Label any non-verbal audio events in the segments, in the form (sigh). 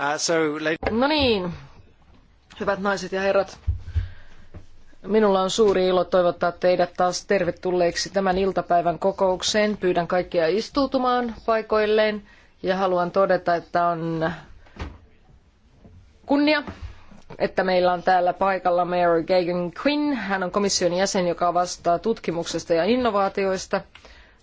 Uh, so, No niin, hyvät naiset ja herrat. Minulla on suuri ilo toivottaa teidät taas tervetulleiksi tämän iltapäivän kokoukseen. Pyydän kaikkia istuutumaan paikoilleen ja haluan todeta, että on kunnia, että meillä on täällä paikalla Mary Gagan Quinn. Hän on komission jäsen, joka vastaa tutkimuksesta ja innovaatioista.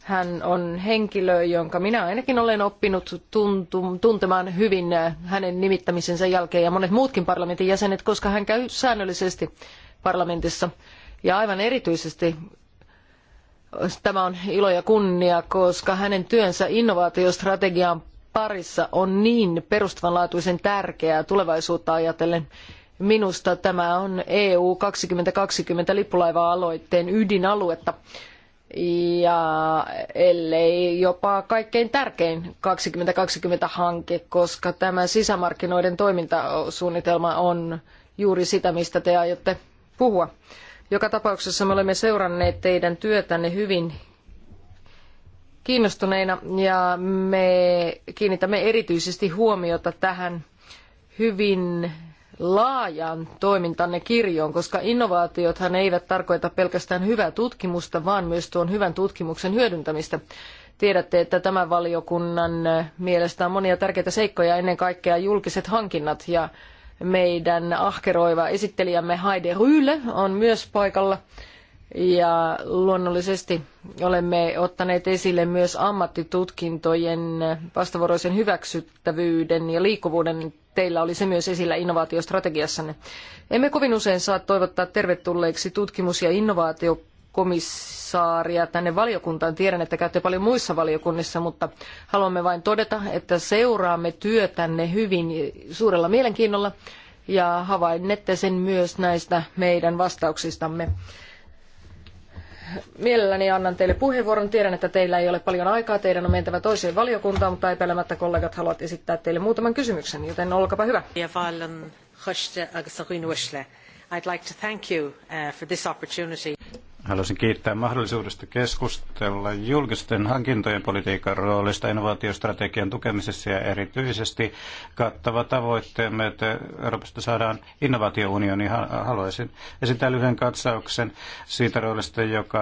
Hän on henkilö, jonka minä ainakin olen oppinut tuntum, tuntemaan hyvin äh, hänen nimittämisensä jälkeen ja monet muutkin parlamentin jäsenet, koska hän käy säännöllisesti parlamentissa. Ja aivan erityisesti tämä on ilo ja kunnia, koska hänen työnsä innovaatiostrategian parissa on niin perustavanlaatuisen tärkeää tulevaisuutta ajatellen. Minusta tämä on EU 2020 lippulaiva-aloitteen ydinaluetta ja ellei jopa kaikkein tärkein 2020-hanke, koska tämä sisämarkkinoiden toimintasuunnitelma on juuri sitä, mistä te aiotte puhua. Joka tapauksessa me olemme seuranneet teidän työtänne hyvin kiinnostuneina ja me kiinnitämme erityisesti huomiota tähän hyvin laajan toimintanne kirjoon, koska innovaatiothan eivät tarkoita pelkästään hyvää tutkimusta, vaan myös tuon hyvän tutkimuksen hyödyntämistä. Tiedätte, että tämän valiokunnan mielestä on monia tärkeitä seikkoja, ennen kaikkea julkiset hankinnat ja meidän ahkeroiva esittelijämme Heide Ryyle on myös paikalla. Ja luonnollisesti olemme ottaneet esille myös ammattitutkintojen vastavuoroisen hyväksyttävyyden ja liikkuvuuden teillä oli se myös esillä innovaatiostrategiassanne. Emme kovin usein saa toivottaa tervetulleeksi tutkimus- ja innovaatiokomissaaria tänne valiokuntaan. Tiedän, että käytte paljon muissa valiokunnissa, mutta haluamme vain todeta, että seuraamme työtänne hyvin suurella mielenkiinnolla ja havainnette sen myös näistä meidän vastauksistamme. Mielelläni annan teille puheenvuoron. Tiedän, että teillä ei ole paljon aikaa. Teidän on mentävä toiseen valiokuntaan, mutta epäilemättä kollegat haluavat esittää teille muutaman kysymyksen, joten olkapa hyvä. Uh, Haluaisin kiittää mahdollisuudesta keskustella julkisten hankintojen politiikan roolista innovaatiostrategian tukemisessa ja erityisesti kattava tavoitteemme, että Euroopasta saadaan innovaatiounioni. Haluaisin esittää lyhyen katsauksen siitä roolista, joka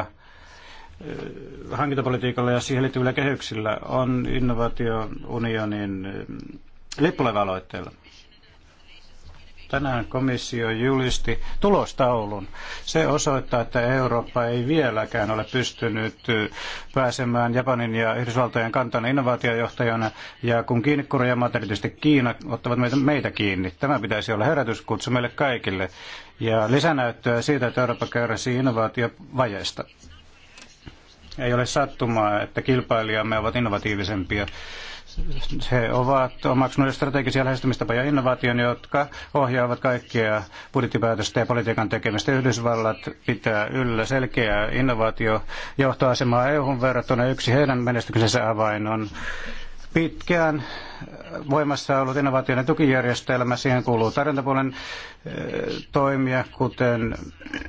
eh, hankintapolitiikalla ja siihen liittyvillä kehyksillä on innovaatiounionin eh, lippulevaloitteilla. Tänään komissio julisti tulostaulun. Se osoittaa, että Eurooppa ei vieläkään ole pystynyt pääsemään Japanin ja Yhdysvaltojen kantana innovaatiojohtajana. Ja kun kiinnikuri ja erityisesti Kiina ottavat meitä, kiinni, tämä pitäisi olla herätyskutsu meille kaikille. Ja lisänäyttöä siitä, että Eurooppa kärsii innovaatiovajeesta. Ei ole sattumaa, että kilpailijamme ovat innovatiivisempia he ovat omaksuneet strategisia lähestymistapoja innovaation, jotka ohjaavat kaikkia budjettipäätöstä ja politiikan tekemistä. Yhdysvallat pitää yllä selkeää innovaatiojohtoasemaa EU-hun verrattuna. Yksi heidän menestyksensä avain on pitkään voimassa ollut innovaatioiden tukijärjestelmä. Siihen kuuluu tarjontapuolen eh, toimia, kuten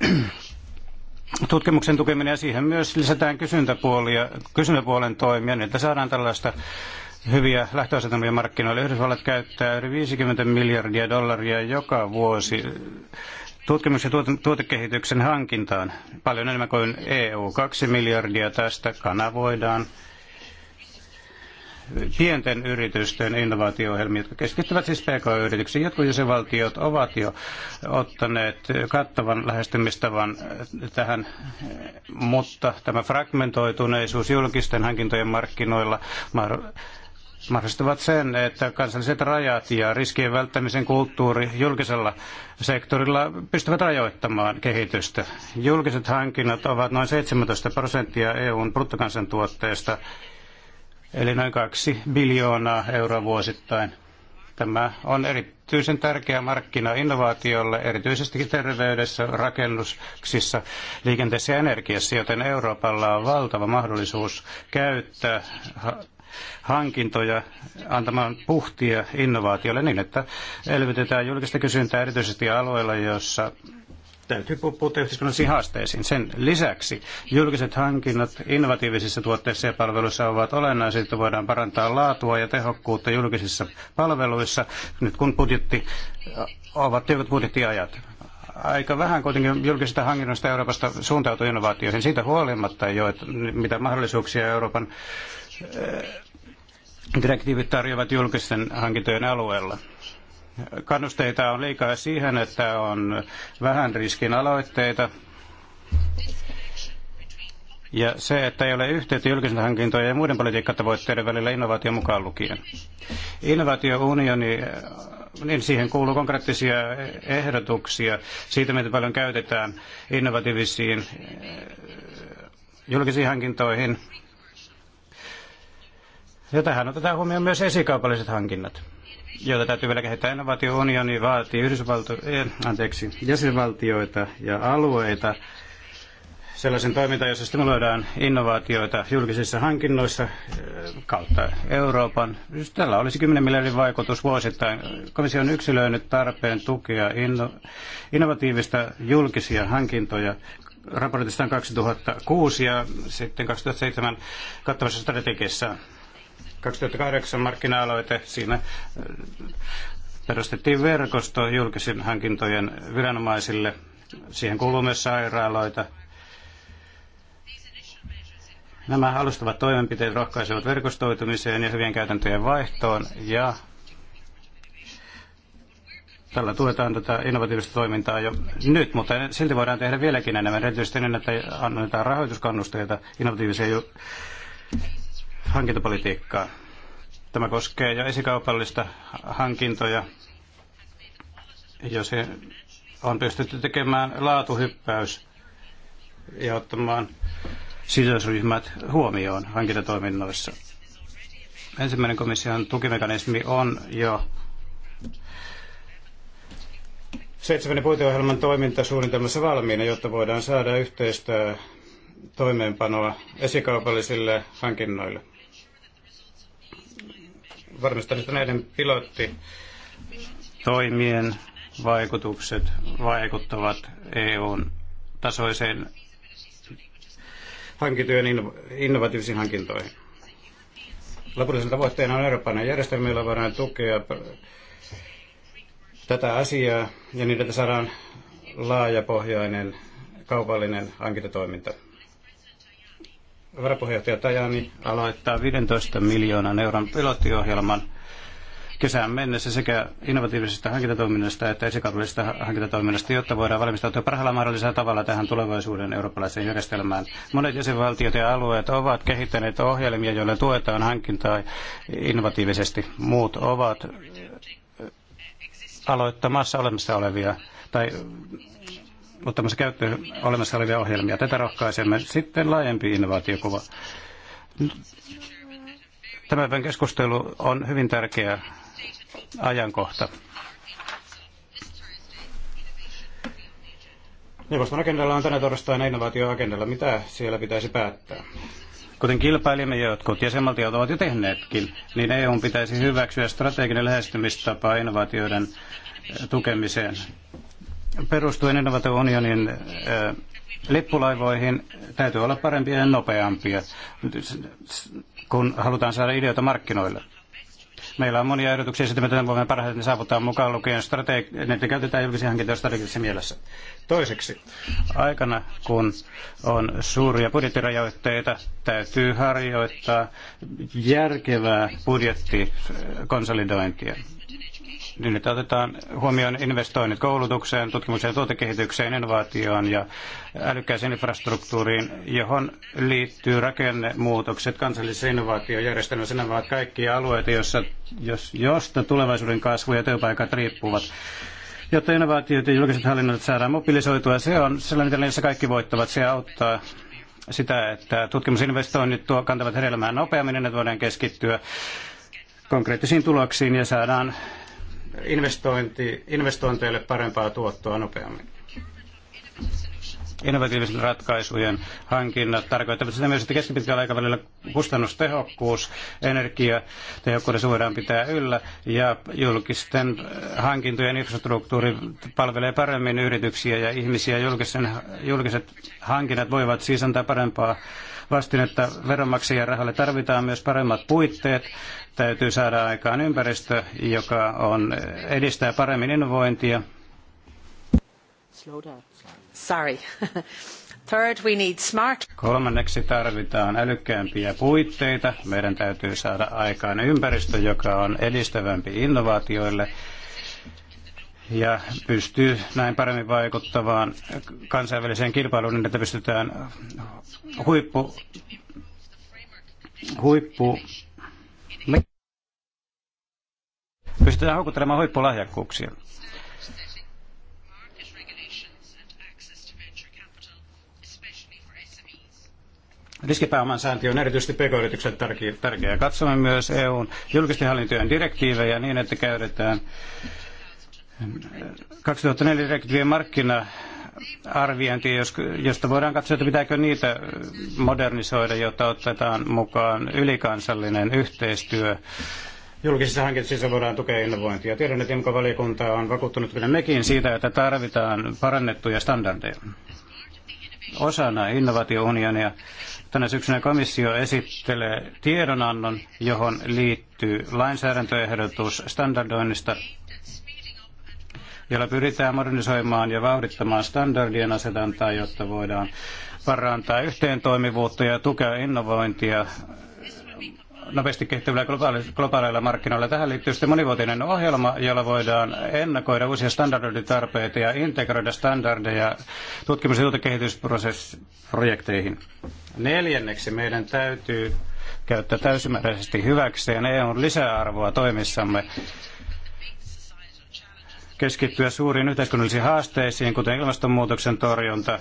(clears throat) tutkimuksen tukeminen ja siihen myös lisätään kysyntäpuolen toimia, niin että saadaan tällaista hyviä lähtöasetelmia markkinoille. Yhdysvallat käyttää yli 50 miljardia dollaria joka vuosi tutkimus- ja tuotekehityksen hankintaan, paljon enemmän kuin EU. Kaksi miljardia tästä kanavoidaan pienten yritysten innovaatio jotka keskittyvät siis PK-yrityksiin. Jotkut jäsenvaltiot ovat jo ottaneet kattavan lähestymistavan tähän, mutta tämä fragmentoituneisuus julkisten hankintojen markkinoilla mahdollistavat sen, että kansalliset rajat ja riskien välttämisen kulttuuri julkisella sektorilla pystyvät rajoittamaan kehitystä. Julkiset hankinnat ovat noin 17 prosenttia EUn bruttokansantuotteesta, eli noin 2 biljoonaa euroa vuosittain. Tämä on erityisen tärkeä markkina innovaatiolle, erityisesti terveydessä, rakennuksissa, liikenteessä ja energiassa, joten Euroopalla on valtava mahdollisuus käyttää hankintoja antamaan puhtia innovaatioille niin, että elvytetään julkista kysyntää erityisesti alueilla, joissa täytyy puuttua yhteiskunnallisiin haasteisiin. Sen lisäksi julkiset hankinnat innovatiivisissa tuotteissa ja palveluissa ovat olennaisia, että voidaan parantaa laatua ja tehokkuutta julkisissa palveluissa, nyt kun budjetti, ovat tiukat budjettiajat aika vähän kuitenkin julkisista hankinnoista Euroopasta suuntautuu innovaatioihin. Siitä huolimatta jo, että mitä mahdollisuuksia Euroopan direktiivit tarjoavat julkisten hankintojen alueella. Kannusteita on liikaa siihen, että on vähän riskin aloitteita. Ja se, että ei ole yhteyttä julkisten hankintojen ja muiden politiikkatavoitteiden välillä innovaatio mukaan lukien. Innovaatiounioni, niin siihen kuuluu konkreettisia ehdotuksia siitä, miten paljon käytetään innovatiivisiin eh, julkisiin hankintoihin, ja tähän otetaan huomioon myös esikaupalliset hankinnat, joita täytyy vielä kehittää. Innovaatiounioni vaatii Yhdysvalto- eh, anteeksi, jäsenvaltioita ja alueita sellaisen toimintaan, jossa stimuloidaan innovaatioita julkisissa hankinnoissa eh, kautta Euroopan. Siis tällä olisi 10 miljardin vaikutus vuosittain. Komissio on yksilöinyt tarpeen tukea inno- innovatiivista julkisia hankintoja raportistaan 2006 ja sitten 2007 kattavassa strategiassa. 2008 markkina-aloite, siinä äh, perustettiin verkosto julkisen hankintojen viranomaisille. Siihen kuuluu myös sairaaloita. Nämä alustavat toimenpiteet rohkaisevat verkostoitumiseen ja hyvien käytäntöjen vaihtoon ja tällä tuetaan tätä innovatiivista toimintaa jo nyt, mutta silti voidaan tehdä vieläkin enemmän, erityisesti ennen, niin, että annetaan rahoituskannusteita innovatiivisia hankintapolitiikkaa. Tämä koskee jo esikaupallista hankintoja, jos on pystytty tekemään laatuhyppäys ja ottamaan sidosryhmät huomioon hankintatoiminnoissa. Ensimmäinen komission tukimekanismi on jo seitsemän puiteohjelman toimintasuunnitelmassa valmiina, jotta voidaan saada yhteistä toimeenpanoa esikaupallisille hankinnoille varmistanut, näiden pilottitoimien vaikutukset vaikuttavat EUn tasoiseen hankintojen innovatiivisiin hankintoihin. Lopullisen tavoitteena on Euroopan järjestelmä, jolla voidaan tukea tätä asiaa ja niin, että saadaan laajapohjainen kaupallinen hankintatoiminta varapuheenjohtaja Tajani aloittaa 15 miljoonan euron pilottiohjelman kesään mennessä sekä innovatiivisesta hankintatoiminnasta että esikaupallisesta hankintatoiminnasta, jotta voidaan valmistautua parhaalla mahdollisella tavalla tähän tulevaisuuden eurooppalaiseen järjestelmään. Monet jäsenvaltiot ja alueet ovat kehittäneet ohjelmia, joilla tuetaan hankintaa innovatiivisesti. Muut ovat aloittamassa olemassa olevia tai ottamassa käyttöön olemassa olevia ohjelmia. Tätä rohkaisemme. Sitten laajempi innovaatiokuva. Tämän keskustelu on hyvin tärkeä ajankohta. Neuvoston agendalla on tänä torstaina innovaatioagendalla. Mitä siellä pitäisi päättää? Kuten kilpailimme ja jotkut jäsenvaltiot ovat jo tehneetkin, niin EU pitäisi hyväksyä strateginen lähestymistapa innovaatioiden tukemiseen perustuen unionin lippulaivoihin täytyy olla parempia ja nopeampia, kun halutaan saada ideoita markkinoille. Meillä on monia ehdotuksia siitä, miten voimme parhaiten saavuttaa mukaan lukien strategi- että käytetään julkisia hankintoja strategisessa mielessä. Toiseksi, aikana kun on suuria budjettirajoitteita, täytyy harjoittaa järkevää budjettikonsolidointia niin että otetaan huomioon investoinnit koulutukseen, tutkimukseen ja tuotekehitykseen, innovaatioon ja älykkäiseen infrastruktuuriin, johon liittyy rakennemuutokset kansallisessa innovaatiojärjestelmässä. Nämä ovat kaikki alueita, jossa, jos, josta tulevaisuuden kasvu ja työpaikat riippuvat. Jotta innovaatiot ja julkiset hallinnot saadaan mobilisoitua, se on sellainen jossa kaikki voittavat. Se auttaa sitä, että tutkimusinvestoinnit tuo, kantavat hedelmää nopeammin, ne voidaan keskittyä konkreettisiin tuloksiin ja saadaan investointi, investointeille parempaa tuottoa nopeammin. Innovatiivisten ratkaisujen hankinnat tarkoittavat sitä myös, että keskipitkällä aikavälillä kustannustehokkuus, energia, tehokkuudessa voidaan pitää yllä ja julkisten hankintojen infrastruktuuri palvelee paremmin yrityksiä ja ihmisiä. Julkisen, julkiset hankinnat voivat siis antaa parempaa vastinetta veronmaksajien rahalle. Tarvitaan myös paremmat puitteet. Täytyy saada aikaan ympäristö, joka on, edistää paremmin innovointia. Sorry. (laughs) Third, we need smart. Kolmanneksi tarvitaan älykkäämpiä puitteita. Meidän täytyy saada aikaan ympäristö, joka on edistävämpi innovaatioille ja pystyy näin paremmin vaikuttavaan kansainväliseen kilpailuun niin, että pystytään huippu, huippu pystytään houkuttelemaan huippulahjakkuuksia. Riskipääoman saanti on erityisesti pk-yritykset tärkeää. Katsomme myös EUn julkisten hallintojen direktiivejä niin, että käydetään 2004 direktiivien markkina arviointi, josta voidaan katsoa, että pitääkö niitä modernisoida, jotta otetaan mukaan ylikansallinen yhteistyö. Julkisissa hankinnoissa voidaan tukea innovointia. Tiedän, että IMCO-valiokunta on vakuuttunut kyllä mekin siitä, että tarvitaan parannettuja standardeja. Osana innovaatiounionia tänä syksynä komissio esittelee tiedonannon, johon liittyy lainsäädäntöehdotus standardoinnista jolla pyritään modernisoimaan ja vauhdittamaan standardien asetantaa, jotta voidaan parantaa yhteentoimivuutta ja tukea innovointia nopeasti kehittyvillä globaaleilla markkinoilla. Tähän liittyy sitten monivuotinen ohjelma, jolla voidaan ennakoida uusia standarditarpeita ja integroida standardeja tutkimus- ja kehitysprosessiprojekteihin. Neljänneksi meidän täytyy käyttää täysimääräisesti hyväkseen EUn lisäarvoa toimissamme keskittyä suuriin yhteiskunnallisiin haasteisiin, kuten ilmastonmuutoksen torjunta,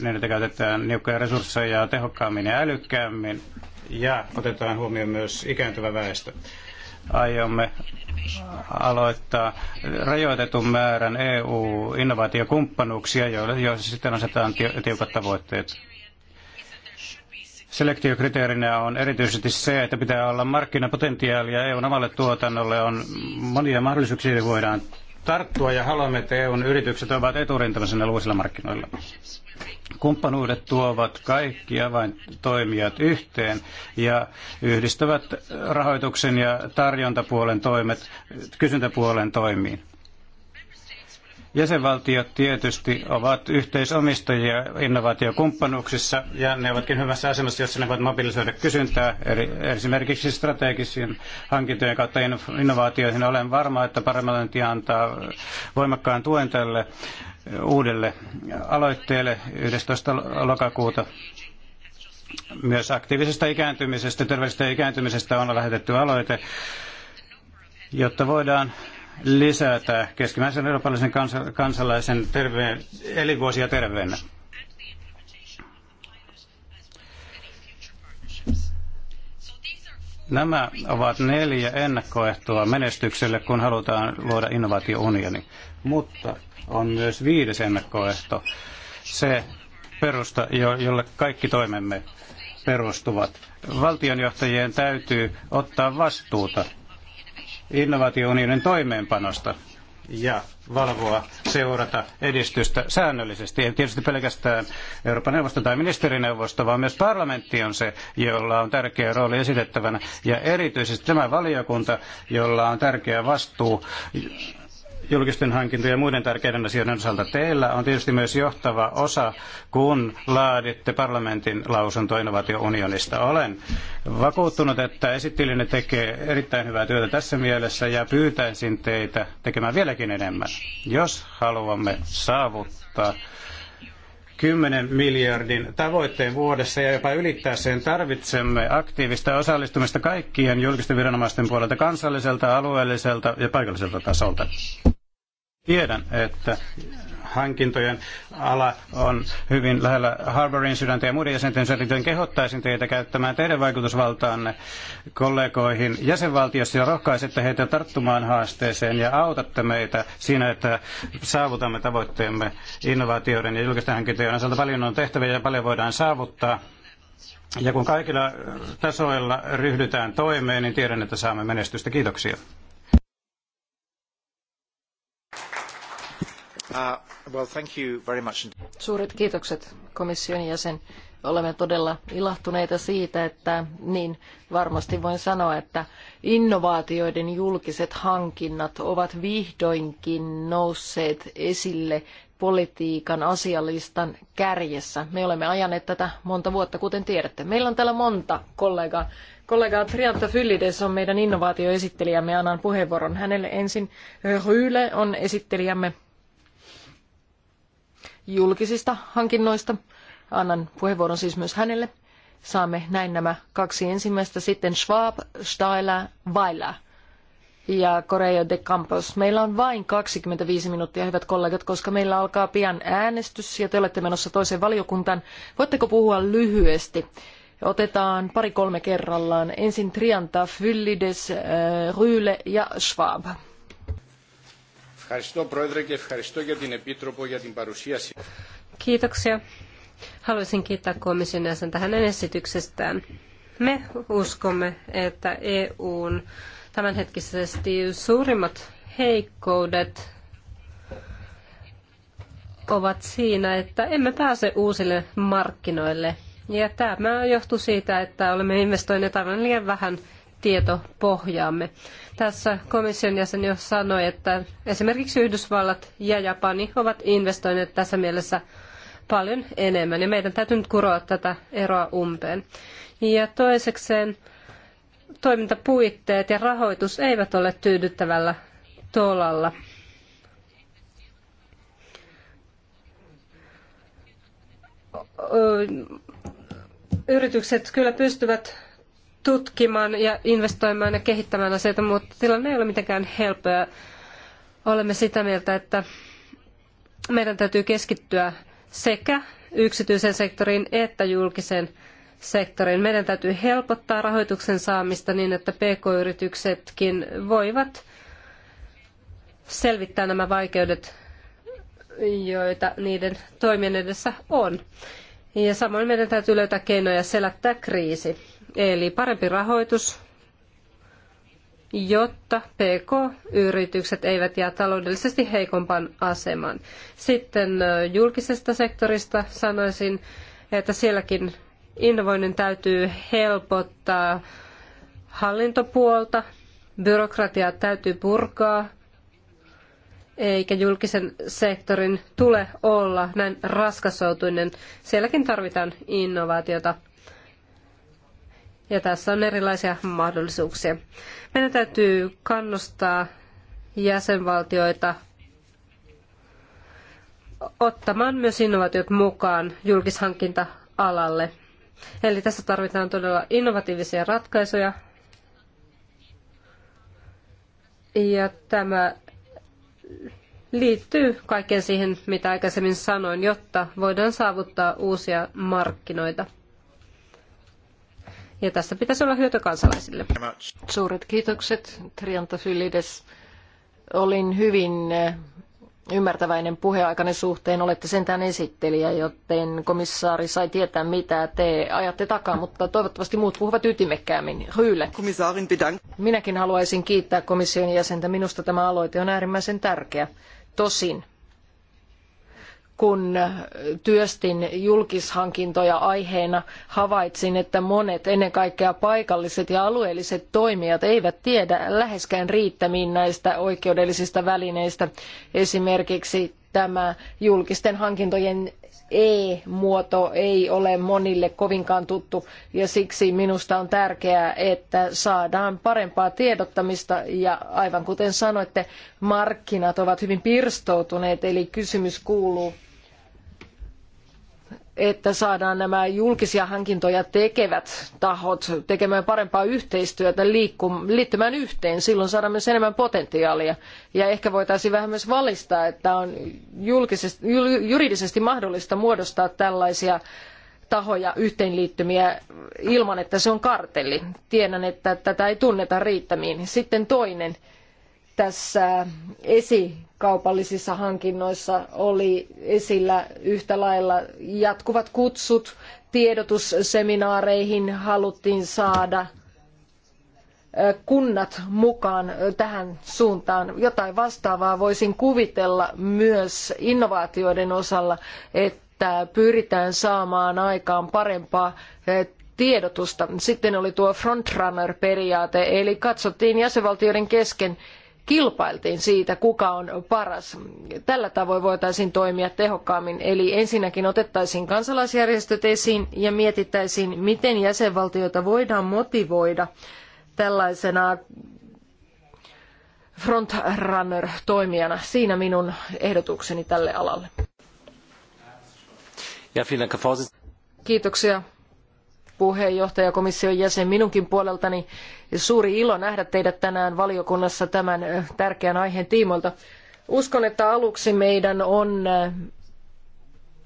niin että käytetään niukkoja resursseja tehokkaammin ja älykkäämmin, ja otetaan huomioon myös ikääntyvä väestö. Aiomme aloittaa rajoitetun määrän EU-innovaatiokumppanuuksia, joissa sitten asetetaan tiukat tavoitteet selektiokriteerinä on erityisesti se, että pitää olla markkinapotentiaalia EUn omalle tuotannolle. On monia mahdollisuuksia, joita voidaan tarttua ja haluamme, että EUn yritykset ovat eturintamassa uusilla markkinoilla. Kumppanuudet tuovat kaikki avaintoimijat yhteen ja yhdistävät rahoituksen ja tarjontapuolen toimet kysyntäpuolen toimiin. Jäsenvaltiot tietysti ovat yhteisomistajia innovaatiokumppanuuksissa ja ne ovatkin hyvässä asemassa, jossa ne voivat mobilisoida kysyntää eri, esimerkiksi strategisiin hankintojen kautta innovaatioihin. Olen varma, että parlamentti antaa voimakkaan tuen tälle uudelle aloitteelle 11. lokakuuta. Myös aktiivisesta ikääntymisestä, terveellisestä ikääntymisestä on lähetetty aloite, jotta voidaan lisätä keskimmäisen eurooppalaisen kansalaisen terveen, elinvuosia terveenä. Nämä ovat neljä ennakkoehtoa menestykselle, kun halutaan luoda innovaatiounioni. Mutta on myös viides ennakkoehto, se perusta, jolle kaikki toimemme perustuvat. Valtionjohtajien täytyy ottaa vastuuta innovaatiounionin toimeenpanosta ja valvoa, seurata edistystä säännöllisesti. Ei tietysti pelkästään Euroopan neuvosto tai ministerineuvosto, vaan myös parlamentti on se, jolla on tärkeä rooli esitettävänä. Ja erityisesti tämä valiokunta, jolla on tärkeä vastuu julkisten hankintojen ja muiden tärkeiden asioiden osalta. Teillä on tietysti myös johtava osa, kun laaditte parlamentin lausunto innovaatiounionista. Olen vakuuttunut, että esittelijänne tekee erittäin hyvää työtä tässä mielessä ja pyytäisin teitä tekemään vieläkin enemmän, jos haluamme saavuttaa 10 miljardin tavoitteen vuodessa ja jopa ylittää sen tarvitsemme aktiivista osallistumista kaikkien julkisten viranomaisten puolelta kansalliselta, alueelliselta ja paikalliselta tasolta. Tiedän, että hankintojen ala on hyvin lähellä Harborin sydäntä ja muiden jäsenten sydäntä. Kehottaisin teitä käyttämään teidän vaikutusvaltaanne kollegoihin jäsenvaltiossa ja rohkaisette heitä tarttumaan haasteeseen ja autatte meitä siinä, että saavutamme tavoitteemme innovaatioiden ja julkisten hankintojen osalta. Paljon on tehtäviä ja paljon voidaan saavuttaa. Ja kun kaikilla tasoilla ryhdytään toimeen, niin tiedän, että saamme menestystä. Kiitoksia. Uh, Suuret kiitokset komission jäsen. Olemme todella ilahtuneita siitä, että niin varmasti voin sanoa, että innovaatioiden julkiset hankinnat ovat vihdoinkin nousseet esille politiikan asialistan kärjessä. Me olemme ajaneet tätä monta vuotta, kuten tiedätte. Meillä on täällä monta kollegaa. Kollega Trianta Fyllides on meidän innovaatioesittelijämme. Annan puheenvuoron hänelle ensin. Ryyle on esittelijämme julkisista hankinnoista. Annan puheenvuoron siis myös hänelle. Saamme näin nämä kaksi ensimmäistä sitten Schwab, Steiler, Weiler ja Correo de Campos. Meillä on vain 25 minuuttia, hyvät kollegat, koska meillä alkaa pian äänestys ja te olette menossa toiseen valiokuntaan. Voitteko puhua lyhyesti? Otetaan pari-kolme kerrallaan. Ensin Trianta, Fyllides, äh, Ryyle ja Schwab. Ευχαριστώ Πρόεδρε και ευχαριστώ για την Επίτροπο για την παρουσίαση. Kiitoksia. Haluaisin kiittää komission jäsentä hänen esityksestään. Me uskomme, että EUn tämänhetkisesti suurimmat heikkoudet ovat siinä, että emme pääse uusille markkinoille. Ja tämä johtuu siitä, että olemme investoineet aivan liian vähän tietopohjaamme. Tässä komission jäsen jo sanoi, että esimerkiksi Yhdysvallat ja Japani ovat investoineet tässä mielessä paljon enemmän ja meidän täytyy nyt kuroa tätä eroa umpeen. Ja toisekseen toimintapuitteet ja rahoitus eivät ole tyydyttävällä tolalla. Yritykset kyllä pystyvät tutkimaan ja investoimaan ja kehittämään asioita, mutta tilanne ei ole mitenkään helppoa. Olemme sitä mieltä, että meidän täytyy keskittyä sekä yksityisen sektorin että julkisen sektorin. Meidän täytyy helpottaa rahoituksen saamista niin, että pk-yrityksetkin voivat selvittää nämä vaikeudet, joita niiden toimien edessä on. Ja samoin meidän täytyy löytää keinoja selättää kriisi. Eli parempi rahoitus, jotta PK-yritykset eivät jää taloudellisesti heikompaan asemaan. Sitten julkisesta sektorista sanoisin, että sielläkin innovoinnin täytyy helpottaa hallintopuolta, byrokratiaa täytyy purkaa, eikä julkisen sektorin tule olla näin raskasoutuinen. Sielläkin tarvitaan innovaatiota. Ja tässä on erilaisia mahdollisuuksia. Meidän täytyy kannustaa jäsenvaltioita ottamaan myös innovaatiot mukaan julkishankinta-alalle. Eli tässä tarvitaan todella innovatiivisia ratkaisuja. Ja tämä liittyy kaikkeen siihen, mitä aikaisemmin sanoin, jotta voidaan saavuttaa uusia markkinoita ja tästä pitäisi olla hyöty kansalaisille. Suuret kiitokset, Trianta Fylides. Olin hyvin eh, ymmärtäväinen puheaikani suhteen. Olette sentään esittelijä, joten komissaari sai tietää, mitä te ajatte takaa, mutta toivottavasti muut puhuvat ytimekkäämmin. Hyyle. Komissaarin pidank. Minäkin haluaisin kiittää komission jäsentä. Minusta tämä aloite on äärimmäisen tärkeä. Tosin kun työstin julkishankintoja aiheena, havaitsin, että monet, ennen kaikkea paikalliset ja alueelliset toimijat, eivät tiedä läheskään riittämiin näistä oikeudellisista välineistä. Esimerkiksi tämä julkisten hankintojen E-muoto ei ole monille kovinkaan tuttu ja siksi minusta on tärkeää, että saadaan parempaa tiedottamista ja aivan kuten sanoitte, markkinat ovat hyvin pirstoutuneet, eli kysymys kuuluu, että saadaan nämä julkisia hankintoja tekevät tahot tekemään parempaa yhteistyötä, liittymään yhteen. Silloin saadaan myös enemmän potentiaalia. Ja ehkä voitaisiin vähän myös valistaa, että on juridisesti mahdollista muodostaa tällaisia tahoja, yhteenliittymiä ilman, että se on kartelli. Tiedän, että tätä ei tunneta riittämiin. Sitten toinen tässä esi kaupallisissa hankinnoissa oli esillä yhtä lailla jatkuvat kutsut tiedotusseminaareihin haluttiin saada kunnat mukaan tähän suuntaan. Jotain vastaavaa voisin kuvitella myös innovaatioiden osalla, että pyritään saamaan aikaan parempaa tiedotusta. Sitten oli tuo frontrunner-periaate, eli katsottiin jäsenvaltioiden kesken, kilpailtiin siitä, kuka on paras. Tällä tavoin voitaisiin toimia tehokkaammin, eli ensinnäkin otettaisiin kansalaisjärjestöt esiin ja mietittäisiin, miten jäsenvaltioita voidaan motivoida tällaisena frontrunner-toimijana. Siinä minun ehdotukseni tälle alalle. Kiitoksia puheenjohtaja komission jäsen minunkin puoleltani. Suuri ilo nähdä teidät tänään valiokunnassa tämän eh, tärkeän aiheen tiimoilta. Uskon, että aluksi meidän on eh,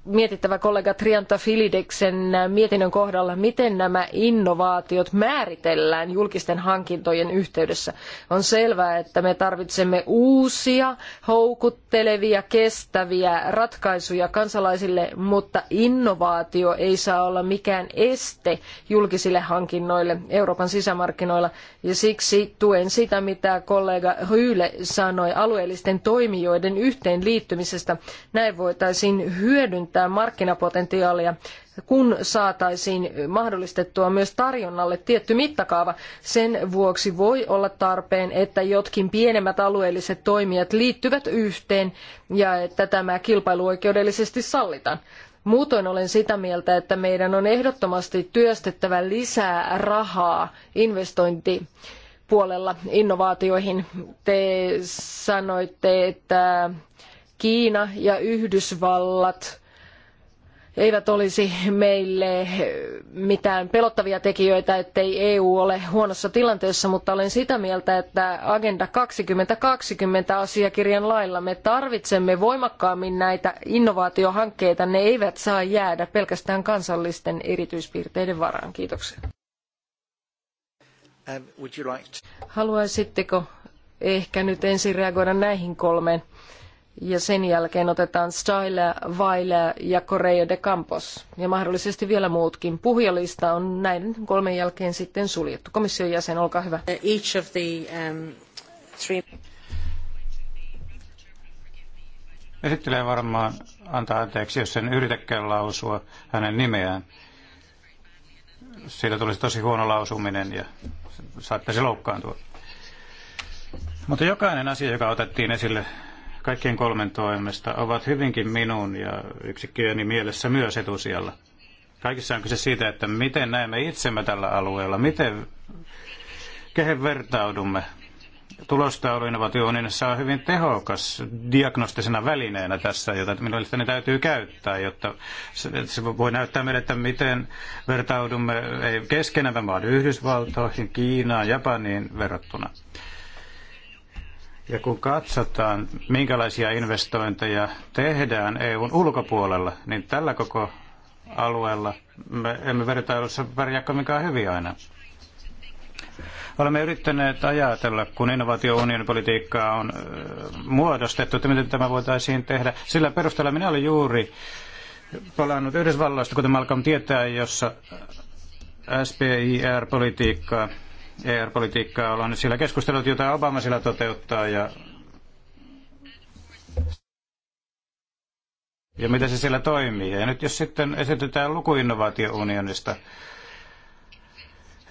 mietittävä kollega Trianta Filideksen mietinnön kohdalla, miten nämä innovaatiot määritellään julkisten hankintojen yhteydessä. On selvää, että me tarvitsemme uusia, houkuttelevia, kestäviä ratkaisuja kansalaisille, mutta innovaatio ei saa olla mikään este julkisille hankinnoille Euroopan sisämarkkinoilla. Ja siksi tuen sitä, mitä kollega Ryyle sanoi alueellisten toimijoiden yhteenliittymisestä. Näin voitaisiin hyödyntää markkinapotentiaalia kun saataisiin mahdollistettua myös tarjonnalle tietty mittakaava. Sen vuoksi voi olla tarpeen, että jotkin pienemmät alueelliset toimijat liittyvät yhteen ja että tämä kilpailuoikeudellisesti sallitaan. Muutoin olen sitä mieltä, että meidän on ehdottomasti työstettävä lisää rahaa investointipuolella innovaatioihin. Te sanoitte, että Kiina ja Yhdysvallat eivät olisi meille mitään pelottavia tekijöitä, ettei EU ole huonossa tilanteessa, mutta olen sitä mieltä, että Agenda 2020 asiakirjan lailla me tarvitsemme voimakkaammin näitä innovaatiohankkeita. Ne eivät saa jäädä pelkästään kansallisten erityispiirteiden varaan. Kiitoksia. Um, Haluaisitteko ehkä nyt ensin reagoida näihin kolmeen? ja sen jälkeen otetaan Styler, Weiler ja Correio de Campos ja mahdollisesti vielä muutkin. Puhujalista on näiden kolmen jälkeen sitten suljettu. Komission jäsen, olkaa hyvä. Each of the, um, three... Esittelee varmaan antaa anteeksi, jos en yritäkään lausua hänen nimeään. Siitä tulisi tosi huono lausuminen ja saattaisi loukkaantua. Mutta jokainen asia, joka otettiin esille kaikkien kolmen toimesta ovat hyvinkin minun ja yksikköjeni mielessä myös etusijalla. Kaikissa on kyse siitä, että miten näemme itsemme tällä alueella, miten, kehen vertaudumme. Tulostauluinnovationissa on hyvin tehokas diagnostisena välineenä tässä, jota mielestäni täytyy käyttää, jotta se voi näyttää meille, että miten vertaudumme ei keskenämme, vaan Yhdysvaltoihin, Kiinaan, Japaniin verrattuna. Ja kun katsotaan, minkälaisia investointeja tehdään EUn ulkopuolella, niin tällä koko alueella me emme vertailussa pärjää kovinkaan hyvin aina. Olemme yrittäneet ajatella, kun innovaatiounionin politiikkaa on muodostettu, että miten tämä voitaisiin tehdä. Sillä perusteella minä olen juuri palannut Yhdysvalloista, kuten Malcolm tietää, jossa SPIR-politiikkaa ER-politiikkaa on sillä keskustelut, jota Obama sillä toteuttaa ja ja mitä se siellä toimii. Ja nyt jos sitten esitetään lukuinnovaatiounionista,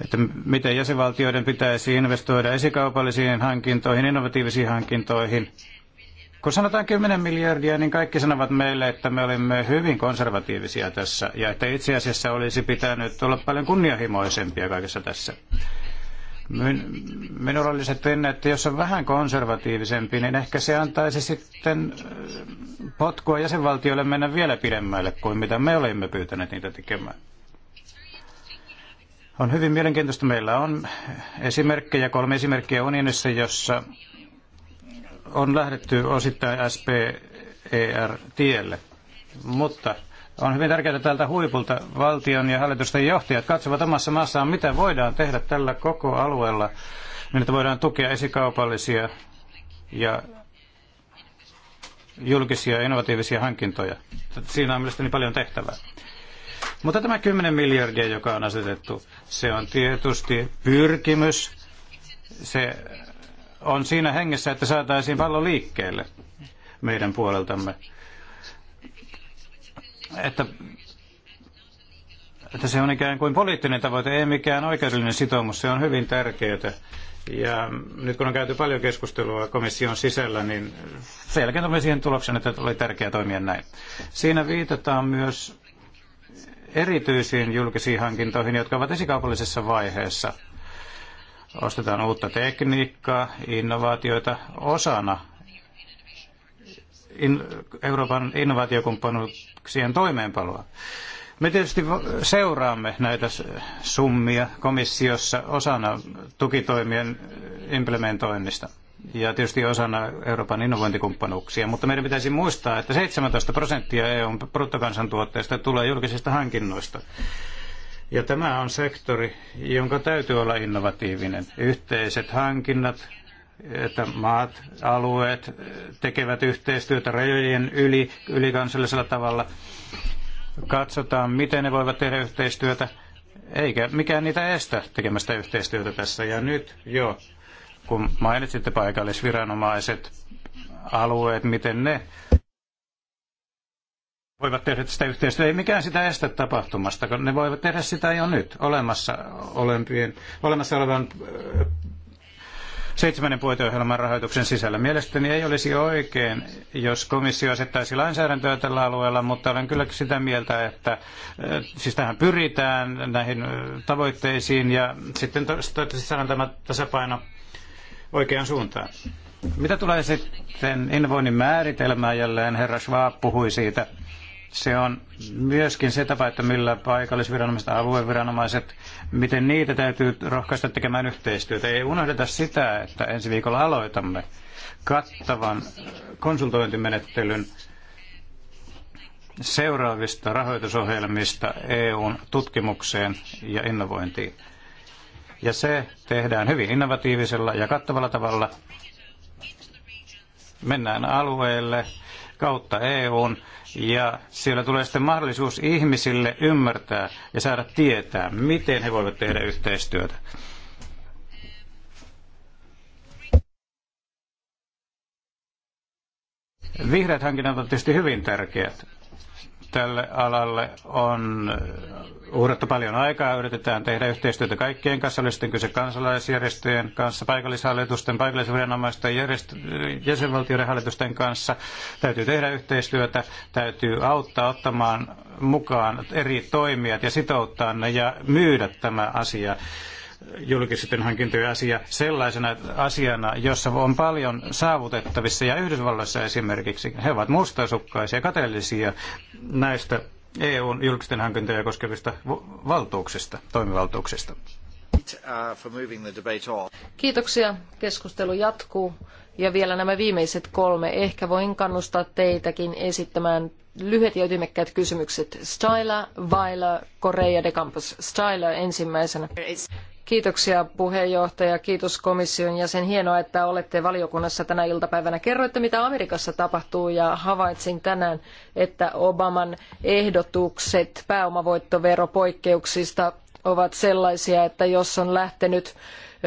että miten jäsenvaltioiden pitäisi investoida esikaupallisiin hankintoihin, innovatiivisiin hankintoihin. Kun sanotaan 10 miljardia, niin kaikki sanovat meille, että me olimme hyvin konservatiivisia tässä ja että itse asiassa olisi pitänyt olla paljon kunnianhimoisempia kaikessa tässä. Minulla oli se tenne, että jos on vähän konservatiivisempi, niin ehkä se antaisi sitten äh, potkua jäsenvaltioille mennä vielä pidemmälle kuin mitä me olimme pyytäneet niitä tekemään. On hyvin mielenkiintoista. Meillä on esimerkkejä, kolme esimerkkiä unionissa, jossa on lähdetty osittain SPER-tielle. Mutta on hyvin tärkeää tältä huipulta valtion ja hallitusten johtajat katsovat omassa maassaan, mitä voidaan tehdä tällä koko alueella, niin voidaan tukea esikaupallisia ja julkisia innovatiivisia hankintoja. Siinä on mielestäni paljon tehtävää. Mutta tämä 10 miljardia, joka on asetettu, se on tietysti pyrkimys. Se on siinä hengessä, että saataisiin pallo liikkeelle meidän puoleltamme että, että se on ikään kuin poliittinen tavoite, ei mikään oikeudellinen sitoumus. Se on hyvin tärkeää. Ja nyt kun on käyty paljon keskustelua komission sisällä, niin selkeämme siihen tuloksen, että oli tärkeää toimia näin. Siinä viitataan myös erityisiin julkisiin hankintoihin, jotka ovat esikaupallisessa vaiheessa. Ostetaan uutta tekniikkaa, innovaatioita osana Euroopan innovaatiokumppanuutta siihen toimeenpanoa. Me tietysti seuraamme näitä summia komissiossa osana tukitoimien implementoinnista ja tietysti osana Euroopan innovointikumppanuuksia, mutta meidän pitäisi muistaa, että 17 prosenttia EUn bruttokansantuotteesta tulee julkisista hankinnoista. Ja tämä on sektori, jonka täytyy olla innovatiivinen. Yhteiset hankinnat, että maat, alueet tekevät yhteistyötä rajojen yli, ylikansallisella tavalla. Katsotaan, miten ne voivat tehdä yhteistyötä, eikä mikään niitä estä tekemästä yhteistyötä tässä. Ja nyt jo, kun mainitsitte paikallisviranomaiset, alueet, miten ne voivat tehdä sitä yhteistyötä. Ei mikään sitä estä tapahtumasta, kun ne voivat tehdä sitä jo nyt olemassa, olempien, olemassa olevan seitsemännen puiteohjelman rahoituksen sisällä. Mielestäni ei olisi oikein, jos komissio asettaisi lainsäädäntöä tällä alueella, mutta olen kyllä sitä mieltä, että eh, siis tähän pyritään näihin eh, tavoitteisiin ja sitten toivottavasti saadaan tämä tasapaino oikeaan suuntaan. Mitä tulee sitten invoinnin määritelmään, jälleen herra Schwab puhui siitä se on myöskin se tapa, että millä paikallisviranomaiset ja alueviranomaiset, miten niitä täytyy rohkaista tekemään yhteistyötä. Ei unohdeta sitä, että ensi viikolla aloitamme kattavan konsultointimenettelyn seuraavista rahoitusohjelmista EUn tutkimukseen ja innovointiin. Ja se tehdään hyvin innovatiivisella ja kattavalla tavalla. Mennään alueelle, kautta EUn ja siellä tulee sitten mahdollisuus ihmisille ymmärtää ja saada tietää, miten he voivat tehdä yhteistyötä. Vihreät hankinnat ovat tietysti hyvin tärkeät tälle alalle on uhrattu paljon aikaa. Yritetään tehdä yhteistyötä kaikkien kanssa, oli sitten kyse kansalaisjärjestöjen kanssa, paikallishallitusten, paikallisviranomaisten, järjest- jäsenvaltioiden hallitusten kanssa. Täytyy tehdä yhteistyötä, täytyy auttaa ottamaan mukaan eri toimijat ja sitouttaa ne ja myydä tämä asia julkisten hankintojen asia sellaisena asiana, jossa on paljon saavutettavissa ja Yhdysvalloissa esimerkiksi he ovat mustasukkaisia, kateellisia näistä EUn julkisten hankintoja koskevista valtuuksista, toimivaltuuksista. Kiitoksia. Keskustelu jatkuu. Ja vielä nämä viimeiset kolme. Ehkä voin kannustaa teitäkin esittämään lyhyet ja ytimekkäät kysymykset. Styler, Weiler, Korea de Campos. Styler ensimmäisenä. Kiitoksia puheenjohtaja, kiitos komission jäsen. Hienoa, että olette valiokunnassa tänä iltapäivänä. Kerroitte, mitä Amerikassa tapahtuu ja havaitsin tänään, että Obaman ehdotukset pääomavoittoveropoikkeuksista ovat sellaisia, että jos on lähtenyt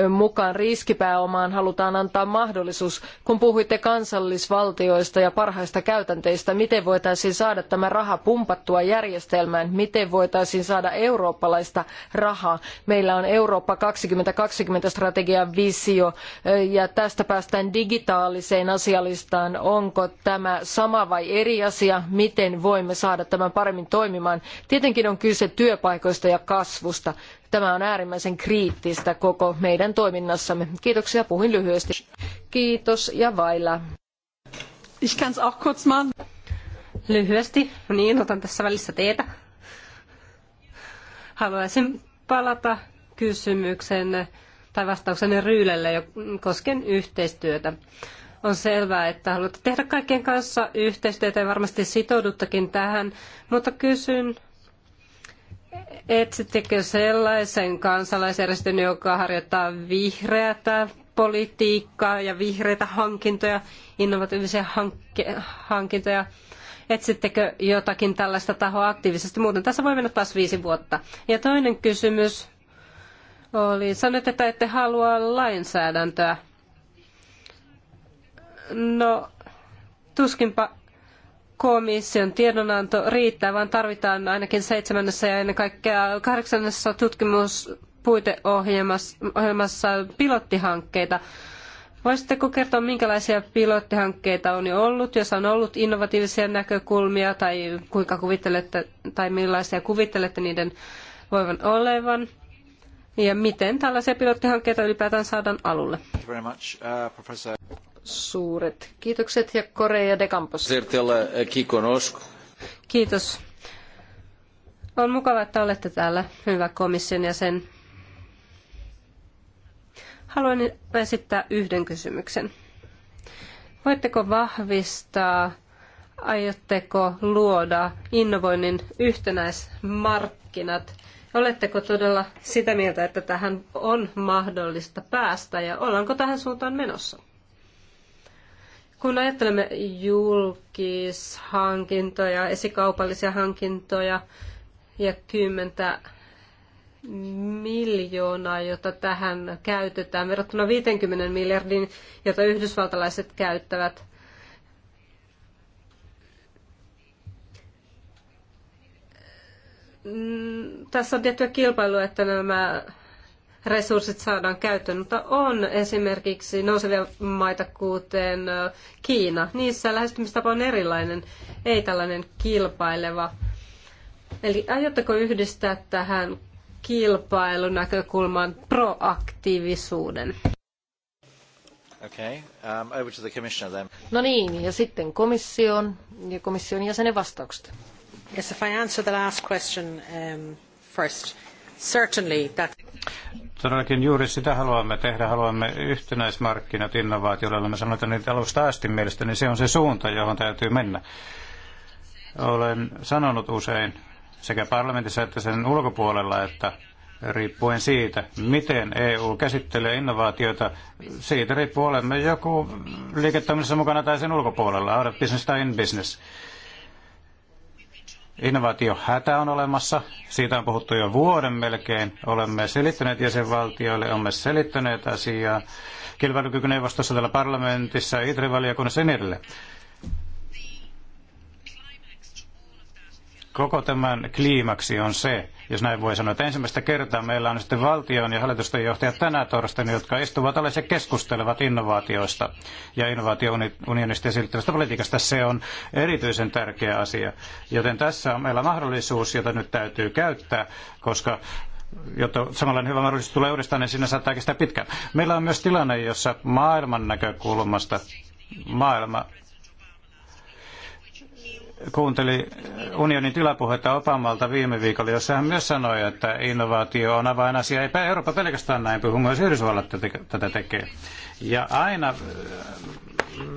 mukaan riskipääomaan halutaan antaa mahdollisuus. Kun puhuitte kansallisvaltioista ja parhaista käytänteistä, miten voitaisiin saada tämä raha pumpattua järjestelmään? Miten voitaisiin saada eurooppalaista rahaa? Meillä on Eurooppa 2020 strategian visio ja tästä päästään digitaaliseen asialistaan. Onko tämä sama vai eri asia? Miten voimme saada tämän paremmin toimimaan? Tietenkin on kyse työpaikoista ja kasvusta. Tämä on äärimmäisen kriittistä koko meidän toiminnassamme. Kiitoksia, puhuin lyhyesti. Kiitos ja vailla. Ich kann's auch kurz machen. Lyhyesti, no niin otan tässä välissä teetä. Haluaisin palata kysymyksen tai vastauksenne Ryylelle koskien yhteistyötä. On selvää, että haluatte tehdä kaikkien kanssa yhteistyötä ja varmasti sitouduttekin tähän, mutta kysyn, Etsittekö sellaisen kansalaisjärjestön, joka harjoittaa vihreätä politiikkaa ja vihreitä hankintoja, innovatiivisia hankke- hankintoja? Etsittekö jotakin tällaista tahoa aktiivisesti? Muuten tässä voi mennä taas viisi vuotta. Ja toinen kysymys oli, sanoit, että ette halua lainsäädäntöä. No, tuskinpa komission tiedonanto riittää, vaan tarvitaan ainakin seitsemännessä ja ennen kaikkea kahdeksannessa tutkimuspuiteohjelmassa pilottihankkeita. Voisitteko kertoa, minkälaisia pilottihankkeita on jo ollut, jos on ollut innovatiivisia näkökulmia tai kuinka kuvittelette tai millaisia kuvittelette niiden voivan olevan? Ja miten tällaisia pilottihankkeita ylipäätään saadaan alulle? Uh, suuret kiitokset ja Korea de Kiitos. On mukava, että olette täällä, hyvä komission jäsen. Haluan esittää yhden kysymyksen. Voitteko vahvistaa, aiotteko luoda innovoinnin yhtenäismarkkinat? Oletteko todella sitä mieltä, että tähän on mahdollista päästä ja ollaanko tähän suuntaan menossa? Kun ajattelemme julkishankintoja, esikaupallisia hankintoja ja kymmentä miljoonaa, jota tähän käytetään, verrattuna 50 miljardin, jota yhdysvaltalaiset käyttävät. Mm, tässä on tiettyä kilpailua, että nämä resurssit saadaan käyttöön, mutta on esimerkiksi nousevia maita kuten Kiina. Niissä lähestymistapa on erilainen, ei tällainen kilpaileva. Eli aiotteko yhdistää tähän kilpailunäkökulman proaktiivisuuden? Okay, um, over to the commissioner then. No niin, ja sitten komission ja komission jäsenen vastaukset. Yes, if I answer the last question um, first, certainly that... Todellakin juuri sitä haluamme tehdä. Haluamme yhtenäismarkkinat innovaatioille. Olemme sanoneet niitä alusta asti mielestäni. Niin se on se suunta, johon täytyy mennä. Olen sanonut usein sekä parlamentissa että sen ulkopuolella, että riippuen siitä, miten EU käsittelee innovaatioita, siitä riippuu olemme joku liiketoiminnassa mukana tai sen ulkopuolella, out of business tai in business. Innovaatiohätä on olemassa. Siitä on puhuttu jo vuoden melkein. Olemme selittäneet jäsenvaltioille, olemme selittäneet asiaa kilpailukykyneuvostossa täällä parlamentissa, ITRE-valiokunnassa ja niin edelleen. koko tämän kliimaksi on se, jos näin voi sanoa, että ensimmäistä kertaa meillä on sitten valtion ja hallitusten johtajat tänä torstaina, jotka istuvat alle ja keskustelevat innovaatioista ja innovaatiounionista ja siirtyvästä politiikasta. Se on erityisen tärkeä asia. Joten tässä on meillä mahdollisuus, jota nyt täytyy käyttää, koska jotta samanlainen hyvä mahdollisuus tulee uudestaan, niin siinä saattaa kestää pitkään. Meillä on myös tilanne, jossa maailman näkökulmasta maailma kuunteli unionin tilapuhetta Obamalta viime viikolla, jossa hän myös sanoi, että innovaatio on avainasia. Ei Eurooppa pelkästään näin puhu, myös Yhdysvallat tätä tekee. Ja aina äh,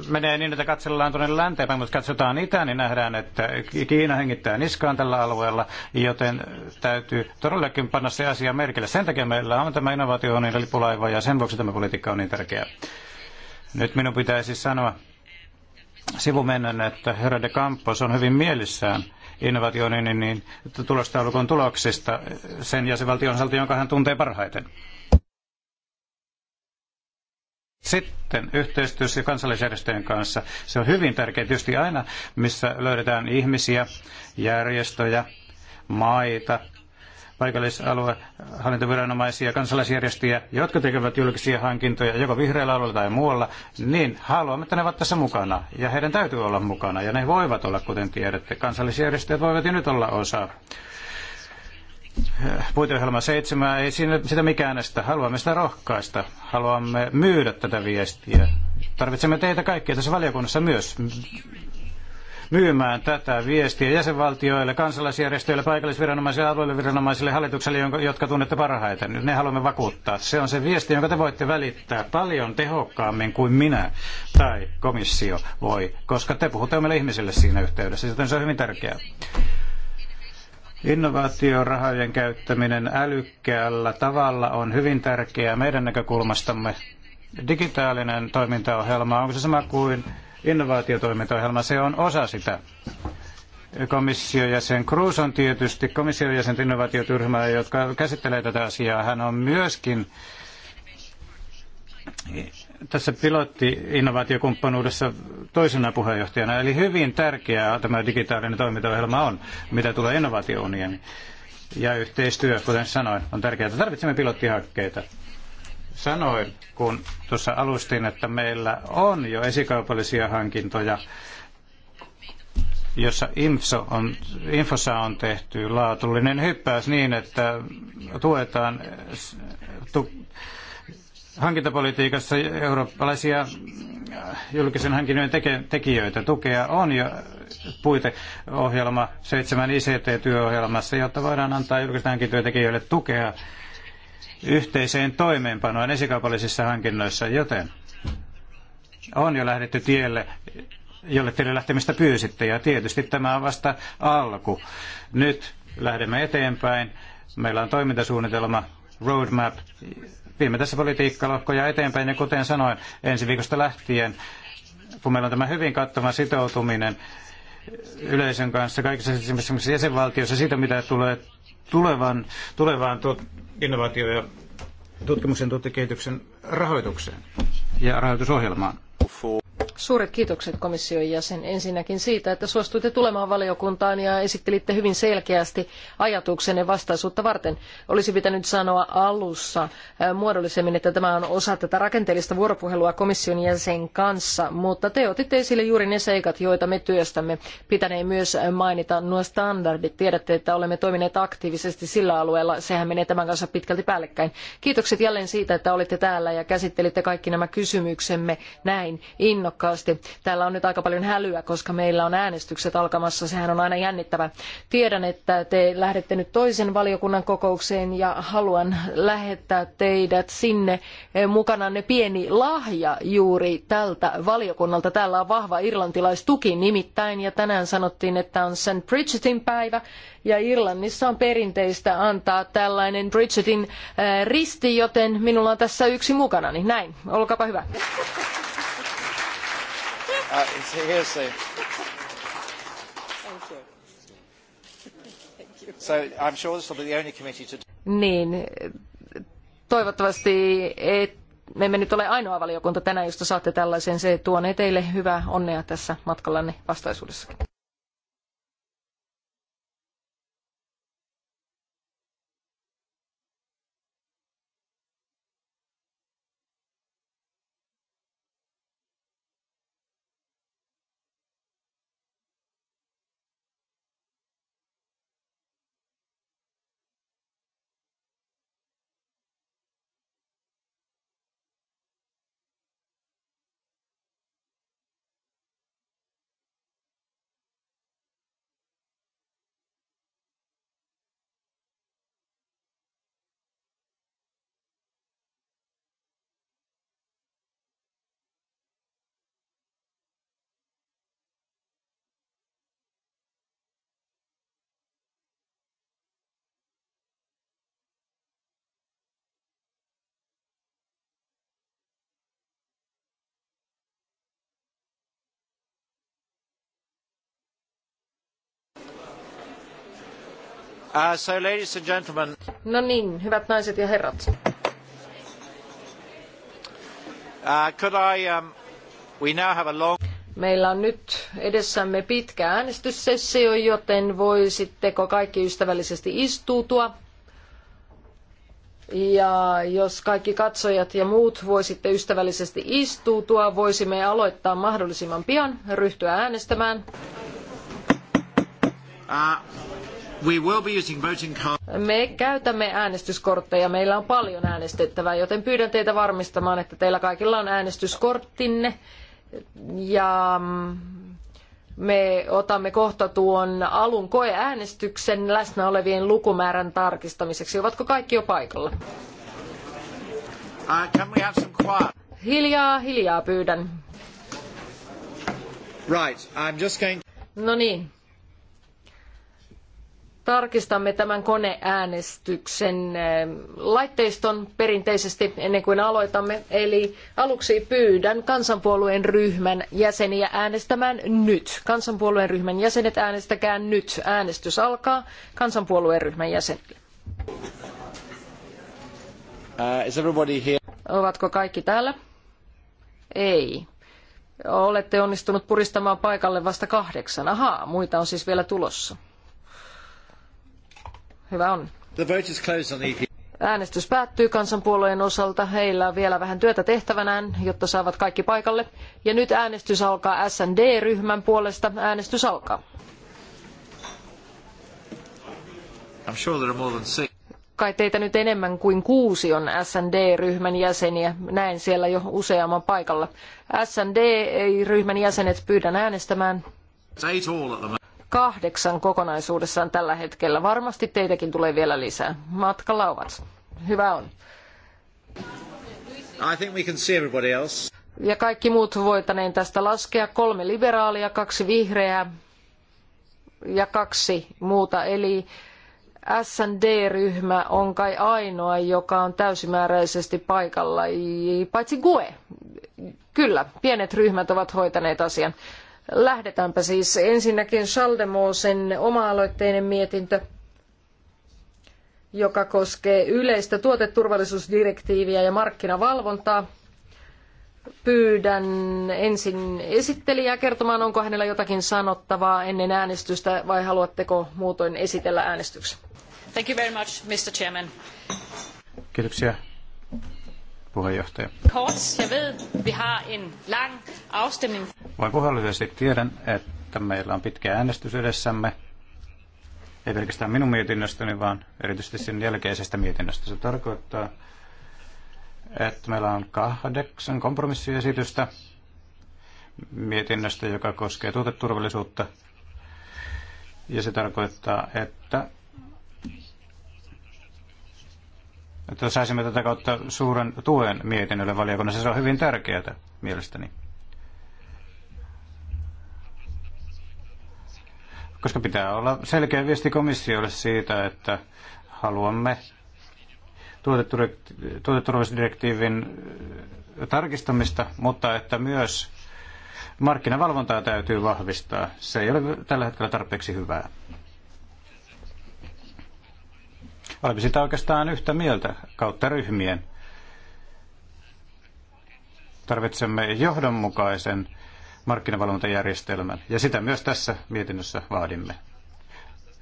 menee niin, että katsellaan tuonne länteen, mutta katsotaan itään, niin nähdään, että Kiina hengittää niskaan tällä alueella, joten täytyy todellakin panna se asia merkille. Sen takia meillä on tämä innovaatio on niin lipulaiva ja sen vuoksi tämä politiikka on niin tärkeä. Nyt minun pitäisi sanoa, sivumennen, että herra de Campos on hyvin mielissään innovationin niin, niin tulostaulukon tuloksista sen jäsenvaltion osalta, jonka hän tuntee parhaiten. Sitten yhteistyössä kansalaisjärjestöjen kanssa. Se on hyvin tärkeää tietysti aina, missä löydetään ihmisiä, järjestöjä, maita, paikallisalue, ja kansalaisjärjestöjä, jotka tekevät julkisia hankintoja joko vihreällä alueella tai muualla, niin haluamme, että ne ovat tässä mukana. Ja heidän täytyy olla mukana, ja ne voivat olla, kuten tiedätte. Kansallisjärjestöt voivat jo nyt olla osa puiteohjelma 7, ei siinä sitä mikään estä. Haluamme sitä rohkaista. Haluamme myydä tätä viestiä. Tarvitsemme teitä kaikkia tässä valiokunnassa myös myymään tätä viestiä jäsenvaltioille, kansalaisjärjestöille, paikallisviranomaisille, alueille hallitukselle, jotka tunnette parhaiten. ne haluamme vakuuttaa. Se on se viesti, jonka te voitte välittää paljon tehokkaammin kuin minä tai komissio voi, koska te puhutte omille ihmisille siinä yhteydessä, joten se on hyvin tärkeää. Innovaatiorahojen käyttäminen älykkäällä tavalla on hyvin tärkeää meidän näkökulmastamme digitaalinen toimintaohjelma, onko se sama kuin innovaatiotoimintaohjelma, se on osa sitä. Komission jäsen Cruz on tietysti komission jäsen innovaatiotyhmää, jotka käsittelee tätä asiaa. Hän on myöskin tässä pilotti-innovaatiokumppanuudessa toisena puheenjohtajana. Eli hyvin tärkeää tämä digitaalinen toimintaohjelma on, mitä tulee innovaatiounioniin. Ja yhteistyö, kuten sanoin, on tärkeää. Tarvitsemme pilottihankkeita sanoin, kun tuossa alustin, että meillä on jo esikaupallisia hankintoja, jossa info on, infossa on tehty laatullinen hyppäys niin, että tuetaan tu, hankintapolitiikassa eurooppalaisia julkisen hankinnojen teke, tekijöitä. Tukea on jo puiteohjelma seitsemän ICT-työohjelmassa, jotta voidaan antaa julkisten hankintojen tekijöille tukea yhteiseen toimeenpanoon esikaupallisissa hankinnoissa, joten on jo lähdetty tielle, jolle teille lähtemistä pyysitte, ja tietysti tämä on vasta alku. Nyt lähdemme eteenpäin. Meillä on toimintasuunnitelma, roadmap, viime tässä politiikkalohkoja eteenpäin, ja kuten sanoin, ensi viikosta lähtien, kun meillä on tämä hyvin kattava sitoutuminen yleisön kanssa kaikissa esimerkiksi jäsenvaltioissa siitä, mitä tulee tulevaan tulevaan innovaatio- ja tutkimuksen tuottekehityksen rahoitukseen ja rahoitusohjelmaan. Suuret kiitokset komission jäsen ensinnäkin siitä, että suostuitte tulemaan valiokuntaan ja esittelitte hyvin selkeästi ajatuksenne vastaisuutta varten. Olisi pitänyt sanoa alussa äh, muodollisemmin, että tämä on osa tätä rakenteellista vuoropuhelua komission jäsen kanssa, mutta te otitte esille juuri ne seikat, joita me työstämme. Pitäneen myös mainita nuo standardit. Tiedätte, että olemme toimineet aktiivisesti sillä alueella. Sehän menee tämän kanssa pitkälti päällekkäin. Kiitokset jälleen siitä, että olitte täällä ja käsittelitte kaikki nämä kysymyksemme näin näin innokkaasti. Täällä on nyt aika paljon hälyä, koska meillä on äänestykset alkamassa. Sehän on aina jännittävä. Tiedän, että te lähdette nyt toisen valiokunnan kokoukseen ja haluan lähettää teidät sinne e, mukananne pieni lahja juuri tältä valiokunnalta. Täällä on vahva irlantilaistuki nimittäin ja tänään sanottiin, että on St. Bridgetin päivä ja Irlannissa on perinteistä antaa tällainen Bridgetin e, risti, joten minulla on tässä yksi mukanani. Näin, olkaapa hyvä. Uh, Thank you. So I'm sure this will be the only committee to... Niin, toivottavasti et, me emme nyt ole ainoa valiokunta tänään, josta saatte tällaisen. Se tuonee teille hyvää onnea tässä matkallanne vastaisuudessakin. Uh, so ladies and gentlemen. No niin, hyvät naiset ja herrat. Uh, could I, um, we now have a long... Meillä on nyt edessämme pitkä äänestyssessio, joten voisitteko kaikki ystävällisesti istuutua. Ja jos kaikki katsojat ja muut voisitte ystävällisesti istuutua, voisimme aloittaa mahdollisimman pian, ryhtyä äänestämään. Uh. Me käytämme äänestyskortteja. Meillä on paljon äänestettävää, joten pyydän teitä varmistamaan, että teillä kaikilla on äänestyskorttinne. Ja mm, me otamme kohta tuon alun koeäänestyksen läsnä olevien lukumäärän tarkistamiseksi. Ovatko kaikki jo paikalla? Uh, hiljaa, hiljaa pyydän. Right, I'm just going... No niin, tarkistamme tämän koneäänestyksen eh, laitteiston perinteisesti ennen kuin aloitamme. Eli aluksi pyydän kansanpuolueen ryhmän jäseniä äänestämään nyt. Kansanpuolueen ryhmän jäsenet äänestäkää nyt. Äänestys alkaa kansanpuolueen ryhmän jäsenille. Uh, Ovatko kaikki täällä? Ei. Olette onnistunut puristamaan paikalle vasta kahdeksan. Ahaa, muita on siis vielä tulossa. Hyvä on. The vote is closed on EP. E äänestys päättyy kansanpuolueen osalta. Heillä on vielä vähän työtä tehtävänään, jotta saavat kaikki paikalle. Ja nyt äänestys alkaa SND-ryhmän puolesta. Äänestys alkaa. I'm sure there are more than six. Kai teitä nyt enemmän kuin kuusi on SND-ryhmän jäseniä. Näen siellä jo useamman paikalla. SND-ryhmän jäsenet pyydän äänestämään. It's eight all at the moment kahdeksan kokonaisuudessaan tällä hetkellä. Varmasti teitäkin tulee vielä lisää. Matkalla ovat. Hyvä on. I think we can see everybody else. Ja kaikki muut voitaneen tästä laskea. Kolme liberaalia, kaksi vihreää ja kaksi muuta. Eli SND-ryhmä on kai ainoa, joka on täysimääräisesti paikalla, paitsi GUE. Kyllä, pienet ryhmät ovat hoitaneet asian. Lähdetäänpä siis ensinnäkin Schaldemosen oma-aloitteinen mietintö, joka koskee yleistä tuoteturvallisuusdirektiiviä ja markkinavalvontaa. Pyydän ensin esittelijää kertomaan, onko hänellä jotakin sanottavaa ennen äänestystä vai haluatteko muutoin esitellä äänestyksen. Thank you very much, Mr. Chairman. Kiitoksia puheenjohtaja. Voin puhua Tiedän, että meillä on pitkä äänestys edessämme. Ei pelkästään minun mietinnöstäni, vaan erityisesti sen jälkeisestä mietinnöstä. Se tarkoittaa, että meillä on kahdeksan kompromissiesitystä mietinnöstä, joka koskee tuoteturvallisuutta. Ja se tarkoittaa, että että saisimme tätä kautta suuren tuen mietinnölle valiokunnassa. Se on hyvin tärkeää mielestäni. Koska pitää olla selkeä viesti komissiolle siitä, että haluamme tuoteturvallisuusdirektiivin tarkistamista, mutta että myös markkinavalvontaa täytyy vahvistaa. Se ei ole tällä hetkellä tarpeeksi hyvää. Olemme sitä oikeastaan yhtä mieltä kautta ryhmien. Tarvitsemme johdonmukaisen markkinavalvontajärjestelmän, ja sitä myös tässä mietinnössä vaadimme.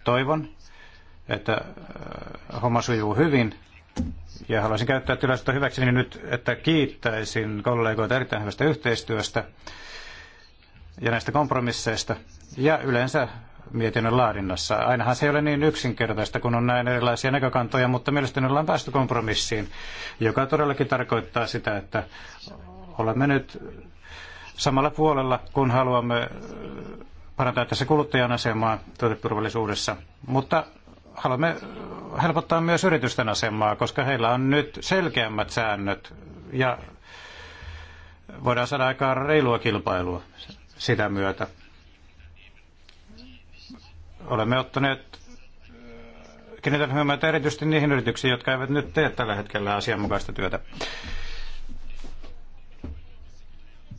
Toivon, että äh, homma sujuu hyvin, ja haluaisin käyttää tilaisuutta hyväkseni nyt, että kiittäisin kollegoita erittäin hyvästä yhteistyöstä ja näistä kompromisseista, ja yleensä mietinnön laadinnassa. Ainahan se ei ole niin yksinkertaista, kun on näin erilaisia näkökantoja, mutta mielestäni ollaan päästy kompromissiin, joka todellakin tarkoittaa sitä, että olemme nyt samalla puolella, kun haluamme parantaa tässä kuluttajan asemaa tuoteturvallisuudessa. Mutta haluamme helpottaa myös yritysten asemaa, koska heillä on nyt selkeämmät säännöt ja voidaan saada aikaan reilua kilpailua sitä myötä. Olemme ottaneet kiinnitän huomiota erityisesti niihin yrityksiin, jotka eivät nyt tee tällä hetkellä asianmukaista työtä.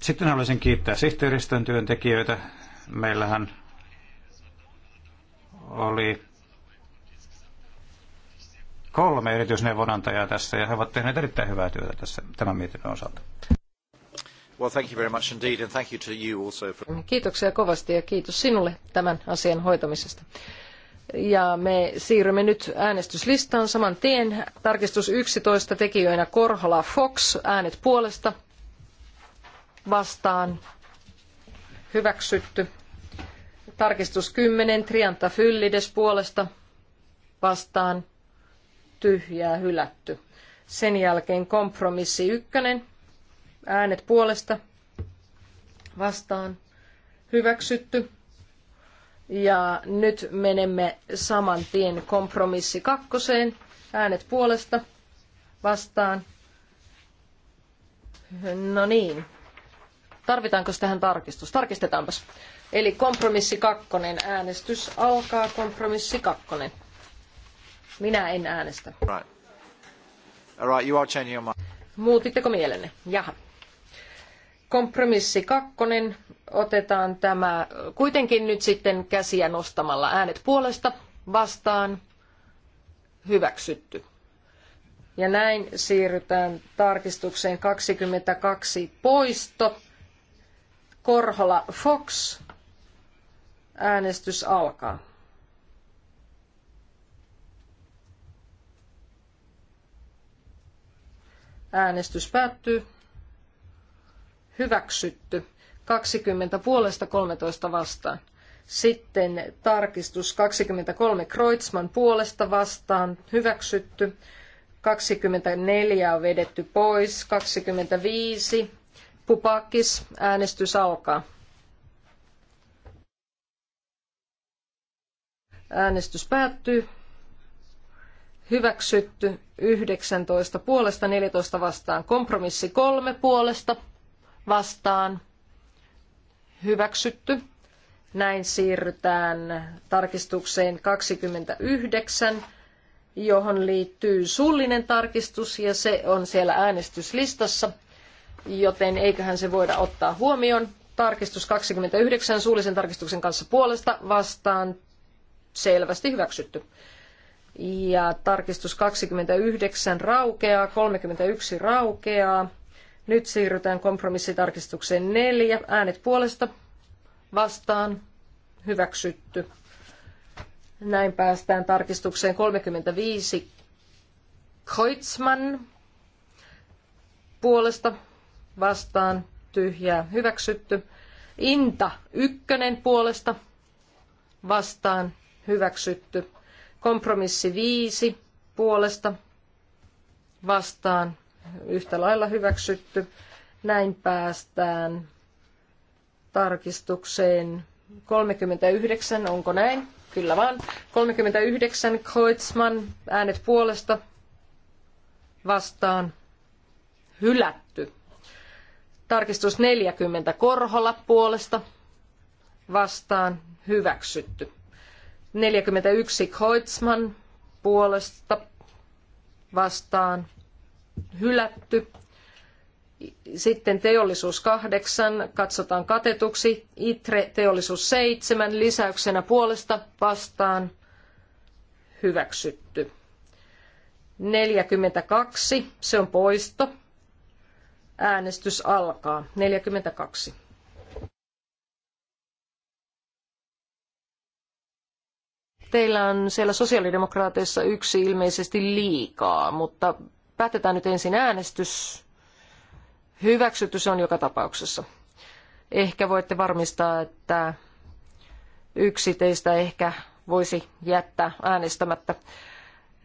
Sitten haluaisin kiittää sihteeristön työntekijöitä. Meillähän oli kolme erityisneuvonantajaa tässä ja he ovat tehneet erittäin hyvää työtä tässä tämän mietinnön osalta. Kiitoksia kovasti ja kiitos sinulle tämän asian hoitamisesta. Ja me siirrymme nyt äänestyslistaan saman tien. Tarkistus 11 tekijöinä Korhola Fox, äänet puolesta, vastaan, hyväksytty. Tarkistus 10, Trianta Fyllides puolesta, vastaan, tyhjää, hylätty. Sen jälkeen kompromissi 1 äänet puolesta vastaan hyväksytty. Ja nyt menemme saman tien kompromissi kakkoseen. Äänet puolesta vastaan. No niin. Tarvitaanko tähän tarkistus? Tarkistetaanpas. Eli kompromissi kakkonen. Äänestys alkaa. Kompromissi kakkonen. Minä en äänestä. Right. All right, you are changing your mind. Muutitteko mielenne? Jaha. Kompromissi kakkonen. Otetaan tämä kuitenkin nyt sitten käsiä nostamalla äänet puolesta vastaan hyväksytty. Ja näin siirrytään tarkistukseen 22 poisto. Korhola Fox. Äänestys alkaa. Äänestys päättyy hyväksytty. 20 puolesta 13 vastaan. Sitten tarkistus 23 Kreutzmann puolesta vastaan hyväksytty. 24 on vedetty pois. 25 Pupakis äänestys alkaa. Äänestys päättyy. Hyväksytty 19 puolesta 14 vastaan. Kompromissi 3 puolesta vastaan hyväksytty. Näin siirrytään tarkistukseen 29, johon liittyy suullinen tarkistus ja se on siellä äänestyslistassa, joten eiköhän se voida ottaa huomioon. Tarkistus 29 suullisen tarkistuksen kanssa puolesta vastaan selvästi hyväksytty. Ja tarkistus 29 raukeaa, 31 raukeaa, nyt siirrytään kompromissitarkistukseen neljä. Äänet puolesta vastaan hyväksytty. Näin päästään tarkistukseen 35. koitsman puolesta vastaan tyhjää hyväksytty. Inta ykkönen puolesta vastaan hyväksytty. Kompromissi viisi puolesta vastaan yhtä lailla hyväksytty. Näin päästään tarkistukseen 39, onko näin? Kyllä vaan. 39 Kreutzmann, äänet puolesta vastaan hylätty. Tarkistus 40 Korhola puolesta vastaan hyväksytty. 41 Kreutzmann puolesta vastaan hylätty. Sitten teollisuus kahdeksan katsotaan katetuksi. ITRE teollisuus seitsemän lisäyksenä puolesta vastaan hyväksytty. 42, se on poisto. Äänestys alkaa. 42. Teillä on siellä sosiaalidemokraateissa yksi ilmeisesti liikaa, mutta päätetään nyt ensin äänestys. Hyväksytty se on joka tapauksessa. Ehkä voitte varmistaa, että yksi teistä ehkä voisi jättää äänestämättä.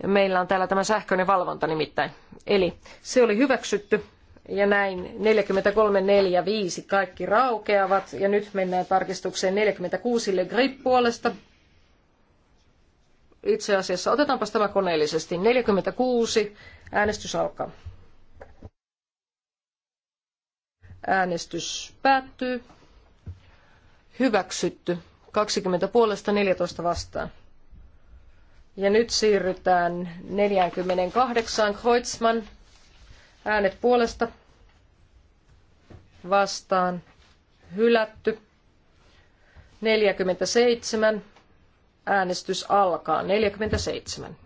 Meillä on täällä tämä sähköinen valvonta nimittäin. Eli se oli hyväksytty ja näin 4345 kaikki raukeavat. Ja nyt mennään tarkistukseen 46 Le Grip puolesta itse asiassa. Otetaanpas tämä koneellisesti. 46. Äänestys alkaa. Äänestys päättyy. Hyväksytty. 20 puolesta 14 vastaan. Ja nyt siirrytään 48. Kreutzmann. Äänet puolesta. Vastaan. Hylätty. 47 Äänestys alkaa. 47.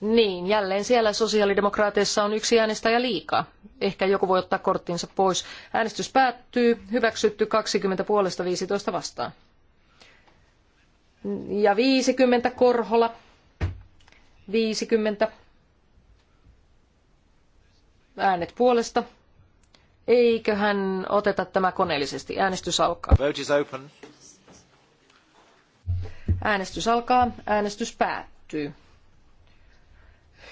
Niin, jälleen siellä sosiaalidemokraateissa on yksi äänestäjä liikaa. Ehkä joku voi ottaa korttinsa pois. Äänestys päättyy. Hyväksytty 20 puolesta 15 vastaan. Ja 50 Korhola. 50. Äänet puolesta Eiköhän oteta tämä koneellisesti. Äänestys alkaa. Vote is open. Äänestys alkaa. Äänestys päättyy.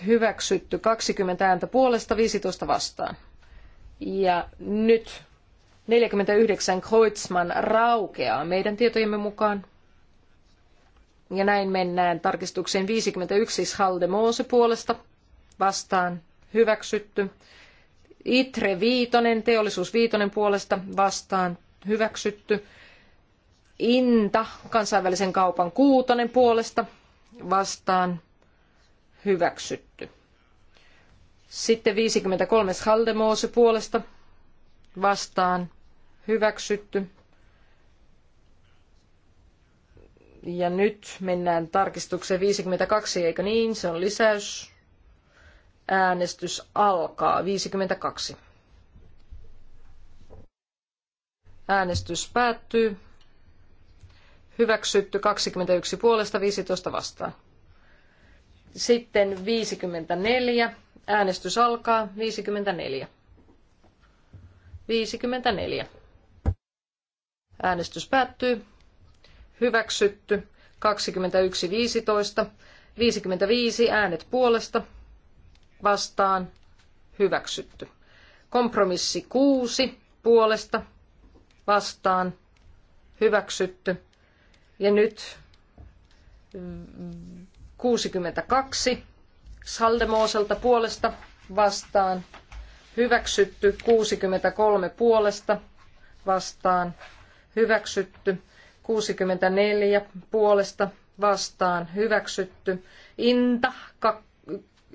Hyväksytty 20 ääntä puolesta, 15 vastaan. Ja nyt 49 Kreutzmann raukeaa meidän tietojemme mukaan. Ja näin mennään tarkistukseen 51 Halde Moose puolesta vastaan hyväksytty. ITRE viitonen, teollisuus viitonen puolesta vastaan hyväksytty. INTA, kansainvälisen kaupan kuutonen puolesta vastaan hyväksytty. Sitten 53. Haldemose puolesta vastaan hyväksytty. Ja nyt mennään tarkistukseen 52, eikö niin? Se on lisäys. Äänestys alkaa. 52. Äänestys päättyy. Hyväksytty 21 puolesta 15 vastaan. Sitten 54. Äänestys alkaa. 54. 54. Äänestys päättyy. Hyväksytty 21 21.15. 55 äänet puolesta, vastaan hyväksytty. Kompromissi kuusi puolesta vastaan hyväksytty. Ja nyt 62 saldemooselta puolesta vastaan hyväksytty, 63 puolesta vastaan hyväksytty, 64 puolesta vastaan hyväksytty, Inta 2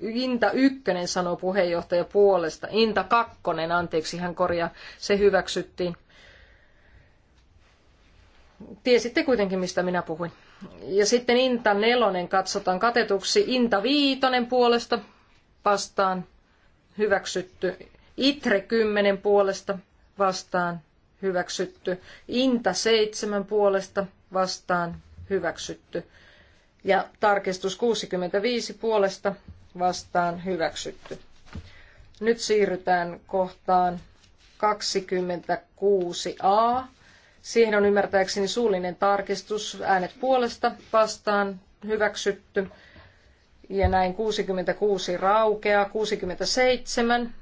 Inta ykkönen sanoo puheenjohtaja puolesta. Inta kakkonen, anteeksi, hän korjaa, se hyväksyttiin. Tiesitte kuitenkin, mistä minä puhuin. Ja sitten Inta nelonen katsotaan katetuksi. Inta viitonen puolesta vastaan hyväksytty. Itre kymmenen puolesta vastaan hyväksytty. Inta seitsemän puolesta vastaan hyväksytty. Ja tarkistus 65 puolesta vastaan hyväksytty. Nyt siirrytään kohtaan 26a. Siihen on ymmärtääkseni suullinen tarkistus, äänet puolesta vastaan hyväksytty. Ja näin 66 raukeaa, 67.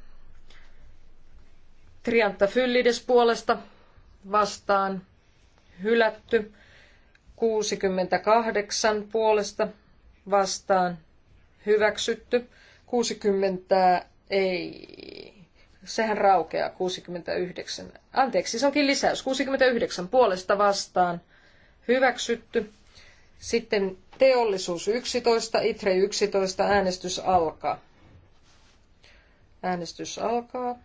Triantta Fyllides puolesta vastaan hylätty. 68 puolesta vastaan hyväksytty. 60 ei. Sehän raukeaa 69. Anteeksi, se onkin lisäys. 69 puolesta vastaan hyväksytty. Sitten teollisuus 11, ITRE 11, äänestys alkaa. Äänestys alkaa.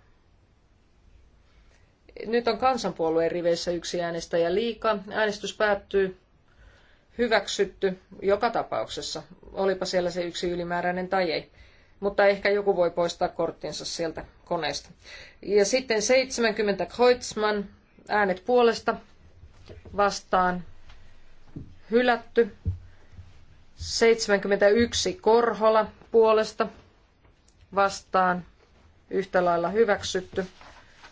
Nyt on kansanpuolueen riveissä yksi äänestäjä liika. Äänestys päättyy hyväksytty joka tapauksessa, olipa siellä se yksi ylimääräinen tai ei. Mutta ehkä joku voi poistaa korttinsa sieltä koneesta. Ja sitten 70 Kreutzmann, äänet puolesta, vastaan, hylätty. 71 Korhola puolesta, vastaan, yhtä lailla hyväksytty.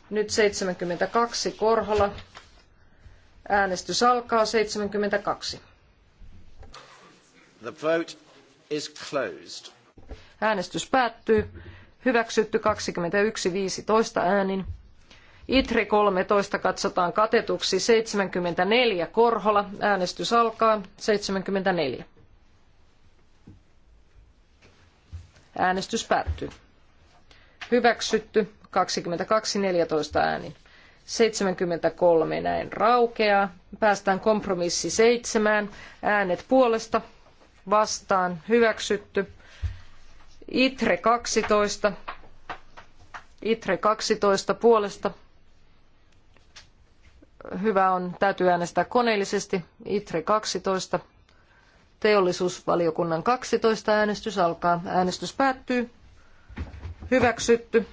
Nyt 72 Korhola. Äänestys alkaa 72. The vote is closed. Äänestys päättyy. Hyväksytty 21.15 äänin. Itre 13 katsotaan katetuksi 74 Korhola. Äänestys alkaa 74. Äänestys päättyy. Hyväksytty 22.14 äänin. 73 näin raukeaa. Päästään kompromissi seitsemään. Äänet puolesta vastaan hyväksytty. Itre 12. Itre 12 puolesta. Hyvä on, täytyy äänestää koneellisesti. Itre 12. Teollisuusvaliokunnan 12 äänestys alkaa. Äänestys päättyy. Hyväksytty.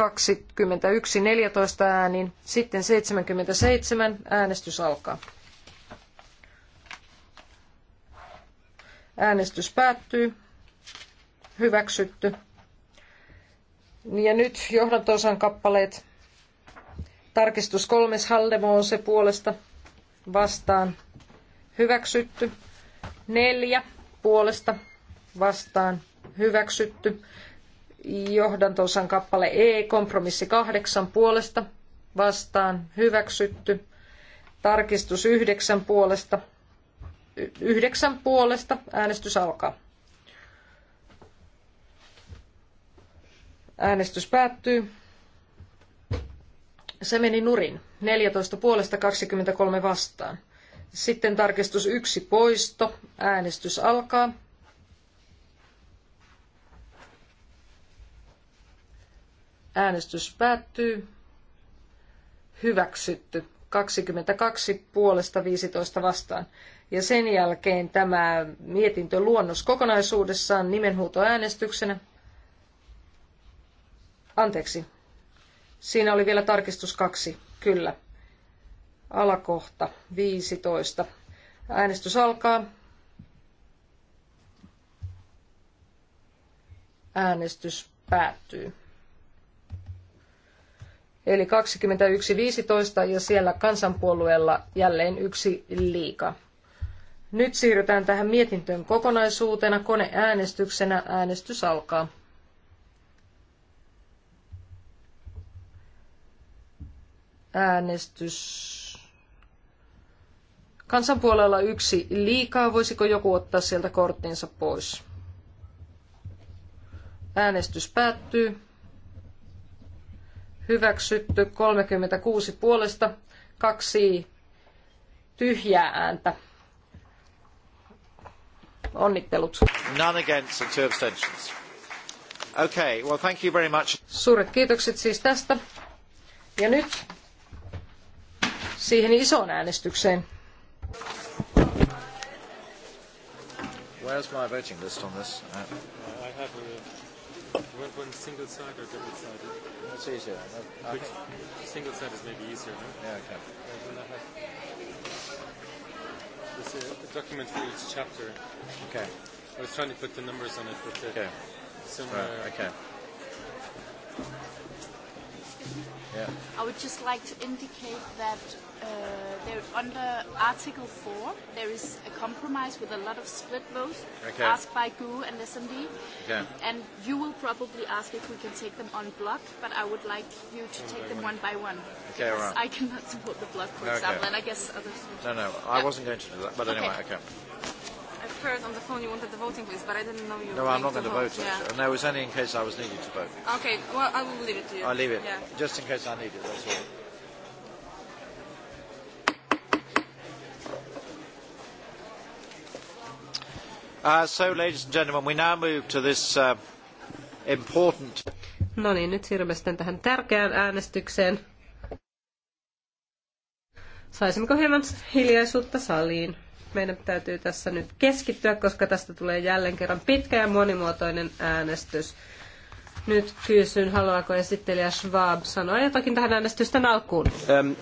21.14 äänin. Sitten 77. Äänestys alkaa. Äänestys päättyy. Hyväksytty. Ja nyt johdantosan kappaleet. Tarkistus kolmes Hallemo on se puolesta vastaan. Hyväksytty. Neljä puolesta vastaan. Hyväksytty. Johdantosan kappale E, kompromissi kahdeksan puolesta vastaan. Hyväksytty. Tarkistus yhdeksän puolesta yhdeksän puolesta. Äänestys alkaa. Äänestys päättyy. Se meni nurin. 14 puolesta 23 vastaan. Sitten tarkistus yksi poisto. Äänestys alkaa. Äänestys päättyy. Hyväksytty. 22 puolesta 15 vastaan. Ja sen jälkeen tämä luonnos kokonaisuudessaan nimenhuutoäänestyksenä. Anteeksi. Siinä oli vielä tarkistus kaksi. Kyllä. Alakohta 15. Äänestys alkaa. Äänestys päättyy eli 21.15 ja siellä kansanpuolueella jälleen yksi liika. Nyt siirrytään tähän mietintöön kokonaisuutena. Koneäänestyksenä äänestys alkaa. Äänestys. Kansanpuolella yksi liikaa. Voisiko joku ottaa sieltä korttinsa pois? Äänestys päättyy. Hyväksytty 36 puolesta, kaksi tyhjää ääntä. Onnittelut. None against and two abstentions. Okay, well thank you very much. Suuret kiitokset siis tästä. Ja nyt siihen isoon äänestykseen. Where's my voting list on this? Uh, I have a, one single side or double sided. That's easier. I Single side is maybe easier, no? Yeah, okay. This is a document for each chapter. Okay. I was trying to put the numbers on it, but the okay. similar. Right. Okay. Yeah. I would just like to indicate that Uh, there, under Article 4, there is a compromise with a lot of split votes okay. asked by GU and SMD. Okay. And you will probably ask if we can take them on block, but I would like you to one take them one. one by one. Okay, because right. I cannot support the block, for okay. example, and I guess others. No, no, I yeah. wasn't going to do that, but okay. anyway, okay. I've heard on the phone you wanted the voting please, but I didn't know you. No, I'm not going to vote. vote yeah. And no, there was only in case I was needed to vote. Okay, well, I will leave it to you. I'll leave it, yeah. just in case I need it. That's all. No niin, nyt siirrymme sitten tähän tärkeään äänestykseen. Saisimmeko hieman hiljaisuutta saliin? Meidän täytyy tässä nyt keskittyä, koska tästä tulee jälleen kerran pitkä ja monimuotoinen äänestys. Nyt kysyn, haluaako esittelijä Schwab sanoa jotakin tähän äänestysten alkuun. Ähm,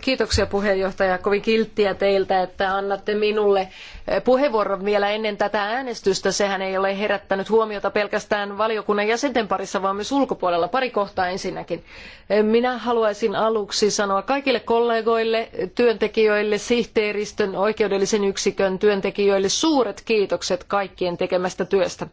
Kiitoksia puheenjohtaja. Kovin kilttiä teiltä, että annatte minulle eh, puheenvuoron vielä ennen tätä äänestystä. Sehän ei ole herättänyt huomiota pelkästään valiokunnan jäsenten parissa, vaan myös ulkopuolella. Pari kohtaa ensinnäkin. Eh, minä haluaisin aluksi sanoa kaikille kollegoille, työntekijöille, sihteeristön, oikeudellisen yksikön työntekijöille suuret kiitokset kaikkien tekemästä työstä.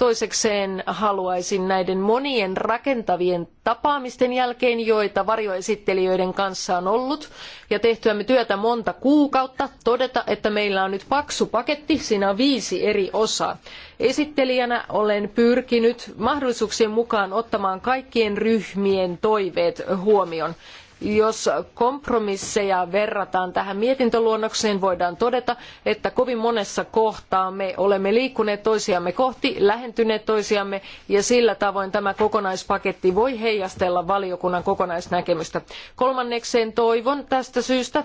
Toisekseen haluaisin näiden monien rakentavien tapaamisten jälkeen, joita varjoesittelijöiden kanssa on ollut, ja tehtyämme työtä monta kuukautta, todeta, että meillä on nyt paksu paketti, siinä on viisi eri osaa. Esittelijänä olen pyrkinyt mahdollisuuksien mukaan ottamaan kaikkien ryhmien toiveet huomioon. Jos kompromisseja verrataan tähän mietintöluonnokseen, voidaan todeta, että kovin monessa kohtaa me olemme liikkuneet toisiamme kohti, lähentyneet toisiamme ja sillä tavoin tämä kokonaispaketti voi heijastella valiokunnan kokonaisnäkemystä. Kolmannekseen toivon tästä syystä,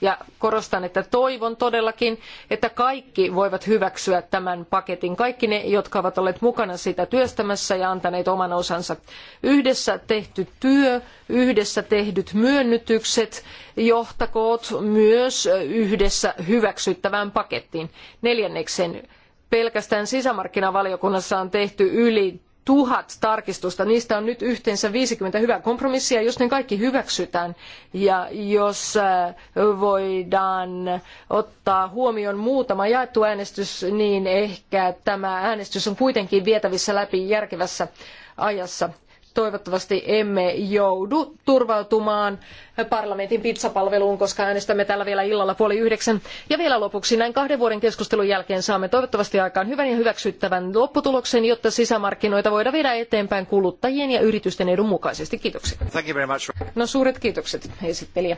ja korostan, että toivon todellakin, että kaikki voivat hyväksyä tämän paketin. Kaikki ne, jotka ovat olleet mukana sitä työstämässä ja antaneet oman osansa. Yhdessä tehty työ, yhdessä tehdyt myönnytykset johtakoot myös yhdessä hyväksyttävään pakettiin. Neljänneksen pelkästään sisämarkkinavaliokunnassa on tehty yli tuhat tarkistusta. Niistä on nyt yhteensä 50 hyvää kompromissia, jos ne kaikki hyväksytään ja jos äh, voidaan ottaa huomioon muutama jaettu äänestys, niin ehkä tämä äänestys on kuitenkin vietävissä läpi järkevässä ajassa toivottavasti emme joudu turvautumaan parlamentin pizzapalveluun, koska äänestämme täällä vielä illalla puoli yhdeksän. Ja vielä lopuksi näin kahden vuoden keskustelun jälkeen saamme toivottavasti aikaan hyvän ja hyväksyttävän lopputuloksen, jotta sisämarkkinoita voidaan viedä eteenpäin kuluttajien ja yritysten edun mukaisesti. Kiitoksia. No suuret kiitokset esittelijä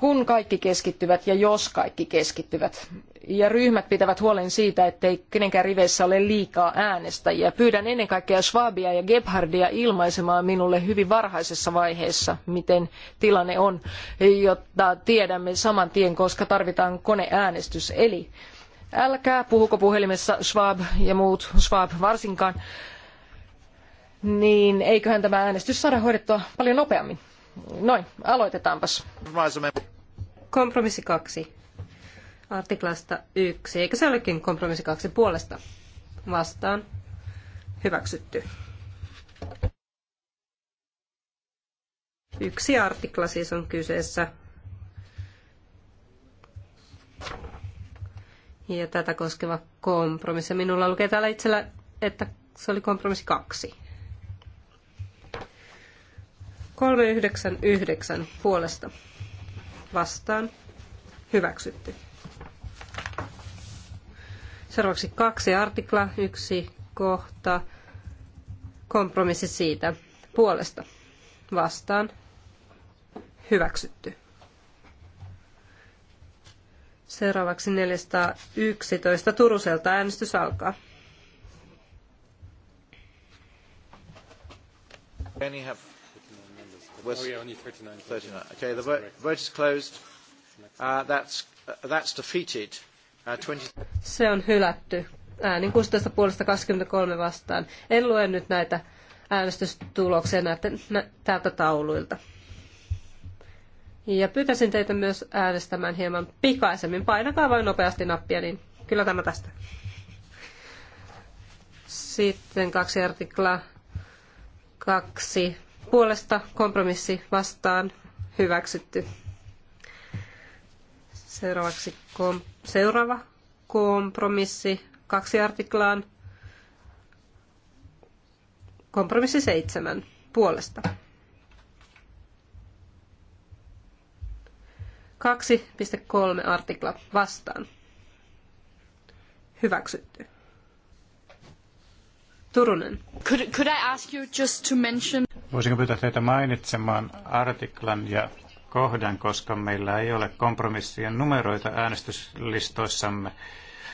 kun kaikki keskittyvät ja jos kaikki keskittyvät. Ja ryhmät pitävät huolen siitä, ettei kenenkään riveissä ole liikaa äänestäjiä. Pyydän ennen kaikkea Schwabia ja Gebhardia ilmaisemaan minulle hyvin varhaisessa vaiheessa, miten tilanne on, jotta tiedämme saman tien, koska tarvitaan koneäänestys. Eli älkää puhuko puhelimessa Schwab ja muut, Schwab varsinkaan, niin eiköhän tämä äänestys saada hoidettua paljon nopeammin. Noin, aloitetaanpas. Kompromissi kaksi. Artiklasta yksi. Eikö se olekin kompromissi kaksi puolesta? Vastaan. Hyväksytty. Yksi artikla siis on kyseessä. Ja tätä koskeva kompromissi. Minulla lukee täällä itsellä, että se oli kompromissi kaksi. 399 puolesta vastaan hyväksytty. Seuraavaksi kaksi artikla, yksi kohta, kompromissi siitä puolesta vastaan hyväksytty. Seuraavaksi 411 Turuselta äänestys alkaa. Any have was oh, yeah, only 39. 39. Okay, that's the vote, vote is closed. Uh, that's, uh, that's defeated. Uh, 20... Se on hylätty. Äänin 16 puolesta 23 vastaan. En lue nyt näitä äänestystuloksia näitä, nä, täältä tauluilta. Ja pyytäisin teitä myös äänestämään hieman pikaisemmin. Painakaa vain nopeasti nappia, niin kyllä tämä tästä. Sitten kaksi artiklaa, kaksi puolesta kompromissi vastaan hyväksytty. Seuraavaksi kom- seuraava kompromissi kaksi artiklaan. Kompromissi seitsemän puolesta. Kaksi kolme artikla vastaan. Hyväksytty. Turunen. Could, could I ask you just to mention... Voisinko pyytää teitä mainitsemaan artiklan ja kohdan, koska meillä ei ole kompromissien numeroita äänestyslistoissamme.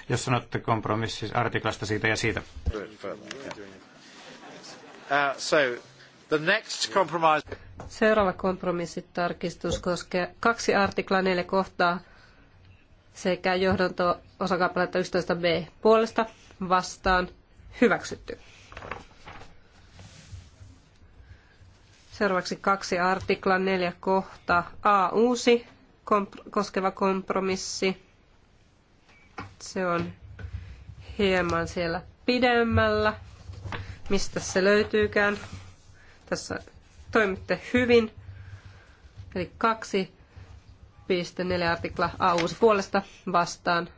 Jos sanotte kompromissi artiklasta siitä ja siitä. Uh, Seuraava kompromissitarkistus koskee kaksi artiklaa neljä kohtaa sekä johdanto osakappaletta 11b puolesta vastaan Hyväksytty. Seuraavaksi kaksi artikla, neljä kohta. A. Uusi komp- koskeva kompromissi. Se on hieman siellä pidemmällä. Mistä se löytyykään? Tässä toimitte hyvin. Eli kaksi 2.4 artikla A uusi puolesta vastaan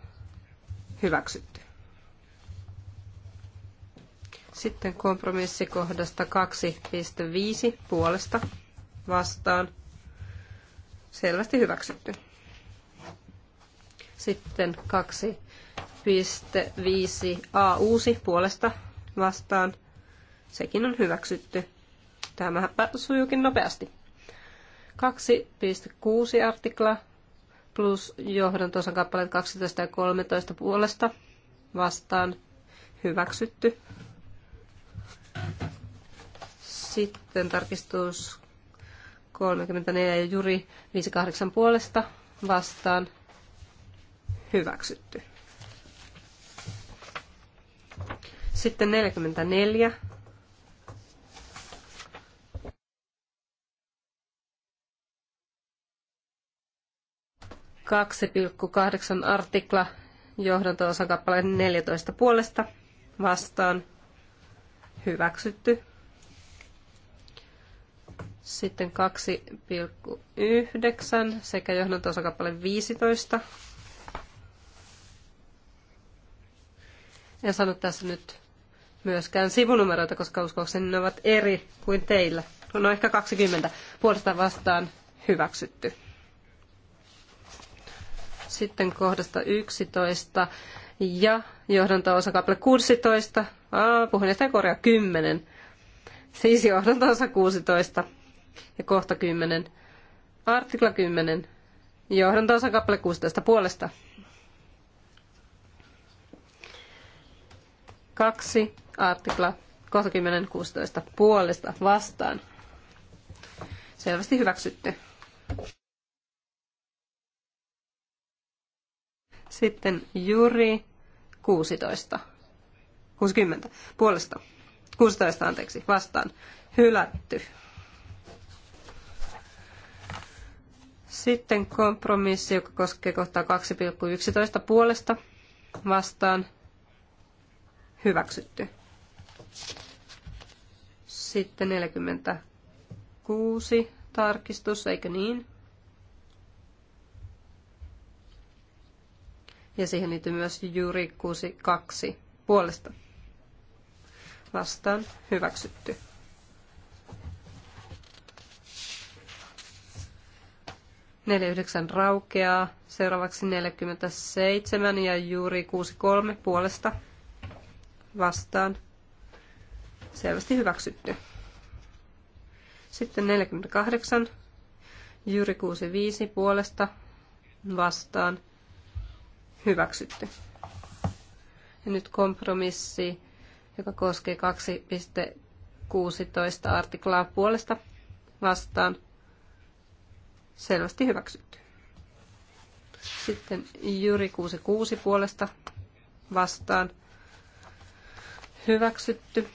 hyväksytty. Sitten kompromissikohdasta 2.5 puolesta vastaan. Selvästi hyväksytty. Sitten 2.5a uusi puolesta vastaan. Sekin on hyväksytty. Tämähän sujuukin nopeasti. 2.6 artikla plus johdantosan kappaleet 12 ja 13 puolesta vastaan hyväksytty. Sitten tarkistus 34 ja Juri 58 puolesta vastaan hyväksytty. Sitten 44. Kaksi kahdeksan artikla johdanto-osakappaleen 14 puolesta vastaan hyväksytty. Sitten 2,9 sekä johdantosakappale 15. En sano tässä nyt myöskään sivunumeroita, koska uskoakseni ne ovat eri kuin teillä. On no, ehkä 20 puolesta vastaan hyväksytty. Sitten kohdasta 11 ja johdanto-osa 16, aa, puheenjohtaja korjaa 10, siis johdanto-osa 16 ja kohta 10. Artikla 10. Johdantonsa kappale 16 puolesta. 2. artikla kohta 10, 16 puolesta vastaan. Selvästi hyväksytty. Sitten Juri 16. 60 puolesta. 16 anteeksi vastaan. Hylätty. Sitten kompromissi, joka koskee kohtaa 2,11 puolesta vastaan hyväksytty. Sitten 46 tarkistus, eikö niin? Ja siihen liittyy myös juuri 62 puolesta vastaan hyväksytty. 49 raukeaa, seuraavaksi 47 ja juuri 63 puolesta vastaan. Selvästi hyväksytty. Sitten 48, juuri 65 puolesta vastaan. Hyväksytty. Ja nyt kompromissi, joka koskee 2.16 artiklaa puolesta vastaan Selvästi hyväksytty. Sitten Juri 66 puolesta vastaan hyväksytty.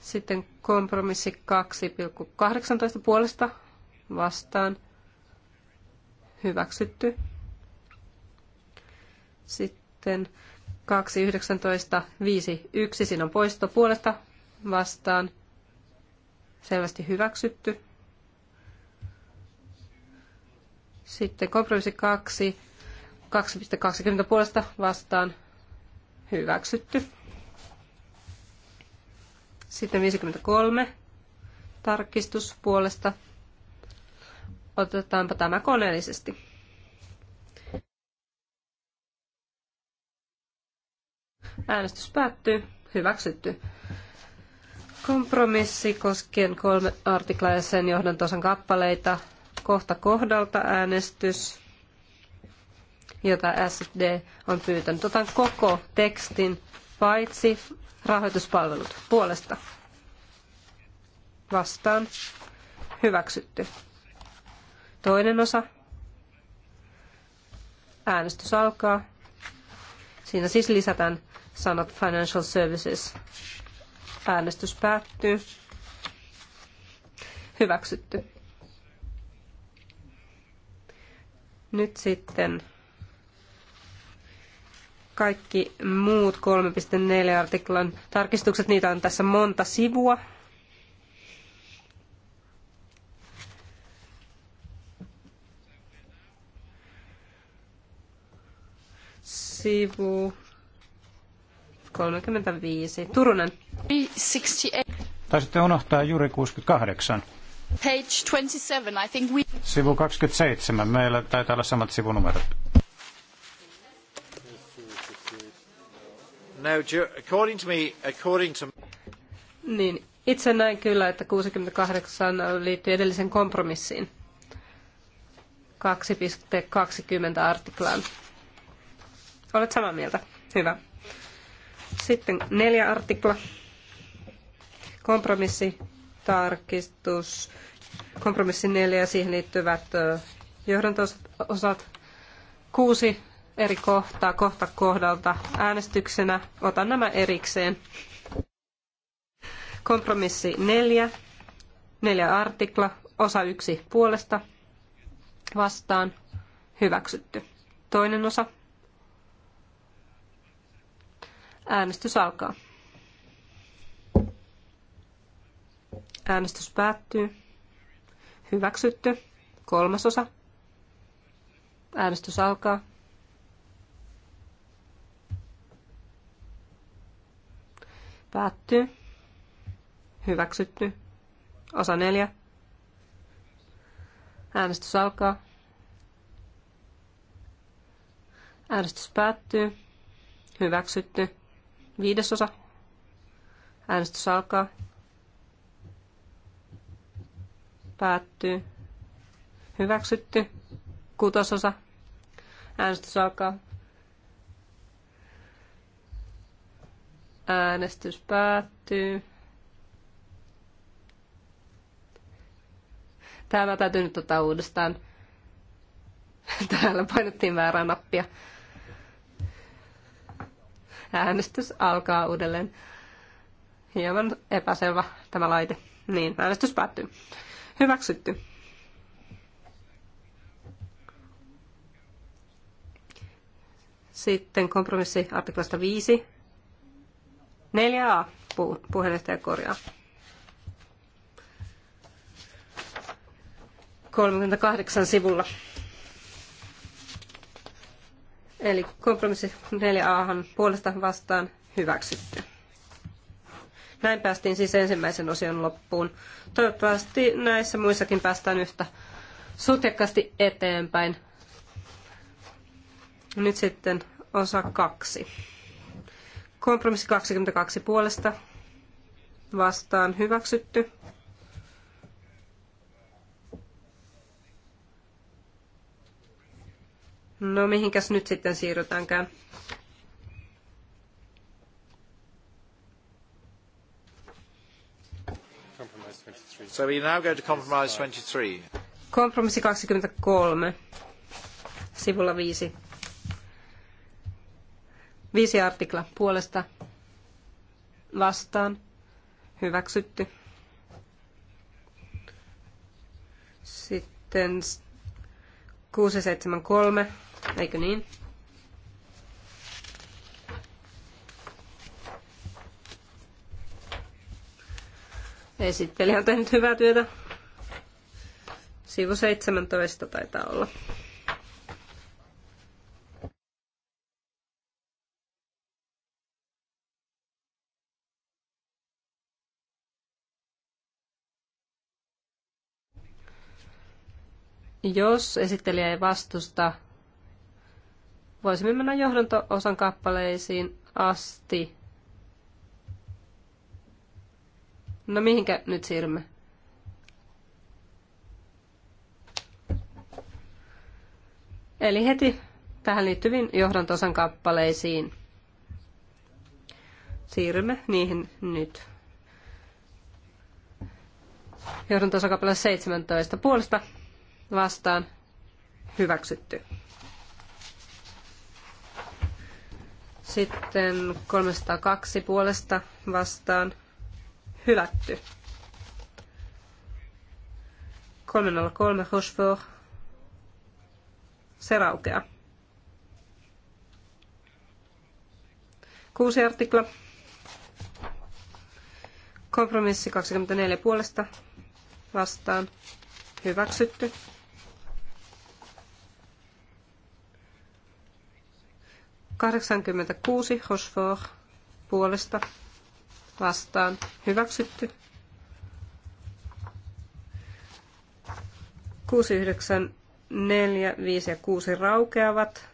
Sitten kompromissi 2,18 puolesta vastaan hyväksytty. Sitten 2.19.5.1, siinä on poisto puolesta vastaan selvästi hyväksytty. Sitten kompromissi 2, 2.20 puolesta vastaan hyväksytty. Sitten 53 tarkistus puolesta. Otetaanpa tämä koneellisesti. Äänestys päättyy. Hyväksytty. Kompromissi koskien kolme artiklaa ja sen johdantosan kappaleita kohta kohdalta äänestys, jota SD on pyytänyt. Otan koko tekstin, paitsi rahoituspalvelut puolesta. Vastaan. Hyväksytty. Toinen osa. Äänestys alkaa. Siinä siis lisätään sanat financial services. Äänestys päättyy. Hyväksytty. Nyt sitten kaikki muut 3.4 artiklan tarkistukset, niitä on tässä monta sivua. Sivu 35. Turunen. Taisitte unohtaa juuri 68. Page 27, I think we... Sivu 27, meillä taitaa olla samat sivunumerot. No, according to me, according to... Niin, itse näin kyllä, että 68 liittyy edellisen kompromissiin. 2.20 artiklaan. Olet samaa mieltä? Hyvä. Sitten neljä artikla. Kompromissi tarkistus, kompromissi 4 ja siihen liittyvät johdanto-osat kuusi eri kohtaa kohta kohdalta äänestyksenä. Otan nämä erikseen. Kompromissi 4, neljä artikla, osa yksi puolesta, vastaan, hyväksytty. Toinen osa. Äänestys alkaa. Äänestys päättyy. Hyväksytty. Kolmasosa. Äänestys alkaa. Päättyy. Hyväksytty. Osa neljä. Äänestys alkaa. Äänestys päättyy. Hyväksytty. Viidesosa. Äänestys alkaa päättyy, hyväksytty, kutososa, äänestys alkaa. Äänestys päättyy. Tämä täytyy nyt ottaa uudestaan. (laughs) Täällä painettiin väärää nappia. Äänestys alkaa uudelleen. Hieman epäselvä tämä laite. Niin, äänestys päättyy. Hyväksytty. Sitten kompromissi artiklasta 5. 4a puheenjohtaja korjaa. 38 sivulla. Eli kompromissi 4a puolesta vastaan hyväksytty. Näin päästiin siis ensimmäisen osion loppuun. Toivottavasti näissä muissakin päästään yhtä sutjakkaasti eteenpäin. Nyt sitten osa kaksi. Kompromissi 22 puolesta. Vastaan hyväksytty. No mihinkäs nyt sitten siirrytäänkään? So we now go to compromise 23. Kompromissi 23, sivulla 5. Viisi artikla puolesta vastaan hyväksytty. Sitten 673, eikö niin? Esittelijä on tehnyt hyvää työtä. Sivu 17 taitaa olla. Jos esittelijä ei vastusta, voisimme mennä johdanto-osan kappaleisiin asti No mihinkä nyt siirrymme? Eli heti tähän liittyviin johdantosan kappaleisiin. Siirrymme niihin nyt. Johdantosan kappale 17 puolesta vastaan hyväksytty. Sitten 302 puolesta vastaan hylätty. 303 Rochefort. Se raukeaa. Kuusi artikla. Kompromissi 24 puolesta vastaan. Hyväksytty. Kahdeksankymmentäkuusi Rochefort puolesta vastaan hyväksytty. 6, 9, 4, 5 ja 6 raukeavat.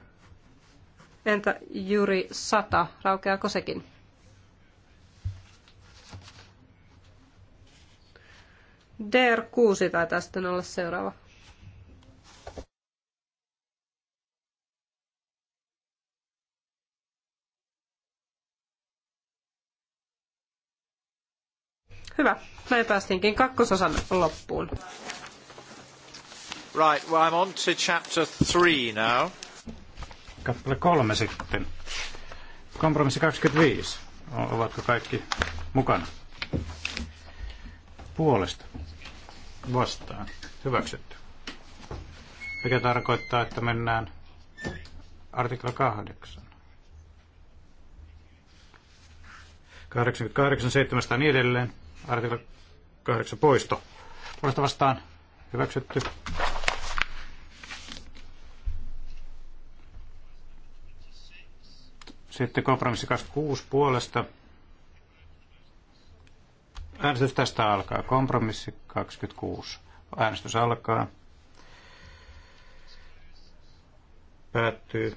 Entä juuri 100? Raukeako sekin? DR6 taitaa sitten olla seuraava. Hyvä. Näin päästinkin kakkososan loppuun. Right, well I'm on to chapter three now. Kappale kolme sitten. Kompromissi 25. Ovatko kaikki mukana? Puolesta. Vastaan. Hyväksytty. Mikä tarkoittaa, että mennään artikla 8. 88, 700 ja niin edelleen. Artikla 8 poisto. Puolesta vastaan hyväksytty. Sitten kompromissi 26 puolesta. Äänestys tästä alkaa. Kompromissi 26. Äänestys alkaa. Päättyy.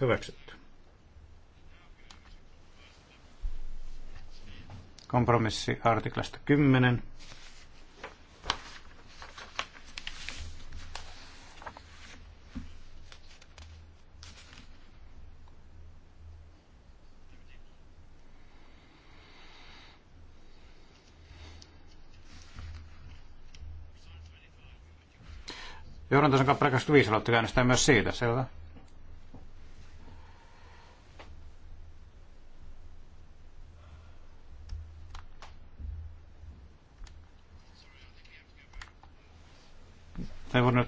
Hyväksytty. Kompromissi artiklasta 10. Johdantason kappale 25 haluatte äänestää myös siitä, selvä.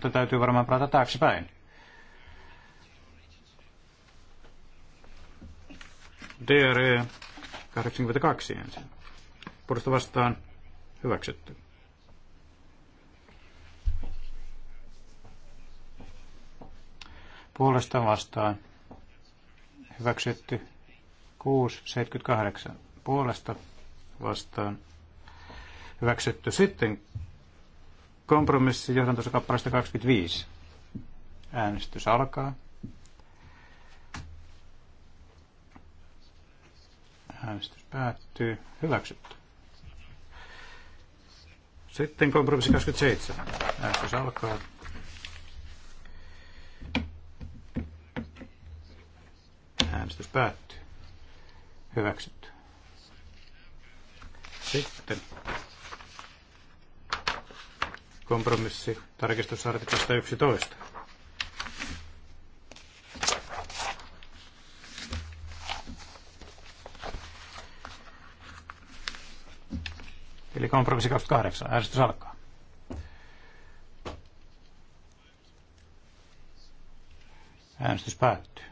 että täytyy varmaan palata taaksepäin. DRE 82 ensin. Puolesta vastaan hyväksytty. Puolesta vastaan hyväksytty 678. Puolesta vastaan hyväksytty. Sitten Kompromissi johdantossa kappaleesta 25. Äänestys alkaa. Äänestys päättyy. Hyväksytty. Sitten kompromissi 27. Äänestys alkaa. Äänestys päättyy. Hyväksytty. Sitten kompromissi tarkistusartiklasta 11. Eli kompromissi 28. Äänestys alkaa. Äänestys päättyy.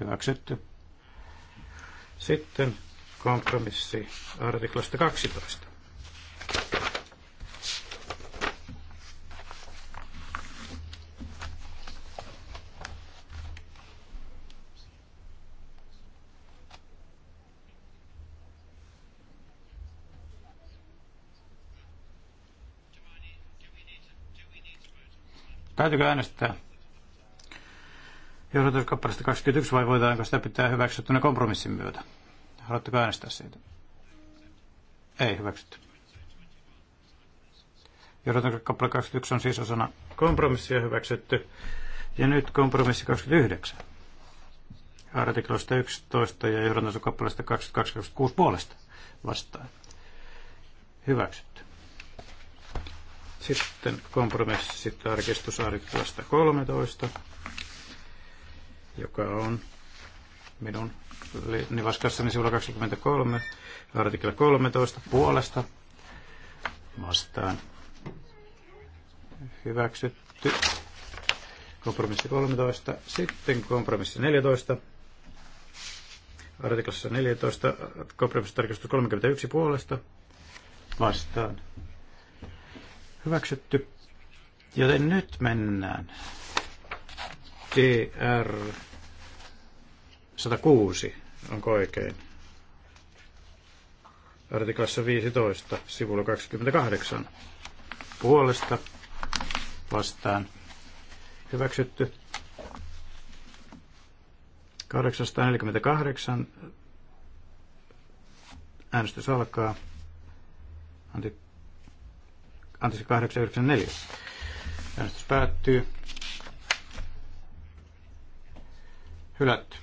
Hyväksytty. Sitten kompromissi artiklasta 12. Täytyykö äänestää johdatuskappaleesta 21 vai voidaanko sitä pitää hyväksyttynä kompromissin myötä? Haluatteko äänestää siitä? Ei hyväksytty. Johdatuskappale 21 on siis osana kompromissia hyväksytty. Ja nyt kompromissi 29. Artiklosta 11 ja johdantokappaleesta 22-26 puolesta vastaan. Hyväksytty. Sitten kompromissi artiklasta 13, joka on minun nivaskassani niin sivulla 23, artikla 13 puolesta vastaan hyväksytty. Kompromissi 13, sitten kompromissi 14, artiklassa 14, kompromissitarkistus 31 puolesta vastaan Hyväksytty. Joten nyt mennään. TR 106, onko oikein? Artiklassa 15, sivulla 28. Puolesta vastaan. Hyväksytty. 848. Äänestys alkaa. Antti anteeksi 894. Äänestys päättyy. Hylätty.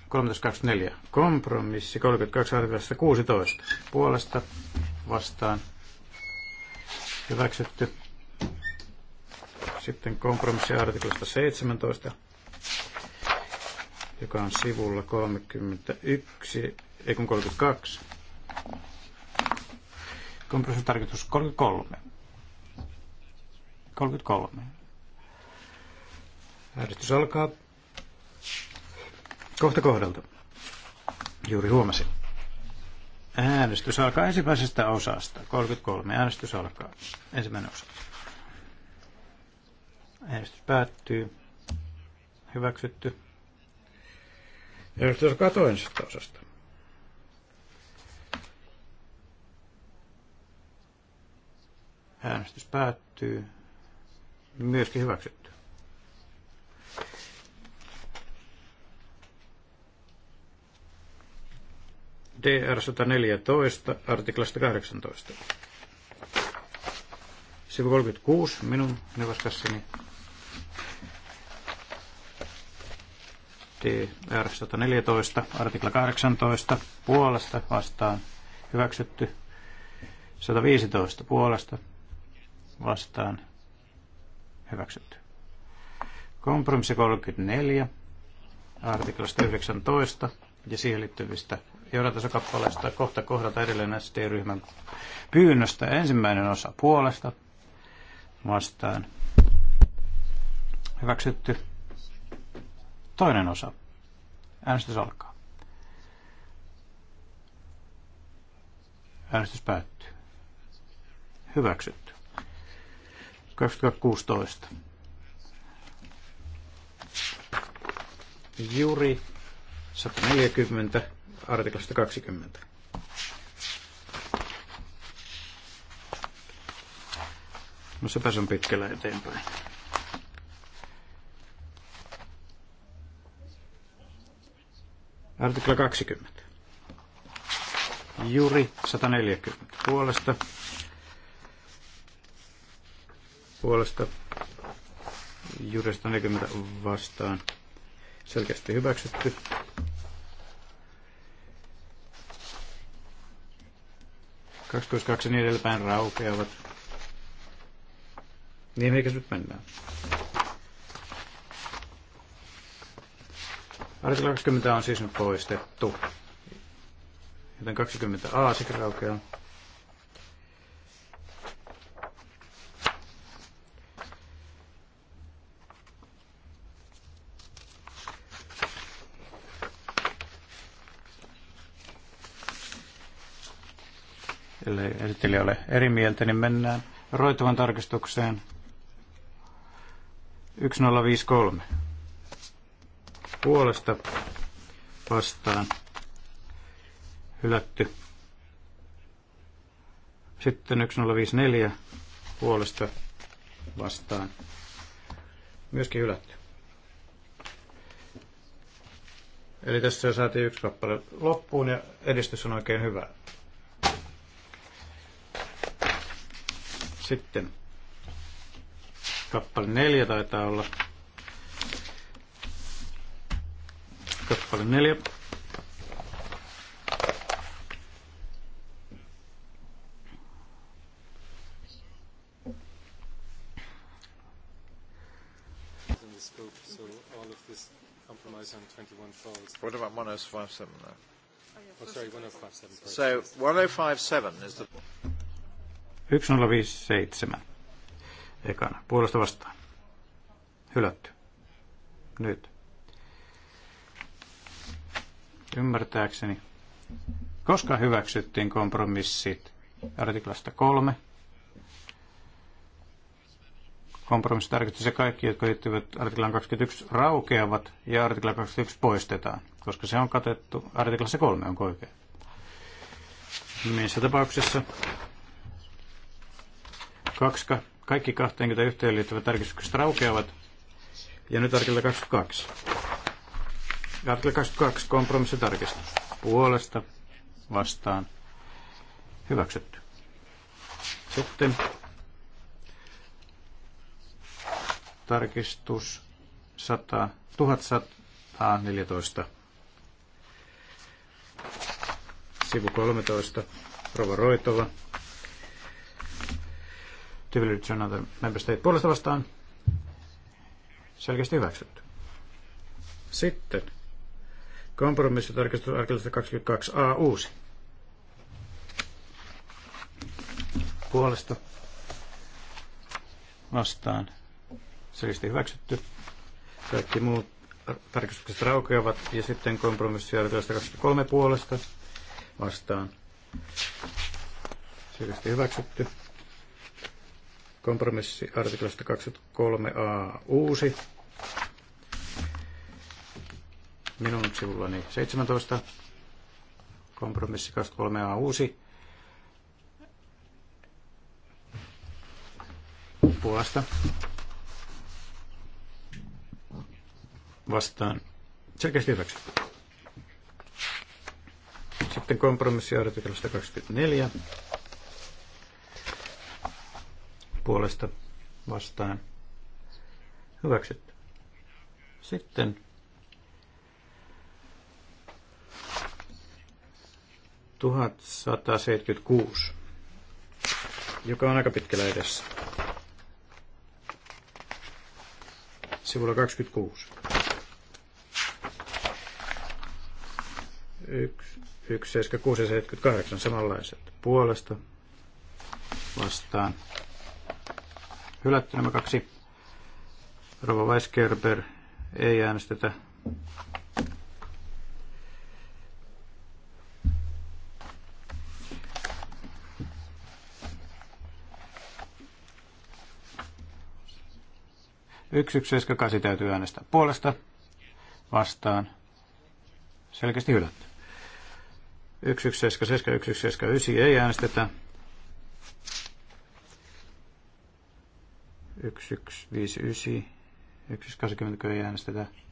13.24. Kompromissi 32 artiklassa 16. Puolesta vastaan. Hyväksytty. Sitten kompromissi artiklasta 17, joka on sivulla 31, ei kun 32. Kompromissi tarkoitus 33 33. Äänestys alkaa kohta kohdalta. Juuri huomasin. Äänestys alkaa ensimmäisestä osasta. 33. Äänestys alkaa. Ensimmäinen osa. Äänestys päättyy. Hyväksytty. Äänestys alkaa toisesta osasta. Äänestys päättyy myöskin hyväksytty. DR 114 artiklasta 18. Sivu 36 minun nevaskassani. DR 114 artikla 18 puolesta vastaan hyväksytty. 115 puolesta vastaan hyväksytty. Kompromissi 34 artiklasta 19 ja siihen liittyvistä johdantasokappaleista kohta kohdata edelleen ST-ryhmän pyynnöstä ensimmäinen osa puolesta vastaan hyväksytty toinen osa. Äänestys alkaa. Äänestys päättyy. Hyväksytty. 2016. Juri 140 artiklasta 20. No se on pitkällä eteenpäin. Artikla 20. Juri 140 puolesta puolesta Jure 140 vastaan selkeästi hyväksytty. kaksi niin edelleen raukeavat. Niin eikä nyt mennään. Artikla 20 on siis nyt poistettu. Joten 20a sekä raukeaa. eri mieltä, niin mennään roituvan tarkistukseen 1053. Puolesta vastaan hylätty. Sitten 1054 puolesta vastaan myöskin hylätty. Eli tässä saatiin yksi kappale loppuun ja edistys on oikein hyvä. Sitten kappale neljä taitaa olla. Kappale neljä. What about 1057 now? Oh, sorry, 1057. So 1057 is the... 1057. Ekana. Puolesta vastaan. Hylätty. Nyt. Ymmärtääkseni. Koska hyväksyttiin kompromissit artiklasta kolme, kompromissitarkistus se kaikki, jotka liittyvät artiklaan 21, raukeavat ja artikla 21 poistetaan, koska se on katettu artiklassa 3, on oikein. Niissä tapauksessa 22 kaikki 21 liittyvät tarkistukset raukeavat. Ja nyt artikla 22. Artikla 22, kompromissitarkistus. Puolesta, vastaan, hyväksytty. Sitten tarkistus 100, 1114, sivu 13, Rova Roitova, Tyvilyt another member state puolesta vastaan. Selkeästi hyväksytty. Sitten kompromissitarkistus artikkelista 22a uusi. Puolesta vastaan. Selkeästi hyväksytty. Kaikki muut tarkistukset raukeavat ja sitten kompromissiartikkelista 23 puolesta vastaan. Selkeästi hyväksytty. Kompromissi artiklasta 23a uusi. Minun sivullani 17. Kompromissi 23a uusi. Puolasta. Vastaan. Selkeästi hyväksi. Sitten kompromissi artiklasta 24 puolesta vastaan hyväksytty. Sitten tuhat joka on aika pitkällä edessä. Sivulla 26. 1, 1, 76 ja 78 samanlaiset puolesta vastaan Hylätty nämä kaksi. Rova Weiskerber ei äänestetä. Yksi, yksi, kasi täytyy äänestää puolesta, vastaan, selkeästi hylätty. ysi ei äänestetä. 1159, 1180 ei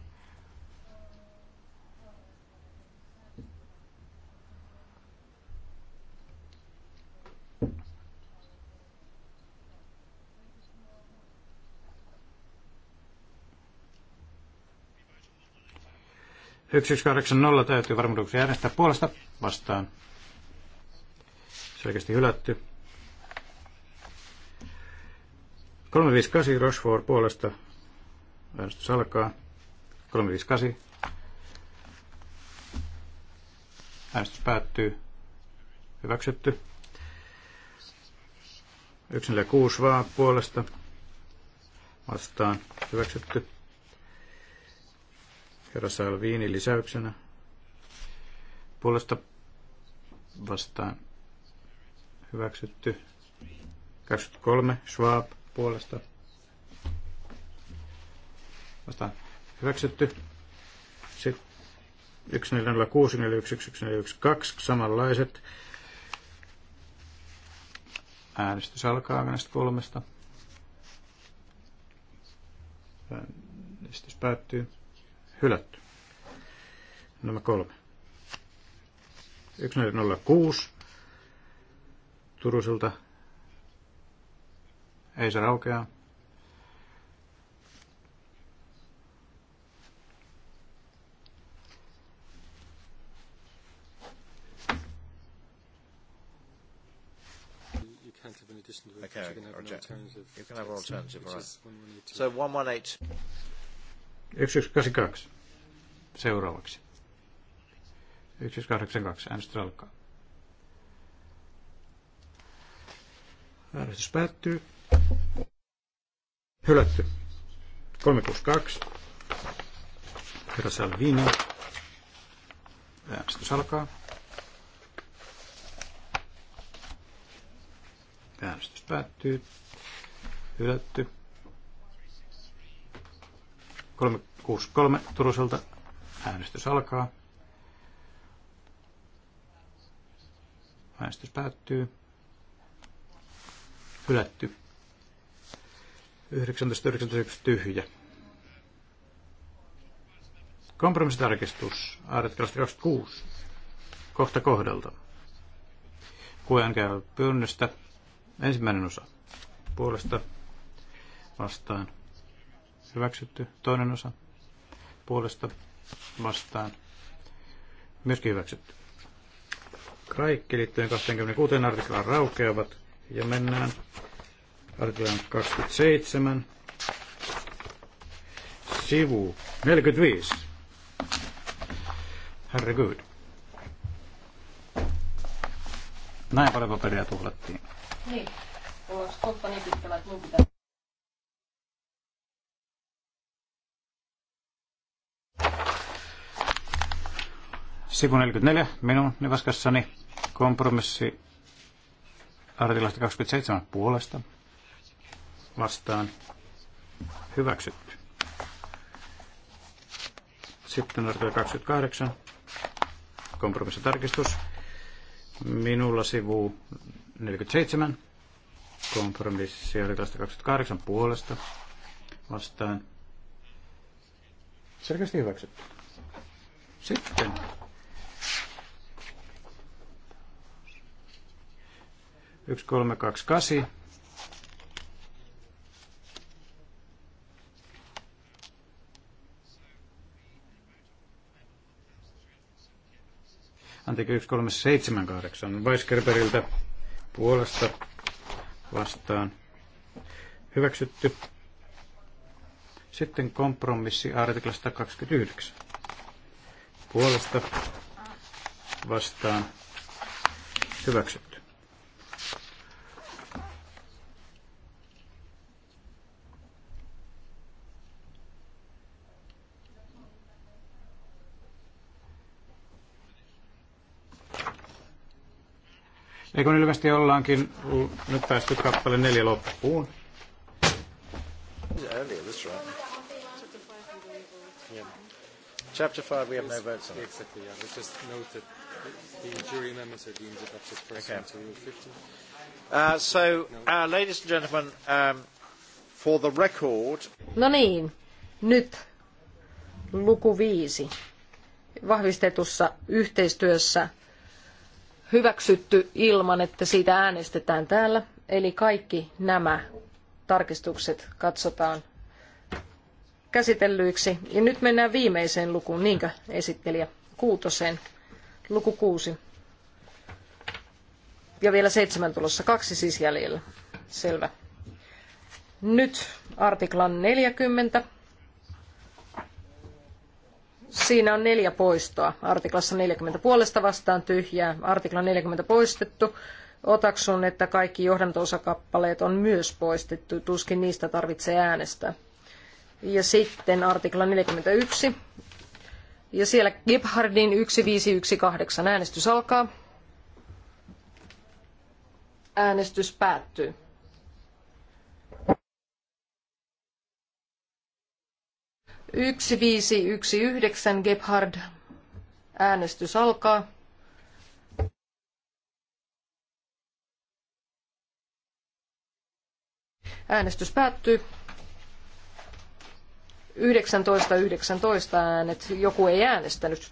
Yksi, yksi, kahdeksan, nolla täytyy varmuudeksi äänestää puolesta vastaan. Selkeästi hylätty. 358 Rochefort puolesta. Äänestys alkaa. 358. Äänestys päättyy. Hyväksytty. 146 vaan puolesta. Vastaan. Hyväksytty. Herra Salvini lisäyksenä. Puolesta vastaan. Hyväksytty. 23 Schwab puolesta vastaan hyväksytty. Sitten 1406411112 samanlaiset. Äänestys alkaa näistä kolmesta. Äänestys päättyy. Hylätty. Nämä kolme. 1406 Turusilta ei se raukea. you can have alternative, right. So 118. kaksi, Seuraavaksi. 1182. alkaa. Äänestys päättyy. Hylätty. 362. Herra Salvini. Äänestys alkaa. Äänestys päättyy. Hylätty. 363 Turuselta. Äänestys alkaa. Äänestys päättyy. Hylätty. 1991 tyhjä. Kompromissitarkistus, artikla 26, kohta kohdalta. Kuen käy pyynnöstä. Ensimmäinen osa. Puolesta vastaan. Hyväksytty. Toinen osa. Puolesta vastaan. Myöskin hyväksytty. Kaikki liittyen 26 artiklaan raukeavat ja mennään artiklan 27, sivu 45. Herregud. Näin paljon paperia tuhlattiin. Niin. Ollaanko kohta niin pitkällä, minun Sivu 44 minun nevaskassani kompromissi artilasta 27 puolesta vastaan hyväksytty. Sitten artikla 28, kompromissitarkistus. Minulla sivu 47, kompromissi artiklasta 28 puolesta vastaan selkeästi hyväksytty. Sitten yksi kolme kaksi kasi anteeksi 1378 Weiskerberiltä puolesta vastaan hyväksytty. Sitten kompromissi artikla 129 puolesta vastaan hyväksytty. Ja kun ilmeisesti ollaankin nyt päästy kappale neljä loppuun. Chapter 5, we have no votes on it. Exactly, yeah. We just note that the jury members are deemed adopted pursuant okay. to Rule 15. Uh, so, uh, ladies and gentlemen, um, for the record... No niin, nyt luku viisi. Vahvistetussa yhteistyössä hyväksytty ilman, että siitä äänestetään täällä. Eli kaikki nämä tarkistukset katsotaan käsitellyiksi. Ja nyt mennään viimeiseen lukuun, niinkö esittelijä? Kuutoseen. Luku kuusi. Ja vielä seitsemän tulossa. Kaksi siis jäljellä. Selvä. Nyt artiklan 40 Siinä on neljä poistoa. Artiklassa 40 puolesta vastaan tyhjää. Artikla 40 poistettu. Otaksun, että kaikki johdanto-osakappaleet on myös poistettu. Tuskin niistä tarvitsee äänestää. Ja sitten artikla 41. Ja siellä Gebhardin 1518 äänestys alkaa. Äänestys päättyy. 1519 Gebhard. Äänestys alkaa. Äänestys päättyy. 19, 19 äänet. Joku ei äänestänyt.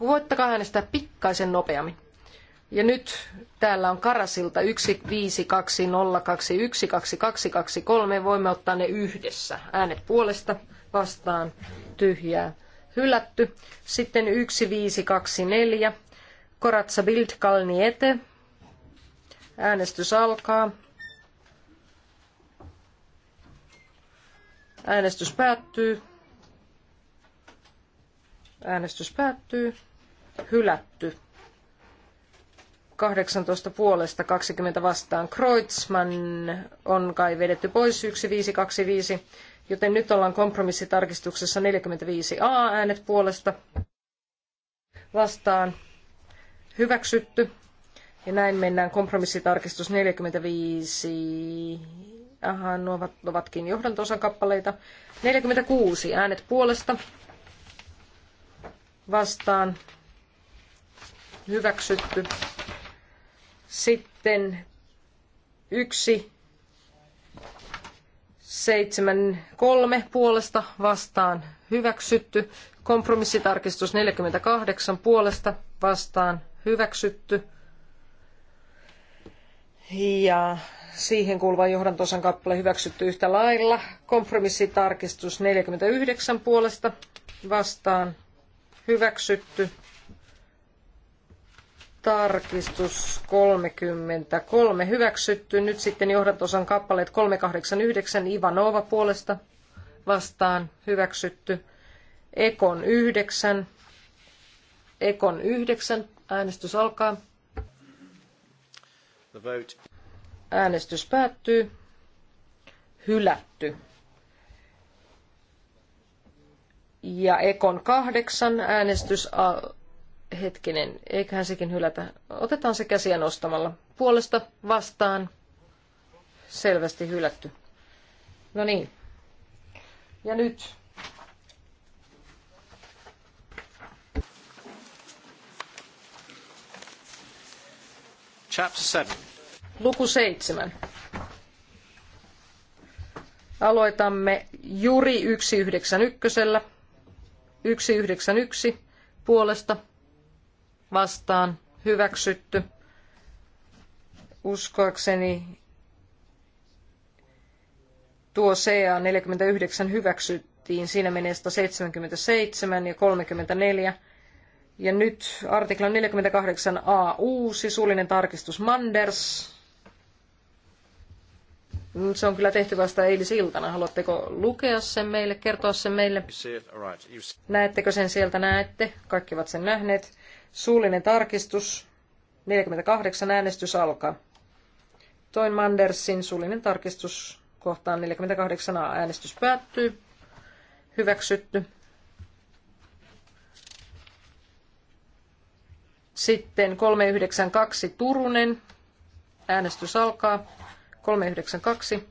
Voittakaa äänestää pikkaisen nopeammin. Ja nyt täällä on Karasilta 15202122223. Voimme ottaa ne yhdessä. Äänet puolesta vastaan tyhjää hylätty. Sitten 1524 Koratsa Bild Kalniete. Äänestys alkaa. Äänestys päättyy. Äänestys päättyy. Hylätty. 18 puolesta 20 vastaan. Kreutzmann on kai vedetty pois 1525, joten nyt ollaan kompromissitarkistuksessa 45a äänet puolesta vastaan hyväksytty. Ja näin mennään kompromissitarkistus 45. Aha, nuo ovat, ovatkin johdantosan kappaleita. 46 äänet puolesta vastaan hyväksytty. Sitten yksi seitsemän kolme puolesta vastaan hyväksytty. Kompromissitarkistus 48 puolesta vastaan hyväksytty. Ja siihen kuuluva johdantosan kappale hyväksytty yhtä lailla. Kompromissitarkistus 49 puolesta vastaan hyväksytty tarkistus 33 hyväksytty. Nyt sitten johdatosan kappaleet 389 Ivanova puolesta vastaan hyväksytty. Ekon 9. Ekon 9. Äänestys alkaa. The vote. Äänestys päättyy. Hylätty. Ja Ekon 8 äänestys al- hetkinen, eiköhän sekin hylätä. Otetaan se käsiä nostamalla. Puolesta vastaan. Selvästi hylätty. No niin. Ja nyt. Chapter 7. Luku 7. Aloitamme Juri 191. 191 puolesta vastaan hyväksytty. Uskoakseni tuo CA49 hyväksyttiin, siinä menee 177 ja 34. Ja nyt artikla 48a uusi, suullinen tarkistus Manders se on kyllä tehty vasta eilisiltana. Haluatteko lukea sen meille, kertoa sen meille? Näettekö sen sieltä? Näette. Kaikki ovat sen nähneet. Suullinen tarkistus. 48 äänestys alkaa. Toin Mandersin suullinen tarkistus kohtaan 48 äänestys päättyy. Hyväksytty. Sitten 392 Turunen. Äänestys alkaa. 392.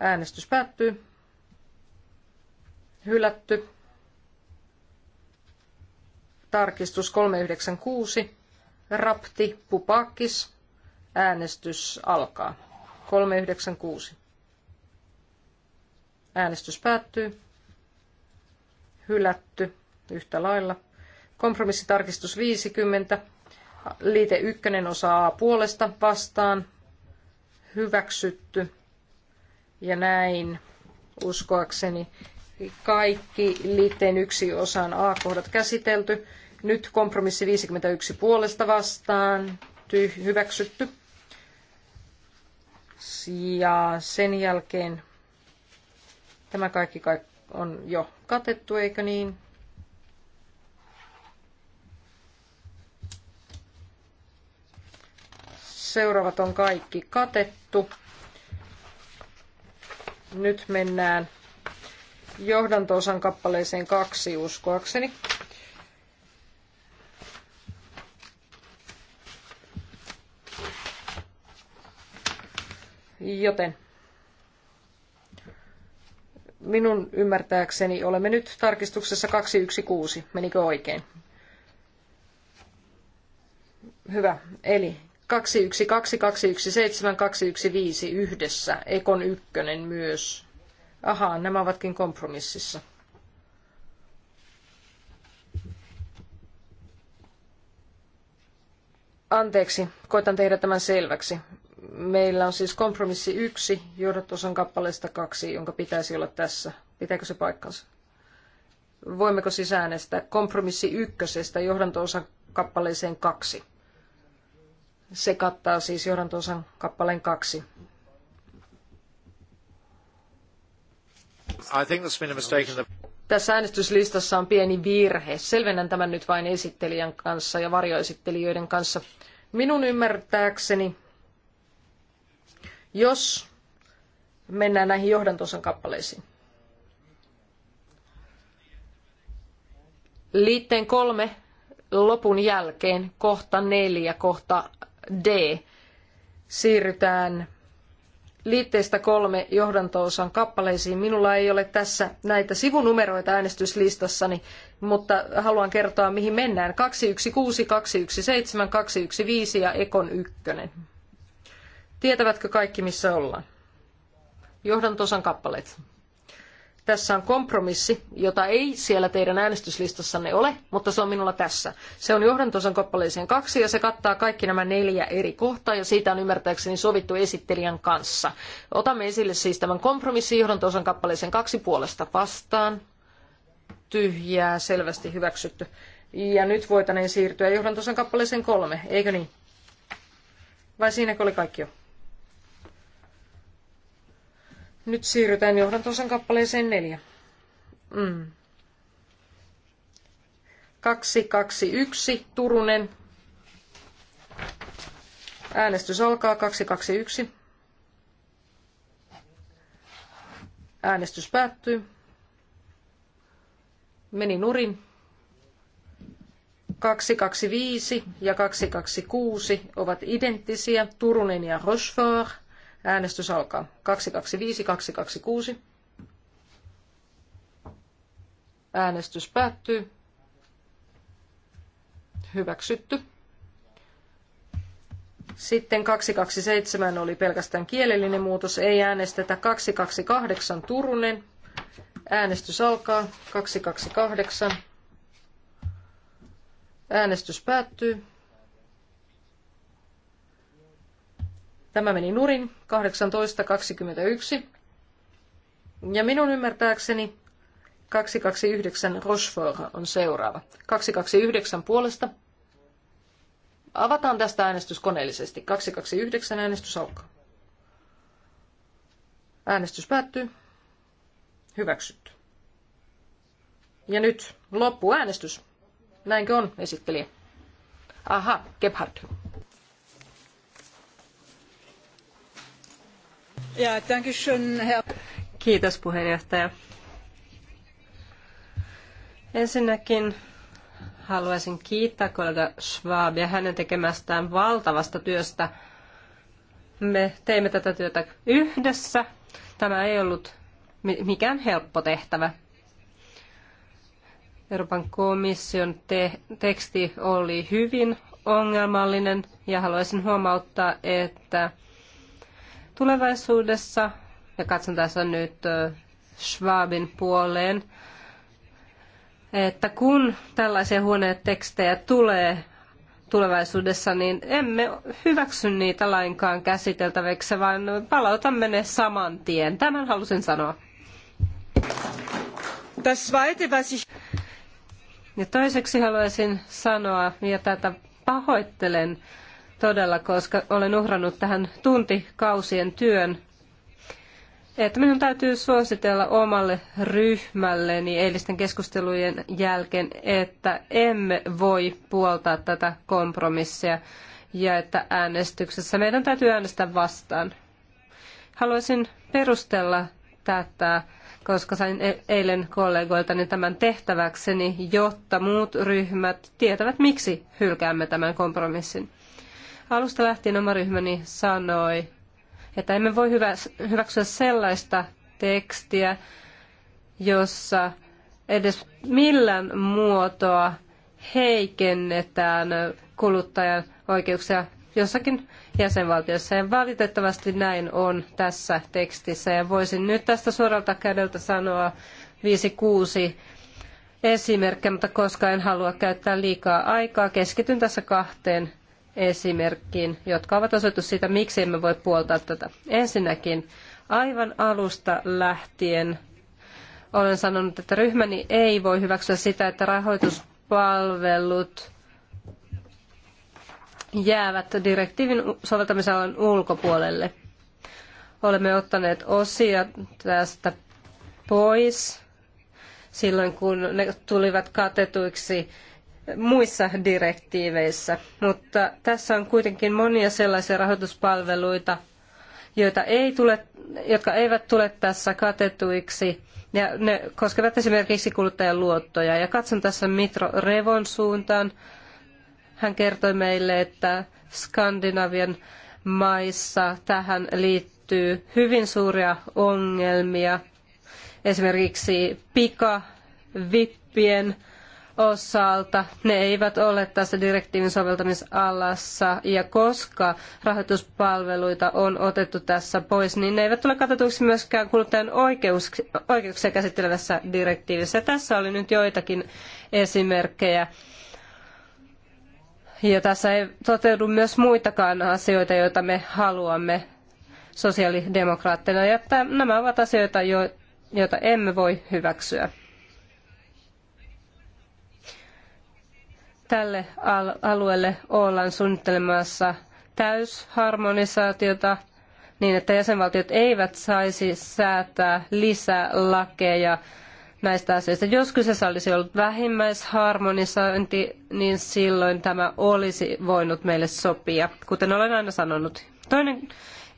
Äänestys päättyy. Hylätty. Tarkistus 396. Rapti Pupakis. Äänestys alkaa. 396. Äänestys päättyy. Hylätty yhtä lailla. Kompromissitarkistus 50 liite ykkönen osaa puolesta vastaan hyväksytty. Ja näin uskoakseni kaikki liitteen yksi osan A-kohdat käsitelty. Nyt kompromissi 51 puolesta vastaan ty- hyväksytty. Ja sen jälkeen tämä kaikki on jo katettu, eikö niin? Seuraavat on kaikki katettu. Nyt mennään johdantoosan kappaleeseen kaksi uskoakseni. Joten minun ymmärtääkseni olemme nyt tarkistuksessa 216. Menikö oikein? Hyvä. Eli 212, 217, 215 yhdessä, Ekon ykkönen myös. Ahaa, nämä ovatkin kompromississa. Anteeksi, koitan tehdä tämän selväksi. Meillä on siis kompromissi yksi, johdatosan kappaleesta kaksi, jonka pitäisi olla tässä. Pitääkö se paikkansa? Voimmeko siis äänestää kompromissi ykkösestä johdantoosan kappaleeseen kaksi? Se kattaa siis johdantonsan kappaleen kaksi. Tässä äänestyslistassa on pieni virhe. Selvennän tämän nyt vain esittelijän kanssa ja varjoesittelijöiden kanssa. Minun ymmärtääkseni, jos mennään näihin johdantosan kappaleisiin. Liitteen kolme lopun jälkeen kohta neljä, kohta D. Siirrytään liitteestä kolme johdantoosan kappaleisiin. Minulla ei ole tässä näitä sivunumeroita äänestyslistassani, mutta haluan kertoa mihin mennään. 216, 217, 215 ja Ekon ykkönen. Tietävätkö kaikki missä ollaan? Johdantosan kappaleet. Tässä on kompromissi, jota ei siellä teidän äänestyslistassanne ole, mutta se on minulla tässä. Se on johdantosan kappaleeseen kaksi ja se kattaa kaikki nämä neljä eri kohtaa ja siitä on ymmärtääkseni sovittu esittelijän kanssa. Otamme esille siis tämän kompromissin johdantosan kappaleeseen kaksi puolesta vastaan. Tyhjää, selvästi hyväksytty. Ja nyt voitaneen siirtyä johdantosan kappaleeseen kolme, eikö niin? Vai siinäkö oli kaikki jo? Nyt siirrytään johdantosan kappaleeseen neljä. Mm. 221 Turunen. Äänestys alkaa 221. Äänestys päättyy. Meni nurin. 225 ja 226 ovat identtisiä Turunen ja Rochefort. Äänestys alkaa. 225, 226. Äänestys päättyy. Hyväksytty. Sitten 227 oli pelkästään kielellinen muutos. Ei äänestetä. 228 Turunen. Äänestys alkaa. 228. Äänestys päättyy. Tämä meni nurin 18.21. Ja minun ymmärtääkseni 229 Rochefort on seuraava. 229 puolesta. Avataan tästä äänestys koneellisesti. 229 äänestys alkaa. Äänestys päättyy. Hyväksytty. Ja nyt loppuäänestys. Näinkö on, esittelijä? Aha, Gebhardt. Kiitos puheenjohtaja. Ensinnäkin haluaisin kiittää kollega Schwabia hänen tekemästään valtavasta työstä. Me teimme tätä työtä yhdessä. Tämä ei ollut mikään helppo tehtävä. Euroopan komission te- teksti oli hyvin ongelmallinen ja haluaisin huomauttaa, että Tulevaisuudessa, ja katson tässä nyt Schwabin puoleen, että kun tällaisia tekstejä tulee tulevaisuudessa, niin emme hyväksy niitä lainkaan käsiteltäviksi, vaan palautamme ne saman tien. Tämän halusin sanoa. Ja toiseksi haluaisin sanoa, ja tätä pahoittelen, todella, koska olen uhrannut tähän tuntikausien työn, että minun täytyy suositella omalle ryhmälleni eilisten keskustelujen jälkeen, että emme voi puoltaa tätä kompromissia ja että äänestyksessä meidän täytyy äänestää vastaan. Haluaisin perustella tätä, koska sain e- eilen kollegoiltani tämän tehtäväkseni, jotta muut ryhmät tietävät, miksi hylkäämme tämän kompromissin. Alusta lähtien oma ryhmäni sanoi, että emme voi hyväksyä sellaista tekstiä, jossa edes millään muotoa heikennetään kuluttajan oikeuksia jossakin jäsenvaltiossa. Ja valitettavasti näin on tässä tekstissä. Ja voisin nyt tästä suoralta kädeltä sanoa viisi kuusi esimerkkiä, mutta koska en halua käyttää liikaa aikaa, keskityn tässä kahteen esimerkkiin, jotka ovat osoitus siitä, miksi emme voi puoltaa tätä. Ensinnäkin aivan alusta lähtien olen sanonut, että ryhmäni ei voi hyväksyä sitä, että rahoituspalvelut jäävät direktiivin soveltamisalan ulkopuolelle. Olemme ottaneet osia tästä pois silloin, kun ne tulivat katetuiksi muissa direktiiveissä, mutta tässä on kuitenkin monia sellaisia rahoituspalveluita, joita ei tule, jotka eivät tule tässä katetuiksi. Ja ne koskevat esimerkiksi kuluttajan luottoja. Ja katson tässä Mitro Revon suuntaan. Hän kertoi meille, että Skandinavian maissa tähän liittyy hyvin suuria ongelmia. Esimerkiksi pikavippien osalta. Ne eivät ole tässä direktiivin soveltamisalassa ja koska rahoituspalveluita on otettu tässä pois, niin ne eivät tule katsotuksi myöskään kuluttajan oikeus, oikeuksia käsittelevässä direktiivissä. Ja tässä oli nyt joitakin esimerkkejä. Ja tässä ei toteudu myös muitakaan asioita, joita me haluamme sosiaalidemokraatteina. Ja nämä ovat asioita, joita emme voi hyväksyä. Tälle alueelle ollaan suunnittelemassa täysharmonisaatiota niin, että jäsenvaltiot eivät saisi säätää lisää lakeja näistä asioista. Jos kyseessä olisi ollut vähimmäisharmonisointi, niin silloin tämä olisi voinut meille sopia, kuten olen aina sanonut. Toinen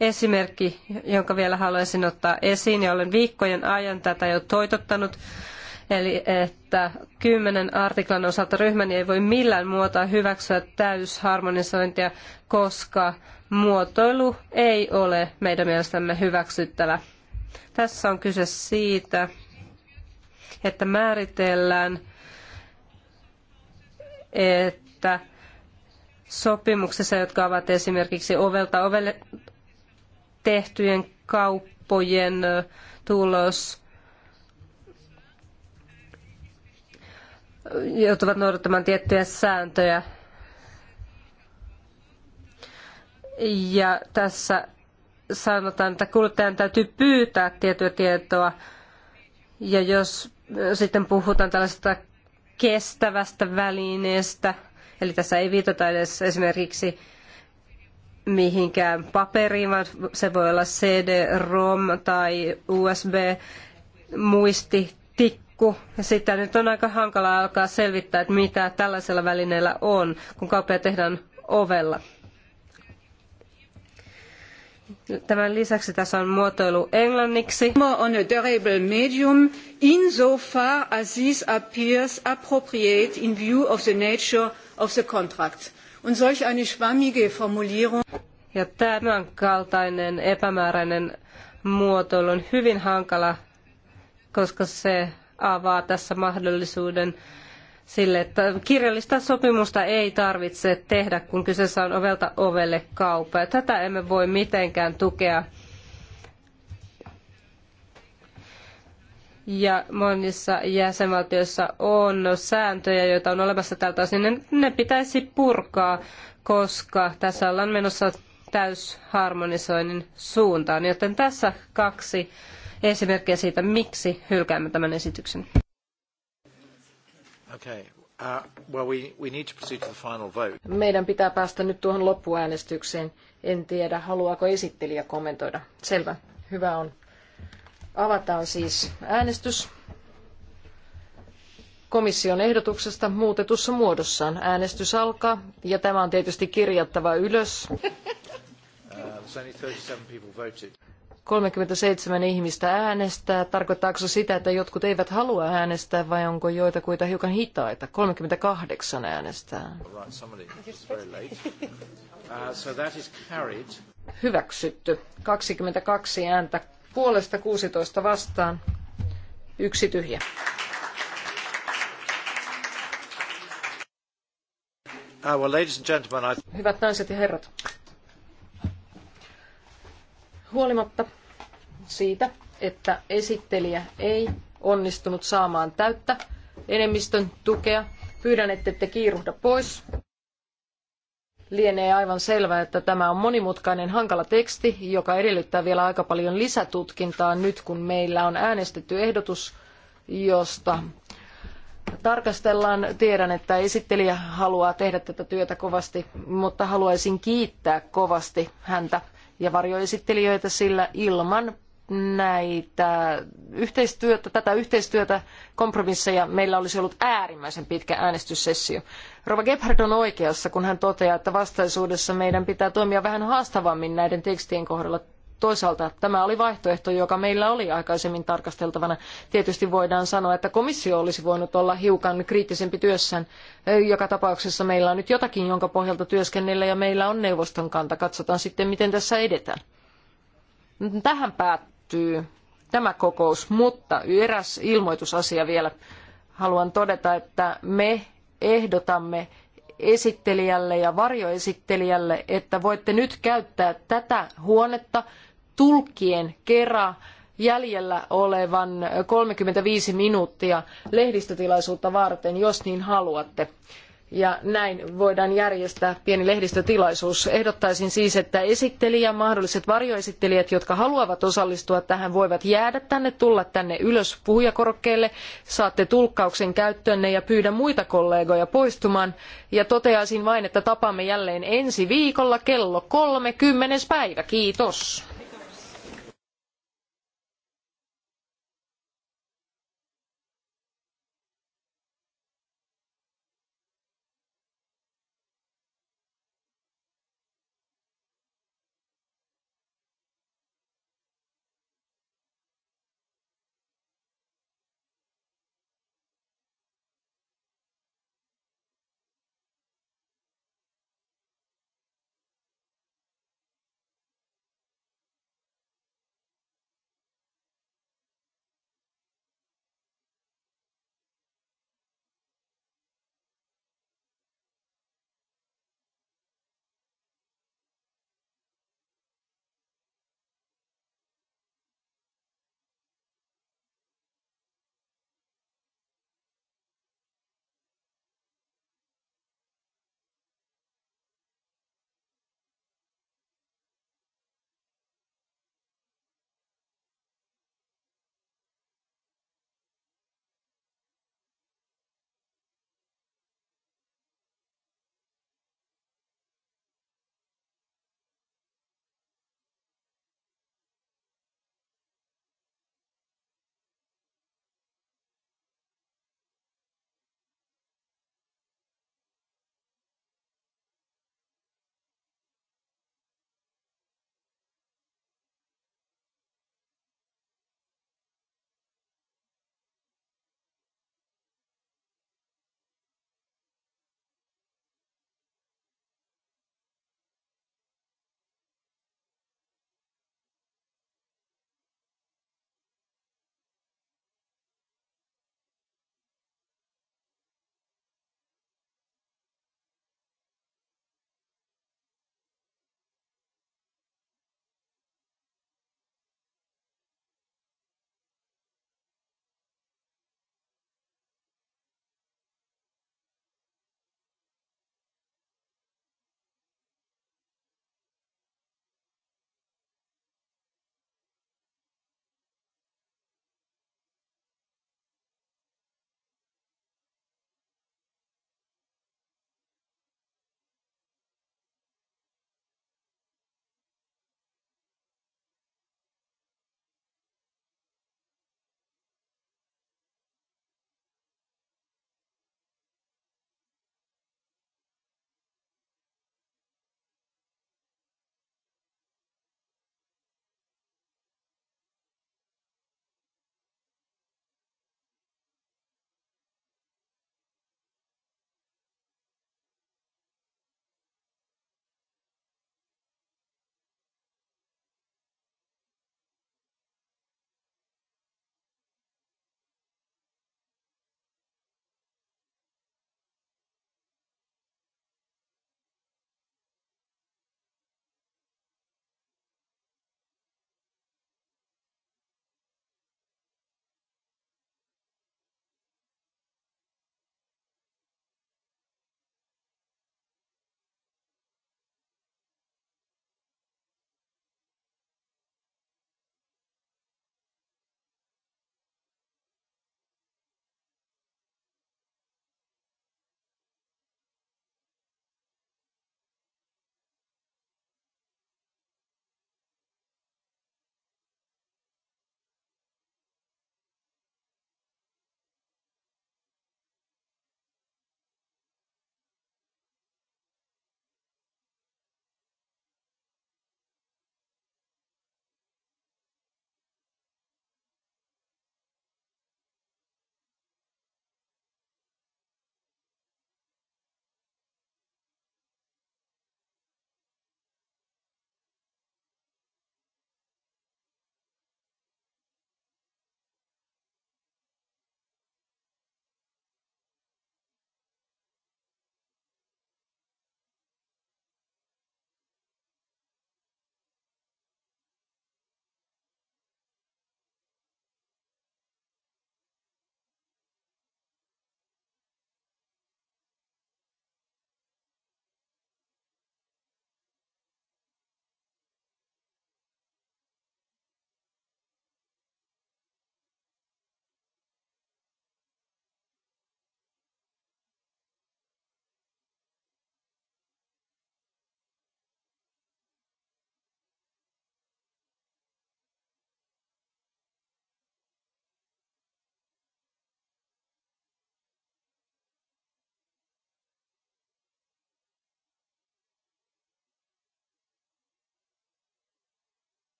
esimerkki, jonka vielä haluaisin ottaa esiin, ja olen viikkojen ajan tätä jo toitottanut, eli että kymmenen artiklan osalta ryhmäni ei voi millään muotoa hyväksyä täysharmonisointia, koska muotoilu ei ole meidän mielestämme hyväksyttävä. Tässä on kyse siitä, että määritellään, että sopimuksessa, jotka ovat esimerkiksi ovelta ovelle tehtyjen kauppojen tulos, joutuvat noudattamaan tiettyjä sääntöjä. Ja tässä sanotaan, että kuluttajan täytyy pyytää tiettyä tietoa. Ja jos sitten puhutaan tällaisesta kestävästä välineestä, eli tässä ei viitata edes esimerkiksi mihinkään paperiin, vaan se voi olla CD-ROM tai USB-muisti, pikku, sitä nyt on aika hankalaa alkaa selvittää, että mitä tällaisella välineellä on, kun kauppoja tehdään ovella. Tämän lisäksi tässä on muotoilu englanniksi. On a durable medium insofar as this appears appropriate in view of the nature of the contract. Und solch eine schwammige Formulierung. Ja tämän kaltainen epämääräinen muotoilu on hyvin hankala, koska se avaa tässä mahdollisuuden sille, että kirjallista sopimusta ei tarvitse tehdä, kun kyseessä on ovelta ovelle kauppa. Ja tätä emme voi mitenkään tukea. Ja monissa jäsenvaltioissa on sääntöjä, joita on olemassa tältä osin. Ne, ne pitäisi purkaa, koska tässä ollaan menossa täysharmonisoinnin suuntaan. Joten tässä kaksi esimerkkejä siitä, miksi hylkäämme tämän esityksen. Okay. Meidän pitää päästä nyt tuohon loppuäänestykseen. En tiedä, haluaako esittelijä kommentoida. Selvä, hyvä on. Avataan siis äänestys komission ehdotuksesta muutetussa muodossaan. Äänestys alkaa ja tämä on tietysti kirjattava ylös. Uh, 37 ihmistä äänestää. Tarkoittaako se sitä, että jotkut eivät halua äänestää vai onko joitakuita hiukan hitaita? 38 äänestää. Hyväksytty. 22 ääntä puolesta 16 vastaan. Yksi tyhjä. Uh, Hyvät naiset ja herrat huolimatta siitä, että esittelijä ei onnistunut saamaan täyttä enemmistön tukea. Pyydän, ette te kiiruhda pois. Lienee aivan selvää, että tämä on monimutkainen hankala teksti, joka edellyttää vielä aika paljon lisätutkintaa nyt, kun meillä on äänestetty ehdotus, josta tarkastellaan. Tiedän, että esittelijä haluaa tehdä tätä työtä kovasti, mutta haluaisin kiittää kovasti häntä ja varjoesittelijöitä, sillä ilman näitä yhteistyötä, tätä yhteistyötä kompromisseja meillä olisi ollut äärimmäisen pitkä äänestyssessio. Rova Gebhard on oikeassa, kun hän toteaa, että vastaisuudessa meidän pitää toimia vähän haastavammin näiden tekstien kohdalla. Toisaalta tämä oli vaihtoehto, joka meillä oli aikaisemmin tarkasteltavana. Tietysti voidaan sanoa, että komissio olisi voinut olla hiukan kriittisempi työssään. Joka tapauksessa meillä on nyt jotakin, jonka pohjalta työskennellä ja meillä on neuvoston kanta. Katsotaan sitten, miten tässä edetään. Tähän päättyy tämä kokous, mutta eräs ilmoitusasia vielä. Haluan todeta, että me ehdotamme esittelijälle ja varjoesittelijälle, että voitte nyt käyttää tätä huonetta tulkkien kera jäljellä olevan 35 minuuttia lehdistötilaisuutta varten, jos niin haluatte. Ja näin voidaan järjestää pieni lehdistötilaisuus. Ehdottaisin siis, että esittelijä, mahdolliset varjoesittelijät, jotka haluavat osallistua tähän, voivat jäädä tänne, tulla tänne ylös puhujakorokkeelle. Saatte tulkkauksen käyttöönne ja pyydä muita kollegoja poistumaan. Ja toteaisin vain, että tapaamme jälleen ensi viikolla kello 30. päivä. Kiitos.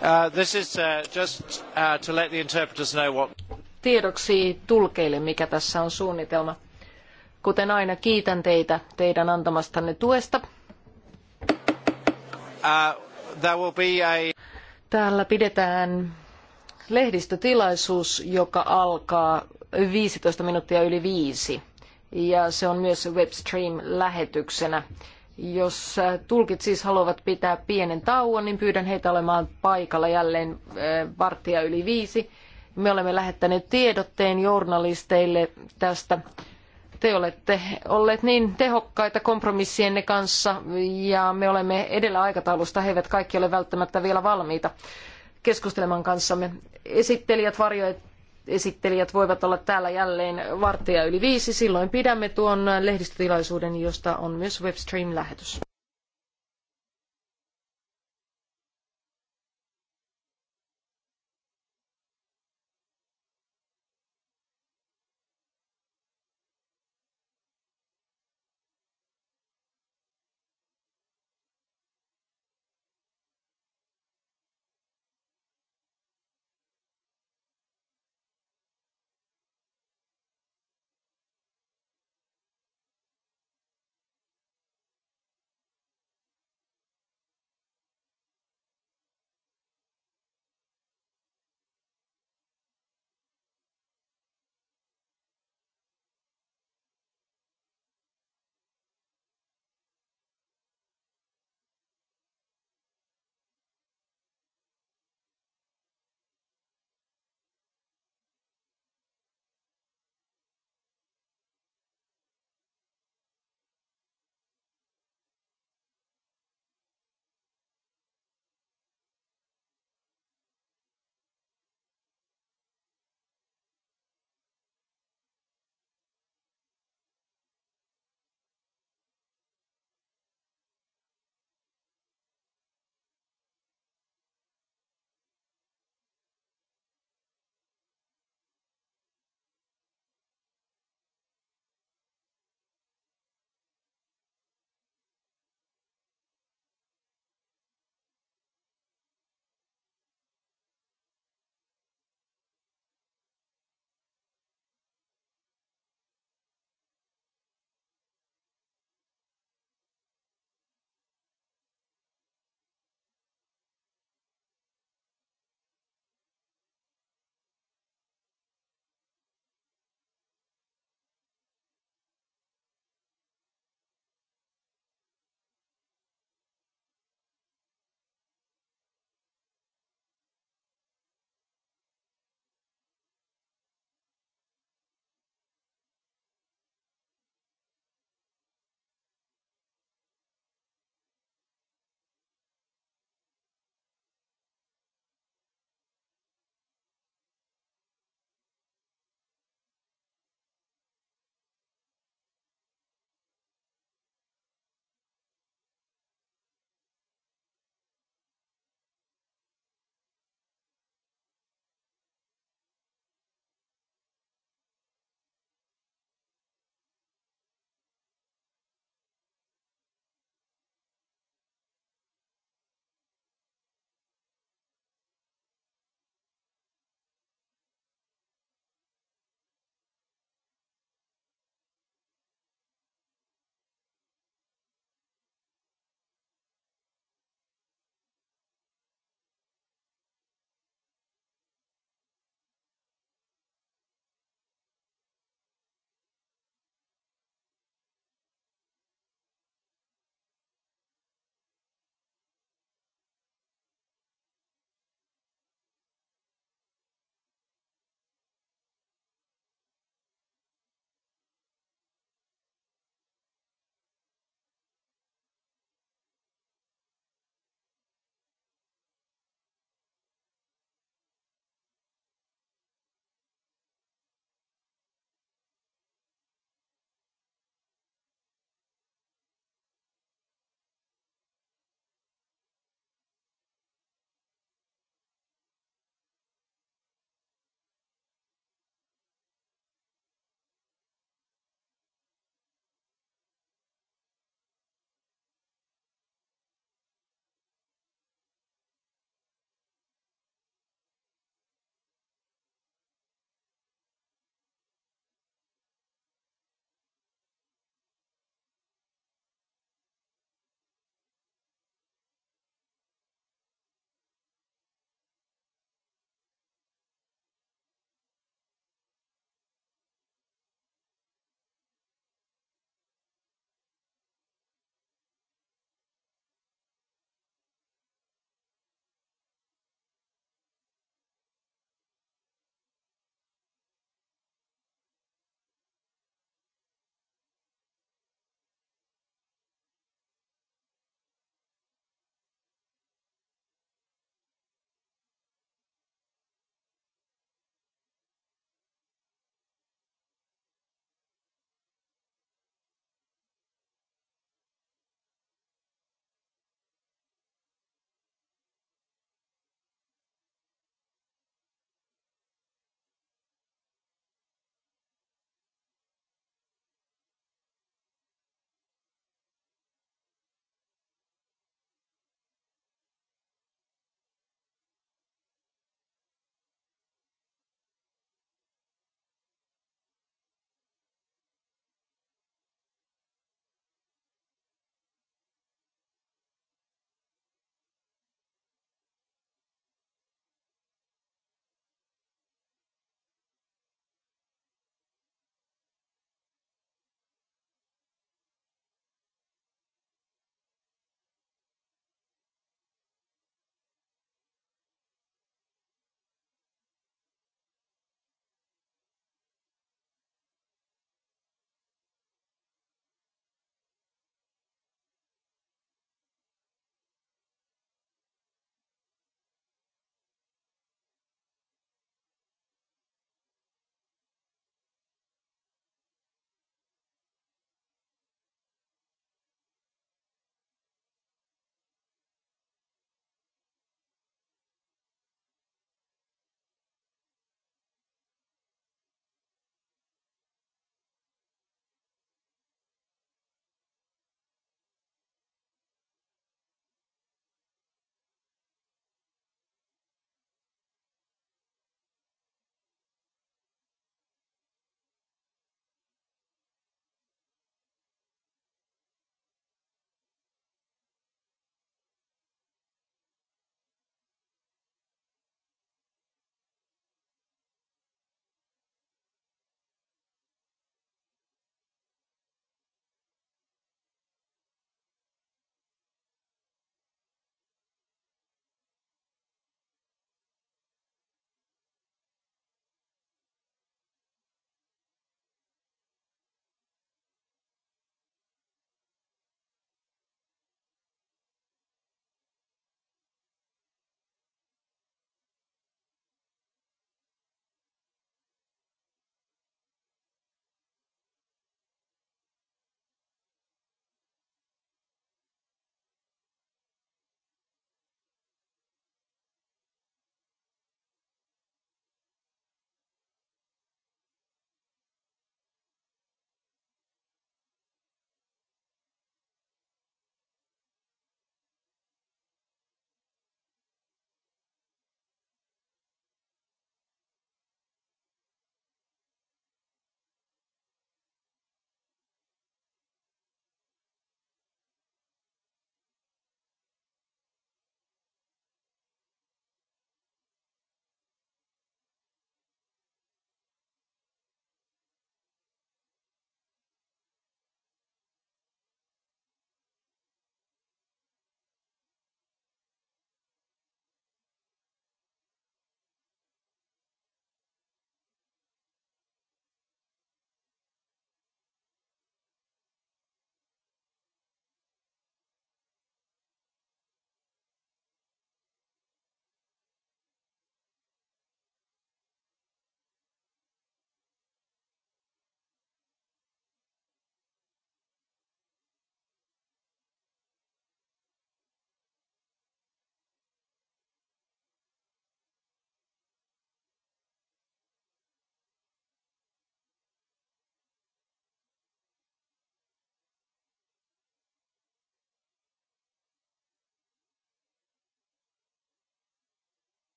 Uh, this is uh, just uh, to let the interpreters know what... Tiedoksi tulkeille, mikä tässä on suunnitelma. Kuten aina kiitän teitä teidän antamastanne tuesta. Uh, there will be a... Täällä pidetään lehdistötilaisuus, joka alkaa 15 minuuttia yli viisi. Ja se on myös webstream-lähetyksenä. Jos äh, tulkit siis haluavat pitää pienen tauon, niin pyydän heitä olemaan paikalla jälleen äh, varttia yli viisi. Me olemme lähettäneet tiedotteen journalisteille tästä. Te olette olleet niin tehokkaita kompromissienne kanssa ja me olemme edellä aikataulusta. He eivät kaikki ole välttämättä vielä valmiita keskustelemaan kanssamme. Esittelijät, varjoivat esittelijät voivat olla täällä jälleen varttia yli viisi. Silloin pidämme tuon lehdistötilaisuuden, josta on myös Webstream-lähetys.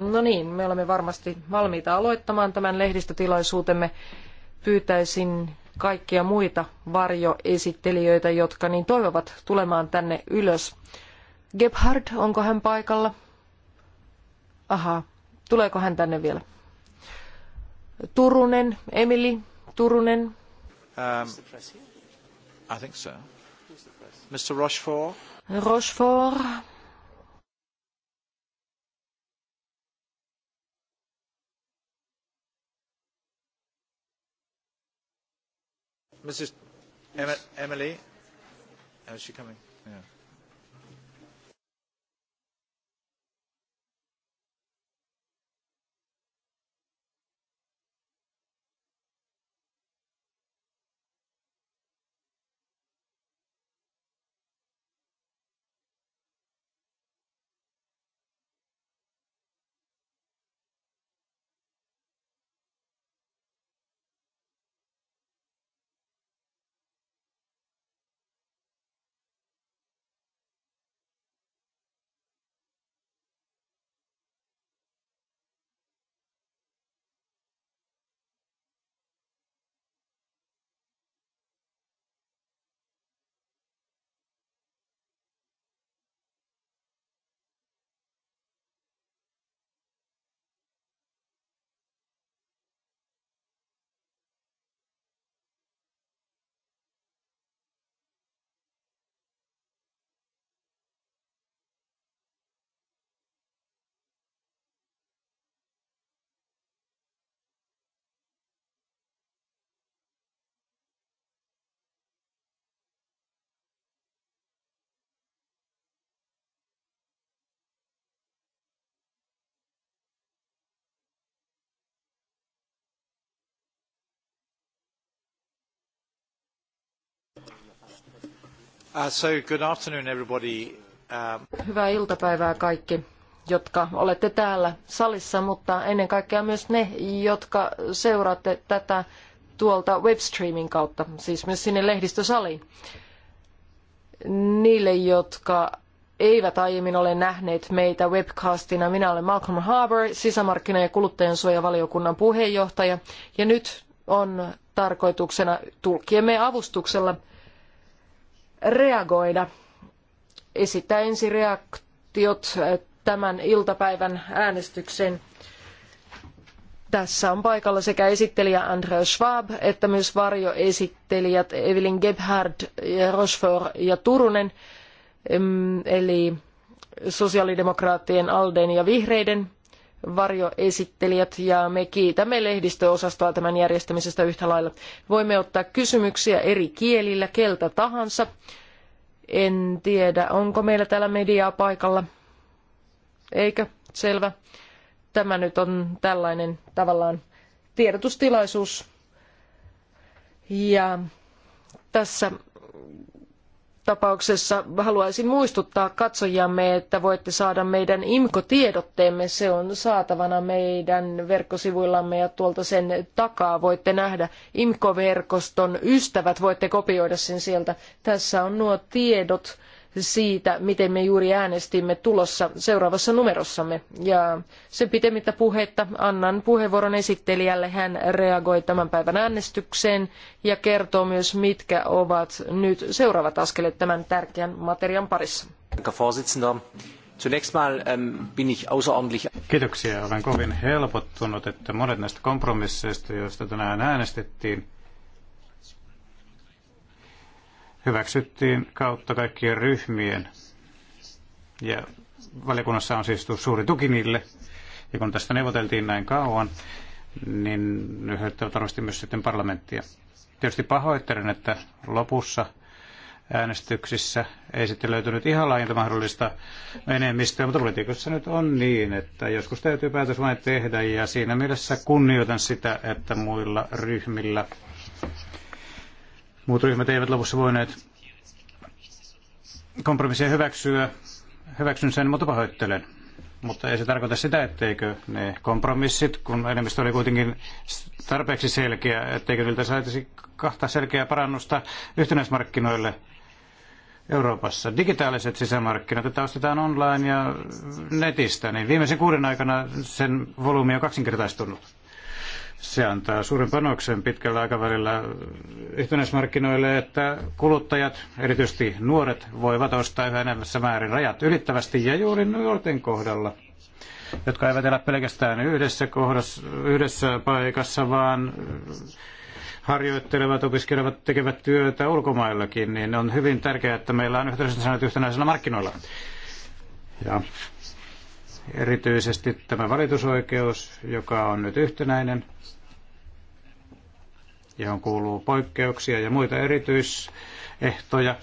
No niin, me olemme varmasti valmiita aloittamaan tämän lehdistötilaisuutemme. Pyytäisin kaikkia muita varjoesittelijöitä, jotka niin toivovat tulemaan tänne ylös. Gebhard, onko hän paikalla? Aha, tuleeko hän tänne vielä? Turunen, Emily, Turunen. Um, I think so. Mr. Rochefort. Rochefort. Mrs. Emily, how's oh, she coming? Yeah. Uh, so good afternoon everybody. Um, Hyvää iltapäivää kaikki, jotka olette täällä salissa, mutta ennen kaikkea myös ne, jotka seuraatte tätä tuolta webstreamin kautta, siis myös sinne lehdistösaliin. Niille, jotka eivät aiemmin ole nähneet meitä webcastina, minä olen Malcolm Harbour, sisämarkkina- ja kuluttajansuojavaliokunnan puheenjohtaja, ja nyt on tarkoituksena tulkkiemme avustuksella – reagoida. Esittää ensireaktiot eh, tämän iltapäivän äänestyksen. Tässä on paikalla sekä esittelijä Andreas Schwab että myös varjoesittelijät Evelyn Gebhard, Rochefort ja Turunen, eli sosiaalidemokraattien, Alden ja Vihreiden varjoesittelijät ja me kiitämme lehdistöosastoa tämän järjestämisestä yhtä lailla. Voimme ottaa kysymyksiä eri kielillä keltä tahansa. En tiedä, onko meillä täällä mediaa paikalla. Eikö? Selvä. Tämä nyt on tällainen tavallaan tiedotustilaisuus. Ja tässä tapauksessa haluaisin muistuttaa katsojamme, että voitte saada meidän IMKO-tiedotteemme. Se on saatavana meidän verkkosivuillamme ja tuolta sen takaa voitte nähdä imkoverkoston verkoston ystävät. Voitte kopioida sen sieltä. Tässä on nuo tiedot siitä, miten me juuri äänestimme tulossa seuraavassa numerossamme. Ja sen pitemmittä puheitta annan puheenvuoron esittelijälle. Hän reagoi tämän päivän äänestykseen ja kertoo myös, mitkä ovat nyt seuraavat askeleet tämän tärkeän materian parissa. Ähm, Kiitoksia. Olen kovin helpottunut, että monet näistä kompromisseista, joista tänään äänestettiin, hyväksyttiin kautta kaikkien ryhmien. Ja valiokunnassa on siis suuri tuki niille. Ja kun tästä neuvoteltiin näin kauan, niin hyödyttävät varmasti myös sitten parlamenttia. Tietysti pahoittelen, että lopussa äänestyksissä ei sitten löytynyt ihan laajinta mahdollista enemmistöä, mutta politiikassa nyt on niin, että joskus täytyy päätös vain tehdä ja siinä mielessä kunnioitan sitä, että muilla ryhmillä Muut ryhmät eivät lopussa voineet kompromissia hyväksyä. Hyväksyn sen, mutta pahoittelen. Mutta ei se tarkoita sitä, etteikö ne kompromissit, kun enemmistö oli kuitenkin tarpeeksi selkeä, etteikö niiltä saataisi kahta selkeää parannusta yhtenäismarkkinoille Euroopassa. Digitaaliset sisämarkkinat, että ostetaan online ja netistä, niin viimeisen kuuden aikana sen volyymi on kaksinkertaistunut. Se antaa suuren panoksen pitkällä aikavälillä yhtenäismarkkinoille, että kuluttajat, erityisesti nuoret, voivat ostaa yhä enemmässä määrin rajat ylittävästi ja juuri nuorten kohdalla jotka eivät elä pelkästään yhdessä, kohdassa, yhdessä paikassa, vaan harjoittelevat, opiskelevat, tekevät työtä ulkomaillakin, niin on hyvin tärkeää, että meillä on yhtenäisenä säännöt markkinoilla. Ja Erityisesti tämä valitusoikeus, joka on nyt yhtenäinen, johon kuuluu poikkeuksia ja muita erityisehtoja.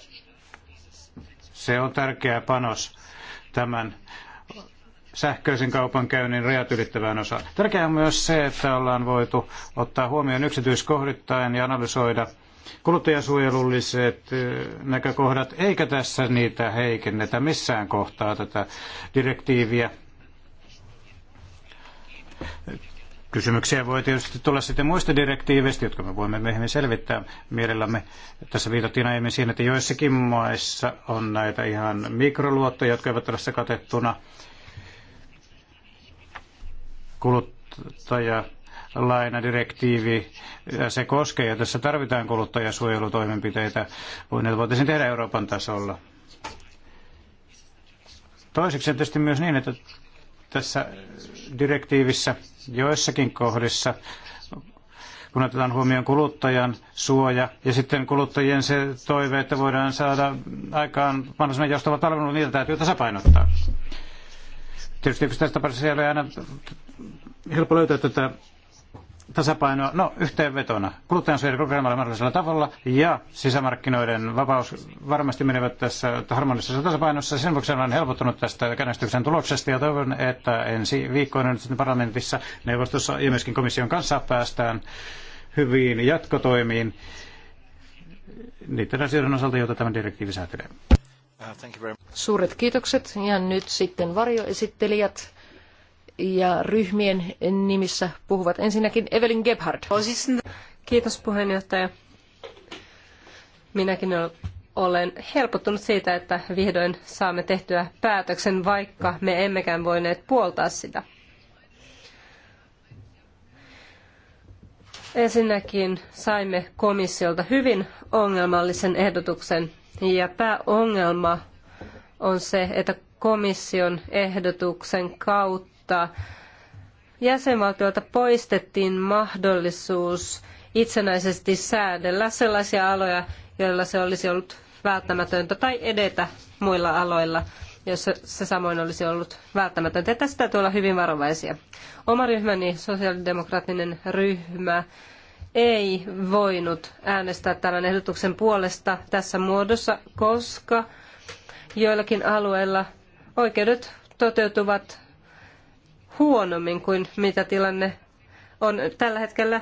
Se on tärkeä panos tämän sähköisen kaupankäynnin rajat ylittävään osaan. Tärkeää on myös se, että ollaan voitu ottaa huomioon yksityiskohdittain ja analysoida kuluttajasuojelulliset eh, näkökohdat, eikä tässä niitä heikennetä missään kohtaa tätä direktiiviä Kysymyksiä voi tietysti tulla sitten muista direktiiveistä, jotka me voimme myöhemmin selvittää mielellämme. Tässä viitattiin aiemmin siihen, että joissakin maissa on näitä ihan mikroluottoja, jotka eivät ole katettuna kuluttajalainadirektiivi. Se koskee ja tässä tarvitaan kuluttajasuojelutoimenpiteitä. Ne voitaisiin tehdä Euroopan tasolla. Toiseksi tietysti myös niin, että tässä direktiivissä joissakin kohdissa, kun otetaan huomioon kuluttajan suoja ja sitten kuluttajien se toive, että voidaan saada aikaan mahdollisimman joustava palvelu, niitä täytyy tasapainottaa. Tietysti tässä tapauksessa ei ole aina helppo löytää tätä tasapainoa, no yhteenvetona, kuluttajansuojan korkeammalla mahdollisella tavalla ja sisämarkkinoiden vapaus varmasti menevät tässä harmonisessa tasapainossa. Sen vuoksi olen helpottunut tästä äänestyksen tuloksesta ja toivon, että ensi viikkoina nyt parlamentissa, neuvostossa ja myöskin komission kanssa päästään hyviin jatkotoimiin niiden asioiden osalta, joita tämä direktiivi säätelee. Uh, Suuret kiitokset ja nyt sitten varjoesittelijät ja ryhmien nimissä puhuvat ensinnäkin Evelyn Gebhardt. Kiitos puheenjohtaja. Minäkin olen helpottunut siitä, että vihdoin saamme tehtyä päätöksen, vaikka me emmekään voineet puoltaa sitä. Ensinnäkin saimme komissiolta hyvin ongelmallisen ehdotuksen ja pääongelma on se, että komission ehdotuksen kautta mutta jäsenvaltiolta poistettiin mahdollisuus itsenäisesti säädellä sellaisia aloja, joilla se olisi ollut välttämätöntä tai edetä muilla aloilla, joissa se samoin olisi ollut välttämätöntä. Ja tästä täytyy olla hyvin varovaisia. Oma ryhmäni, sosiaalidemokraattinen ryhmä, ei voinut äänestää tämän ehdotuksen puolesta tässä muodossa, koska joillakin alueilla oikeudet toteutuvat huonommin kuin mitä tilanne on tällä hetkellä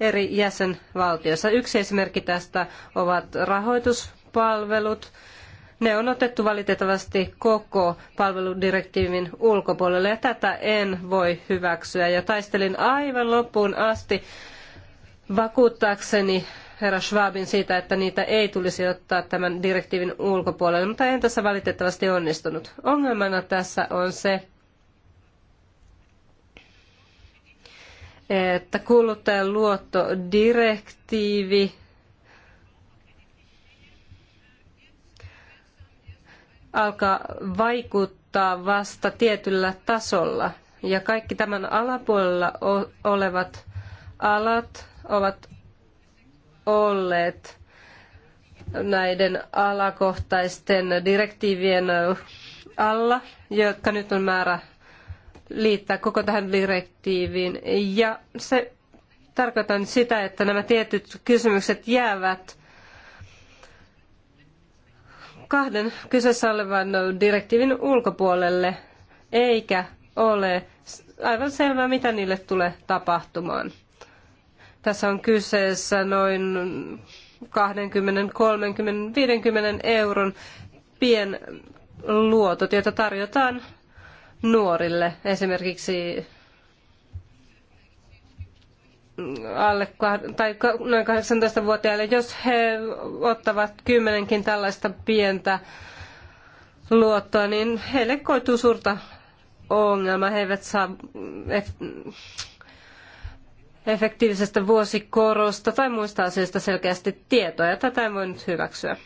eri jäsenvaltioissa. Yksi esimerkki tästä ovat rahoituspalvelut. Ne on otettu valitettavasti koko palveludirektiivin ulkopuolelle ja tätä en voi hyväksyä. Ja taistelin aivan loppuun asti vakuuttaakseni herra Schwabin siitä, että niitä ei tulisi ottaa tämän direktiivin ulkopuolelle, mutta en tässä valitettavasti onnistunut. Ongelmana tässä on se, että kuluttajan luottodirektiivi alkaa vaikuttaa vasta tietyllä tasolla. Ja kaikki tämän alapuolella olevat alat ovat olleet näiden alakohtaisten direktiivien alla, jotka nyt on määrä liittää koko tähän direktiiviin. Ja se tarkoitan sitä, että nämä tietyt kysymykset jäävät kahden kyseessä olevan direktiivin ulkopuolelle, eikä ole aivan selvää, mitä niille tulee tapahtumaan. Tässä on kyseessä noin 20, 30, 50 euron pienluotot, joita tarjotaan nuorille, esimerkiksi mm, alle tai noin 18-vuotiaille, jos he ottavat kymmenenkin tällaista pientä luottoa, niin heille koituu suurta ongelma. He eivät saa mm, efektiivisestä vuosikorosta tai muista asioista selkeästi tietoa, ja tätä en voinut hyväksyä.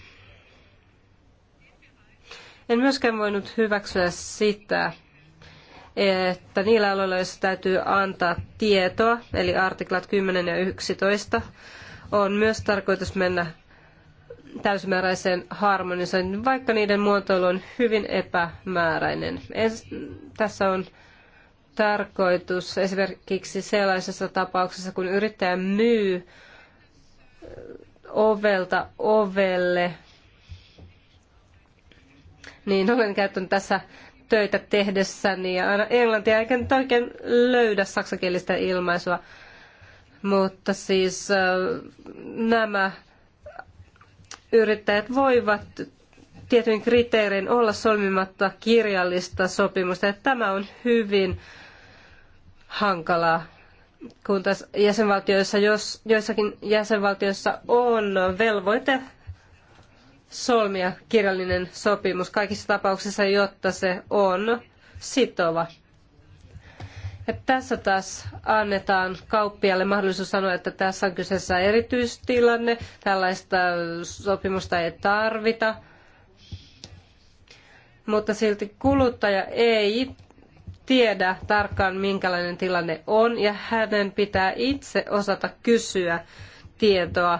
En myöskään voinut hyväksyä sitä, että niillä aloilla, joissa täytyy antaa tietoa, eli artiklat 10 ja 11, on myös tarkoitus mennä täysimääräiseen harmonisointiin, vaikka niiden muotoilu on hyvin epämääräinen. Es, tässä on tarkoitus esimerkiksi sellaisessa tapauksessa, kun yrittäjä myy ovelta ovelle, niin olen käyttänyt tässä töitä tehdessäni ja aina englantia, eikä nyt oikein löydä saksakielistä ilmaisua. Mutta siis äh, nämä yrittäjät voivat tietyin kriteerin olla solmimatta kirjallista sopimusta. Ja tämä on hyvin hankalaa, kun taas jäsenvaltioissa, jos joissakin jäsenvaltioissa on velvoite solmia kirjallinen sopimus kaikissa tapauksissa, jotta se on sitova. tässä taas annetaan kauppialle mahdollisuus sanoa, että tässä on kyseessä erityistilanne, tällaista sopimusta ei tarvita. Mutta silti kuluttaja ei tiedä tarkkaan, minkälainen tilanne on, ja hänen pitää itse osata kysyä tietoa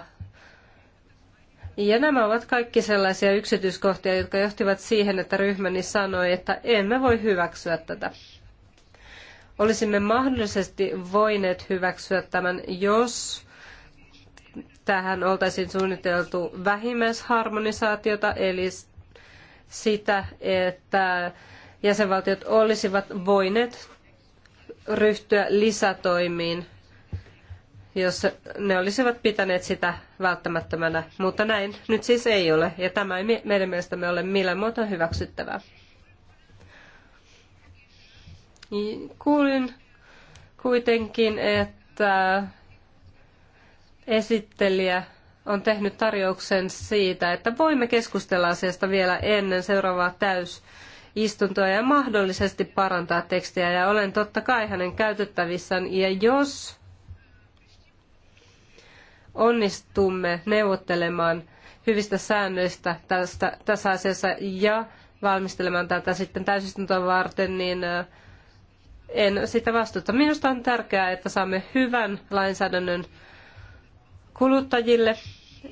ja nämä ovat kaikki sellaisia yksityiskohtia, jotka johtivat siihen, että ryhmäni sanoi, että emme voi hyväksyä tätä. Olisimme mahdollisesti voineet hyväksyä tämän, jos tähän oltaisiin suunniteltu vähimmäisharmonisaatiota, eli sitä, että jäsenvaltiot olisivat voineet ryhtyä lisätoimiin jos ne olisivat pitäneet sitä välttämättömänä, mutta näin nyt siis ei ole, ja tämä ei meidän mielestämme ole millään muotoa hyväksyttävää. Kuulin kuitenkin, että esittelijä on tehnyt tarjouksen siitä, että voimme keskustella asiasta vielä ennen seuraavaa täysistuntoa ja mahdollisesti parantaa tekstiä. Ja olen totta kai hänen käytettävissään. Ja jos onnistumme neuvottelemaan hyvistä säännöistä tästä, tässä asiassa ja valmistelemaan tätä sitten täysistuntoa varten, niin en sitä vastuuta. Minusta on tärkeää, että saamme hyvän lainsäädännön kuluttajille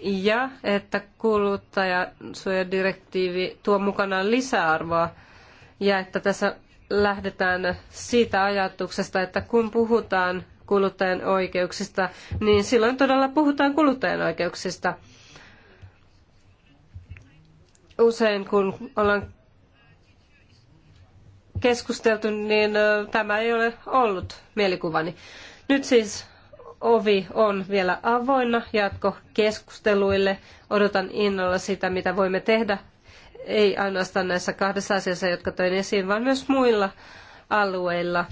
ja että kuluttajasuojadirektiivi tuo mukanaan lisäarvoa ja että tässä lähdetään siitä ajatuksesta, että kun puhutaan kuluttajan oikeuksista, niin silloin todella puhutaan kuluttajan oikeuksista. Usein kun ollaan keskusteltu, niin tämä ei ole ollut mielikuvani. Nyt siis ovi on vielä avoinna jatkokeskusteluille. Odotan innolla sitä, mitä voimme tehdä, ei ainoastaan näissä kahdessa asiassa, jotka toin esiin, vaan myös muilla alueilla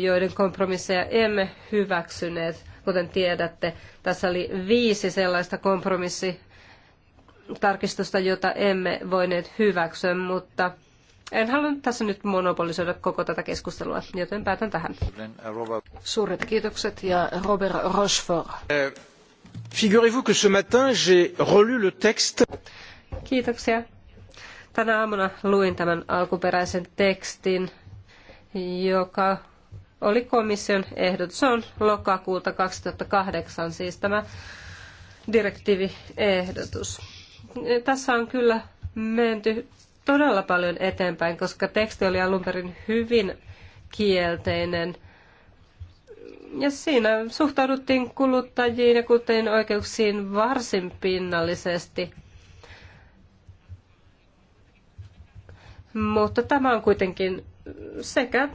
joiden kompromisseja emme hyväksyneet. Kuten tiedätte, tässä oli viisi sellaista kompromissitarkistusta, jota emme voineet hyväksyä, mutta en halunnut tässä nyt monopolisoida koko tätä keskustelua, joten päätän tähän. Suuret kiitokset ja Robert Rochefort. Eh, vous que ce matin j'ai relu le texte. Kiitoksia. Tänä aamuna luin tämän alkuperäisen tekstin, joka oli komission ehdotus. Se on lokakuuta 2008, siis tämä direktiiviehdotus. Tässä on kyllä menty todella paljon eteenpäin, koska teksti oli alun perin hyvin kielteinen. Ja siinä suhtauduttiin kuluttajiin ja kuluttajien oikeuksiin varsin pinnallisesti. Mutta tämä on kuitenkin sekä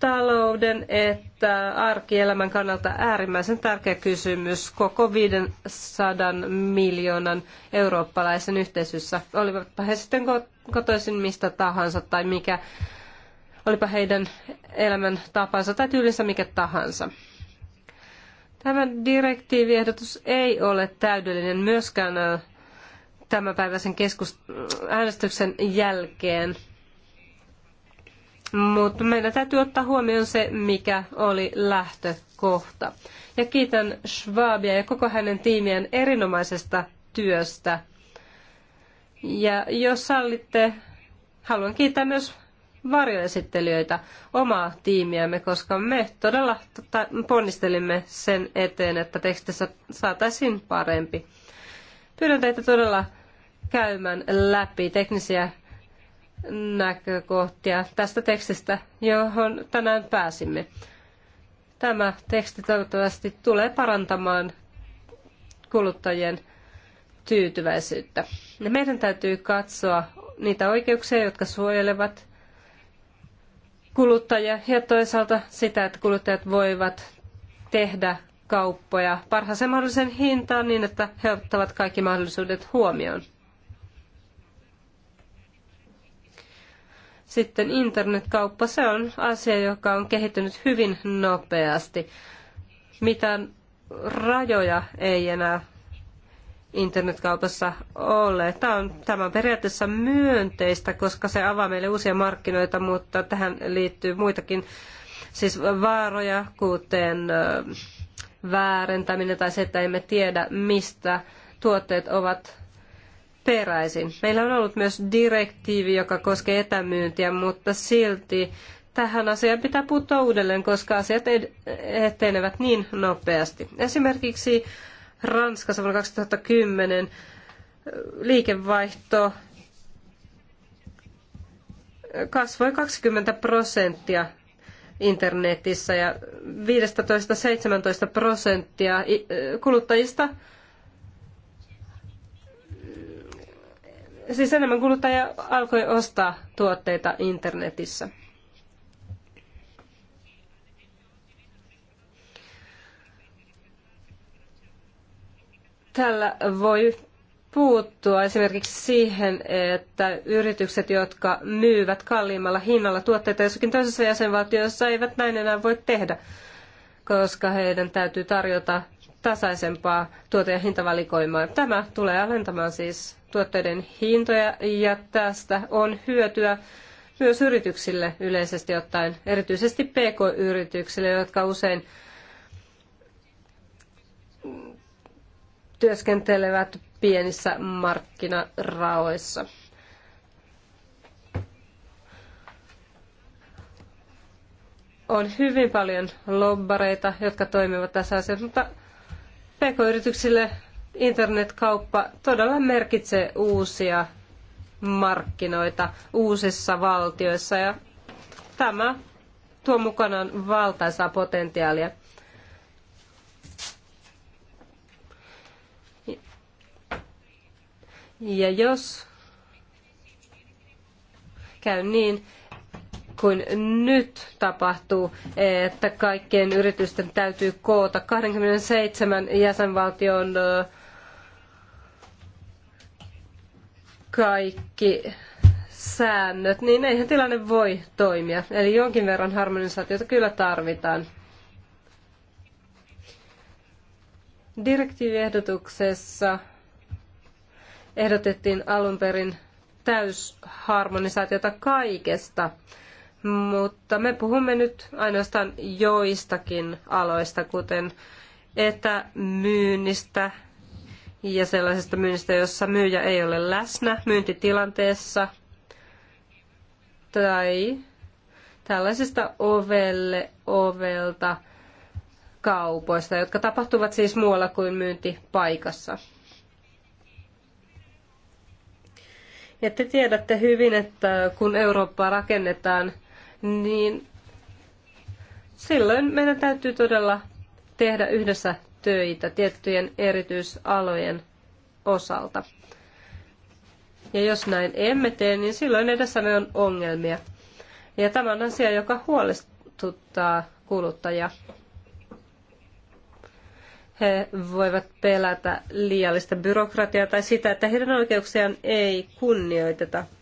talouden että arkielämän kannalta äärimmäisen tärkeä kysymys koko 500 miljoonan eurooppalaisen yhteisössä, olivatpa he sitten kotoisin mistä tahansa tai mikä, olipa heidän elämäntapansa tai tyylinsä mikä tahansa. Tämä direktiiviehdotus ei ole täydellinen myöskään tämänpäiväisen keskus- äänestyksen jälkeen. Mutta meidän täytyy ottaa huomioon se, mikä oli lähtökohta. Ja kiitän Schwabia ja koko hänen tiimien erinomaisesta työstä. Ja jos sallitte, haluan kiittää myös varjoesittelijöitä, omaa tiimiämme, koska me todella ponnistelimme sen eteen, että tekstissä saataisiin parempi. Pyydän teitä todella käymään läpi teknisiä näkökohtia tästä tekstistä, johon tänään pääsimme. Tämä teksti toivottavasti tulee parantamaan kuluttajien tyytyväisyyttä. Meidän täytyy katsoa niitä oikeuksia, jotka suojelevat kuluttajia ja toisaalta sitä, että kuluttajat voivat tehdä kauppoja parhaaseen mahdollisen hintaan niin, että he ottavat kaikki mahdollisuudet huomioon. Sitten internetkauppa, se on asia, joka on kehittynyt hyvin nopeasti. Mitään rajoja ei enää internetkaupassa ole. Tämä on, tämä on periaatteessa myönteistä, koska se avaa meille uusia markkinoita, mutta tähän liittyy muitakin siis vaaroja, kuten väärentäminen tai se, että emme tiedä, mistä tuotteet ovat peräisin. Meillä on ollut myös direktiivi, joka koskee etämyyntiä, mutta silti tähän asiaan pitää puuttua uudelleen, koska asiat etenevät niin nopeasti. Esimerkiksi Ranskassa vuonna 2010 liikevaihto kasvoi 20 prosenttia internetissä ja 15-17 prosenttia kuluttajista siis enemmän kuluttaja alkoi ostaa tuotteita internetissä. Tällä voi puuttua esimerkiksi siihen, että yritykset, jotka myyvät kalliimmalla hinnalla tuotteita jossakin toisessa jäsenvaltiossa, eivät näin enää voi tehdä, koska heidän täytyy tarjota tasaisempaa tuote- ja hintavalikoimaa. Tämä tulee alentamaan siis tuotteiden hintoja ja tästä on hyötyä myös yrityksille yleisesti ottaen, erityisesti pk-yrityksille, jotka usein työskentelevät pienissä markkinaraoissa. On hyvin paljon lobbareita, jotka toimivat tässä asiassa, mutta PK-yrityksille internetkauppa todella merkitsee uusia markkinoita uusissa valtioissa ja tämä tuo mukanaan valtaisaa potentiaalia. Ja jos käy niin, kuin nyt tapahtuu, että kaikkien yritysten täytyy koota 27 jäsenvaltion kaikki säännöt, niin eihän tilanne voi toimia. Eli jonkin verran harmonisaatiota kyllä tarvitaan. Direktiiviehdotuksessa ehdotettiin alun perin täysharmonisaatiota kaikesta mutta me puhumme nyt ainoastaan joistakin aloista, kuten etämyynnistä ja sellaisesta myynnistä, jossa myyjä ei ole läsnä myyntitilanteessa tai tällaisista ovelle ovelta kaupoista, jotka tapahtuvat siis muualla kuin myyntipaikassa. Ja te tiedätte hyvin, että kun Eurooppaa rakennetaan – niin silloin meidän täytyy todella tehdä yhdessä töitä tiettyjen erityisalojen osalta. Ja jos näin emme tee, niin silloin edessämme on ongelmia. Ja tämä on asia, joka huolestuttaa kuluttajia. He voivat pelätä liiallista byrokratiaa tai sitä, että heidän oikeuksiaan ei kunnioiteta –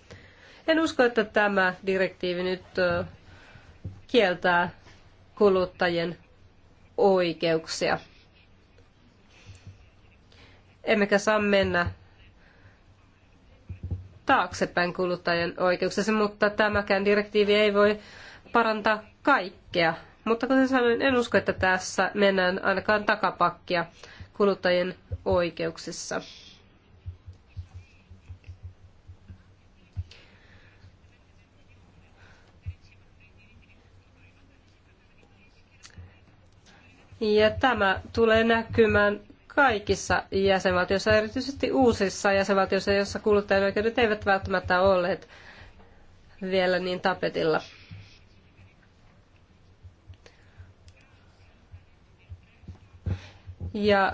en usko, että tämä direktiivi nyt kieltää kuluttajien oikeuksia. Emmekä saa mennä taaksepäin kuluttajien oikeuksissa, mutta tämäkään direktiivi ei voi parantaa kaikkea. Mutta kuten sanoin, en usko, että tässä mennään ainakaan takapakkia kuluttajien oikeuksissa. Ja tämä tulee näkymään kaikissa jäsenvaltioissa, erityisesti uusissa jäsenvaltioissa, joissa kuluttajan oikeudet eivät välttämättä olleet vielä niin tapetilla. Ja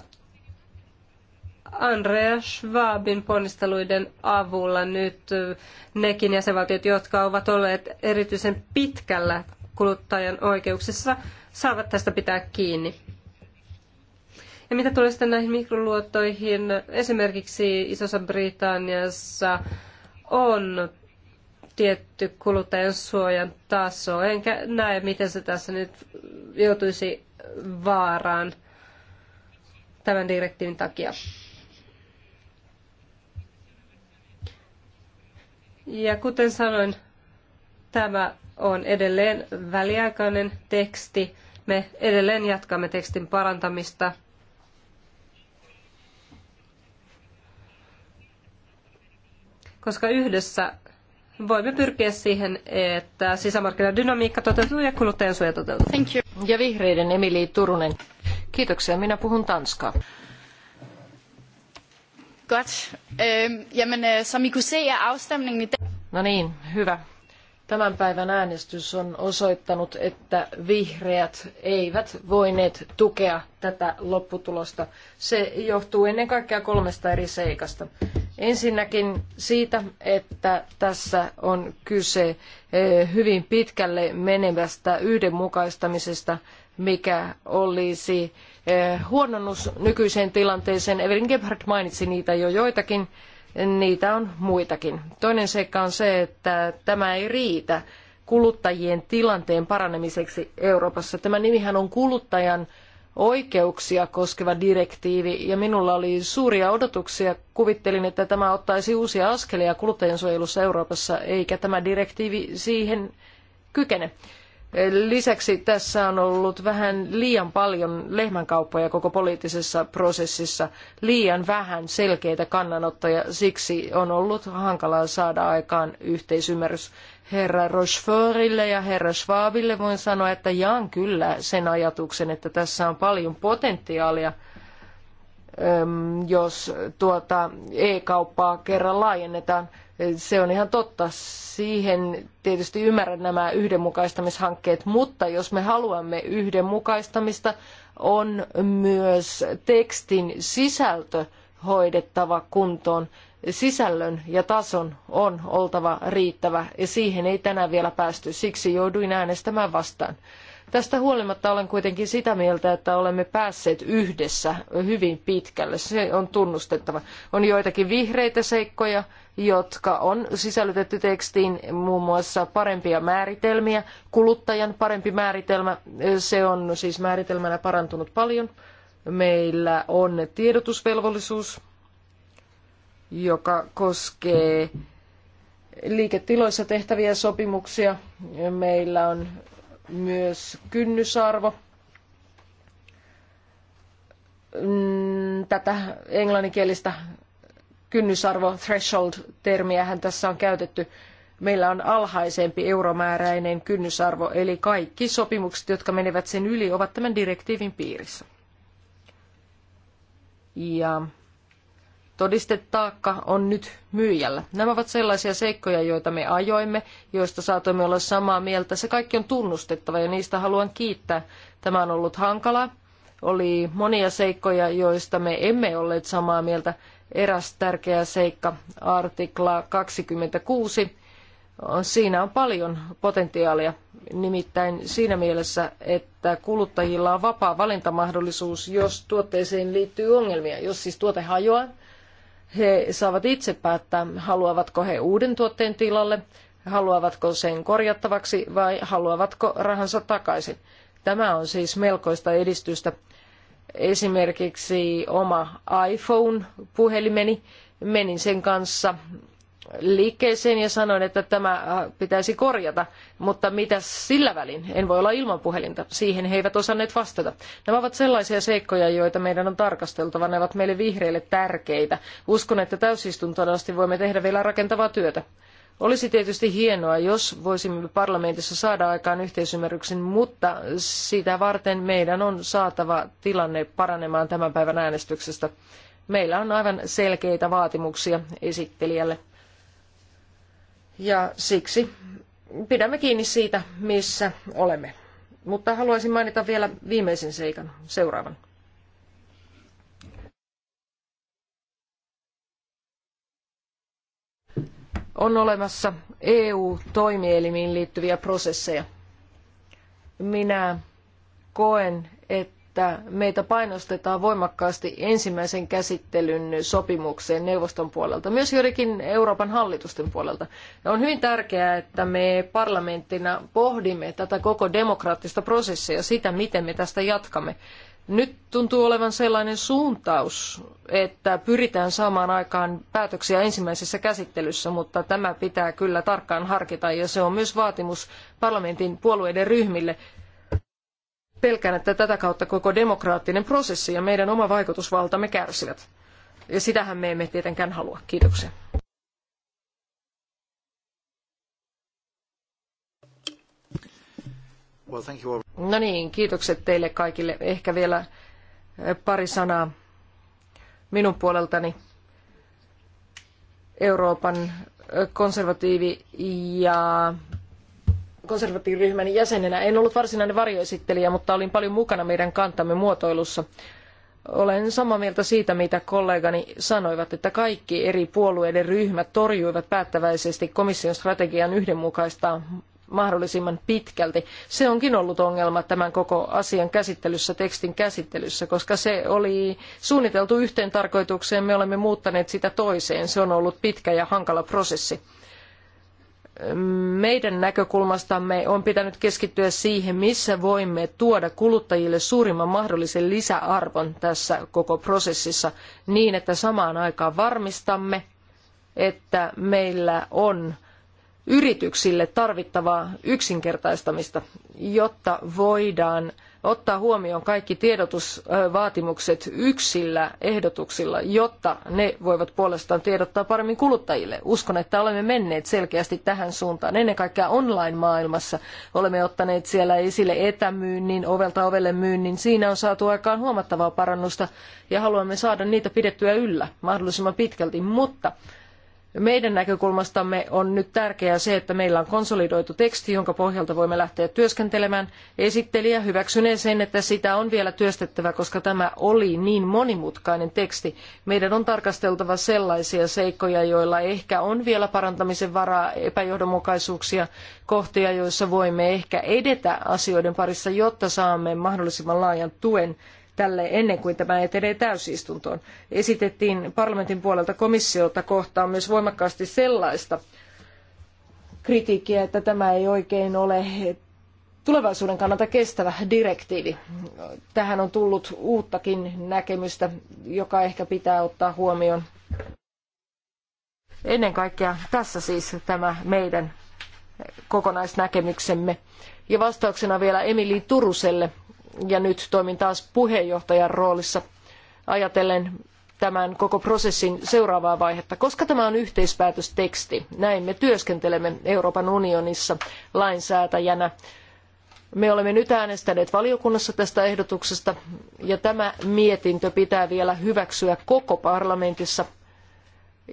Andreas Schwabin ponnisteluiden avulla nyt nekin jäsenvaltiot, jotka ovat olleet erityisen pitkällä kuluttajan oikeuksissa, saavat tästä pitää kiinni. Ja mitä tulee sitten näihin mikroluottoihin, esimerkiksi Isossa Britanniassa on tietty kuluttajan suojan taso, enkä näe, miten se tässä nyt joutuisi vaaraan tämän direktiivin takia. Ja kuten sanoin, tämä on edelleen väliaikainen teksti. Me edelleen jatkamme tekstin parantamista. Koska yhdessä voimme pyrkiä siihen, että sisämarkkinadynamiikka toteutuu ja kuluttajansuoja toteutuu. Thank you. Ja vihreiden Emili Turunen. Kiitoksia, minä puhun tanskaa. Godt. Øhm, jamen, øh, som I kunne se, er afstemningen i dag... No niin, hyvä. Tämän päivän äänestys on osoittanut, että vihreät eivät voineet tukea tätä lopputulosta. Se johtuu ennen kaikkea kolmesta eri seikasta. Ensinnäkin siitä, että tässä on kyse eh, hyvin pitkälle menevästä yhdenmukaistamisesta, mikä olisi eh, huononnus nykyiseen tilanteeseen. Evelyn Gebhardt mainitsi niitä jo joitakin niitä on muitakin. Toinen seikka on se, että tämä ei riitä kuluttajien tilanteen paranemiseksi Euroopassa. Tämä nimihän on kuluttajan oikeuksia koskeva direktiivi ja minulla oli suuria odotuksia. Kuvittelin, että tämä ottaisi uusia askelia kuluttajansuojelussa Euroopassa, eikä tämä direktiivi siihen kykene. Lisäksi tässä on ollut vähän liian paljon lehmänkauppoja koko poliittisessa prosessissa, liian vähän selkeitä kannanottoja, siksi on ollut hankalaa saada aikaan yhteisymmärrys. Herra Rochefortille ja herra Schwabille voin sanoa, että jaan kyllä sen ajatuksen, että tässä on paljon potentiaalia, jos tuota e-kauppaa kerran laajennetaan. Se on ihan totta. Siihen tietysti ymmärrän nämä yhdenmukaistamishankkeet, mutta jos me haluamme yhdenmukaistamista, on myös tekstin sisältö hoidettava kuntoon. Sisällön ja tason on oltava riittävä ja siihen ei tänään vielä päästy, siksi jouduin äänestämään vastaan. Tästä huolimatta olen kuitenkin sitä mieltä, että olemme päässeet yhdessä hyvin pitkälle. Se on tunnustettava. On joitakin vihreitä seikkoja, jotka on sisällytetty tekstiin, muun muassa parempia määritelmiä, kuluttajan parempi määritelmä, se on siis määritelmänä parantunut paljon. Meillä on tiedotusvelvollisuus, joka koskee liiketiloissa tehtäviä sopimuksia. Meillä on myös kynnysarvo. Mm, tätä englanninkielistä kynnysarvo threshold-termiähän tässä on käytetty. Meillä on alhaisempi euromääräinen kynnysarvo, eli kaikki sopimukset, jotka menevät sen yli, ovat tämän direktiivin piirissä. Ja todistetaakka on nyt myyjällä. Nämä ovat sellaisia seikkoja, joita me ajoimme, joista saatoimme olla samaa mieltä. Se kaikki on tunnustettava ja niistä haluan kiittää. Tämä on ollut hankalaa. Oli monia seikkoja, joista me emme olleet samaa mieltä eräs tärkeä seikka, artikla 26. Siinä on paljon potentiaalia, nimittäin siinä mielessä, että kuluttajilla on vapaa valintamahdollisuus, jos tuotteeseen liittyy ongelmia. Jos siis tuote hajoaa, he saavat itse päättää, haluavatko he uuden tuotteen tilalle, haluavatko sen korjattavaksi vai haluavatko rahansa takaisin. Tämä on siis melkoista edistystä Esimerkiksi oma iPhone-puhelimeni, menin sen kanssa liikkeeseen ja sanoin, että tämä äh, pitäisi korjata, mutta mitä sillä välin, en voi olla ilman puhelinta. Siihen he eivät osanneet vastata. Nämä ovat sellaisia seikkoja, joita meidän on tarkasteltava. Ne ovat meille vihreille tärkeitä. Uskon, että täysistuntoon asti voimme tehdä vielä rakentavaa työtä. Olisi tietysti hienoa, jos voisimme parlamentissa saada aikaan yhteisymmärryksen, mutta sitä varten meidän on saatava tilanne paranemaan tämän päivän äänestyksestä. Meillä on aivan selkeitä vaatimuksia esittelijälle. Ja siksi pidämme kiinni siitä, missä olemme. Mutta haluaisin mainita vielä viimeisen seikan, seuraavan. on olemassa EU-toimielimiin liittyviä prosesseja. Minä koen, että meitä painostetaan voimakkaasti ensimmäisen käsittelyn sopimukseen neuvoston puolelta, myös joidenkin Euroopan hallitusten puolelta. Ja on hyvin tärkeää, että me parlamenttina pohdimme tätä koko demokraattista prosessia, sitä miten me tästä jatkamme. Nyt tuntuu olevan sellainen suuntaus, että pyritään saamaan aikaan päätöksiä ensimmäisessä käsittelyssä, mutta tämä pitää kyllä tarkkaan harkita ja se on myös vaatimus parlamentin puolueiden ryhmille. Pelkään, että tätä kautta koko demokraattinen prosessi ja meidän oma vaikutusvaltamme kärsivät. Ja sitähän me emme tietenkään halua. Kiitoksia. No niin, kiitokset teille kaikille. Ehkä vielä eh, pari sanaa minun puoleltani. Euroopan eh, konservatiivi ja konservatiiviryhmän jäsenenä. En ollut varsinainen varjoesittelijä, mutta olin paljon mukana meidän kantamme muotoilussa. Olen samaa mieltä siitä, mitä kollegani sanoivat, että kaikki eri puolueiden ryhmät torjuivat päättäväisesti komission strategian yhdenmukaista mahdollisimman pitkälti. Se onkin ollut ongelma tämän koko asian käsittelyssä, tekstin käsittelyssä, koska se oli suunniteltu yhteen tarkoitukseen, me olemme muuttaneet sitä toiseen. Se on ollut pitkä ja hankala prosessi meidän näkökulmastamme on pitänyt keskittyä siihen, missä voimme tuoda kuluttajille suurimman mahdollisen lisäarvon tässä koko prosessissa niin, että samaan aikaan varmistamme, että meillä on yrityksille tarvittavaa yksinkertaistamista, jotta voidaan ottaa huomioon kaikki tiedotusvaatimukset yksillä ehdotuksilla, jotta ne voivat puolestaan tiedottaa paremmin kuluttajille. Uskon, että olemme menneet selkeästi tähän suuntaan. Ennen kaikkea online-maailmassa olemme ottaneet siellä esille etämyynnin, ovelta ovelle myynnin. Siinä on saatu aikaan huomattavaa parannusta ja haluamme saada niitä pidettyä yllä mahdollisimman pitkälti, mutta meidän näkökulmastamme on nyt tärkeää se, että meillä on konsolidoitu teksti, jonka pohjalta voimme lähteä työskentelemään. Esittelijä hyväksynee sen, että sitä on vielä työstettävä, koska tämä oli niin monimutkainen teksti. Meidän on tarkasteltava sellaisia seikkoja, joilla ehkä on vielä parantamisen varaa, epäjohdonmukaisuuksia, kohtia, joissa voimme ehkä edetä asioiden parissa, jotta saamme mahdollisimman laajan tuen tälle ennen kuin tämä etenee täysistuntoon. Esitettiin parlamentin puolelta komissiota kohtaan myös voimakkaasti sellaista kritiikkiä, että tämä ei oikein ole tulevaisuuden kannalta kestävä direktiivi. Tähän on tullut uuttakin näkemystä, joka ehkä pitää ottaa huomioon. Ennen kaikkea tässä siis tämä meidän kokonaisnäkemyksemme. Ja vastauksena vielä Emili Turuselle ja nyt toimin taas puheenjohtajan roolissa ajatellen tämän koko prosessin seuraavaa vaihetta. Koska tämä on yhteispäätösteksti, näin me työskentelemme Euroopan unionissa lainsäätäjänä. Me olemme nyt äänestäneet valiokunnassa tästä ehdotuksesta ja tämä mietintö pitää vielä hyväksyä koko parlamentissa,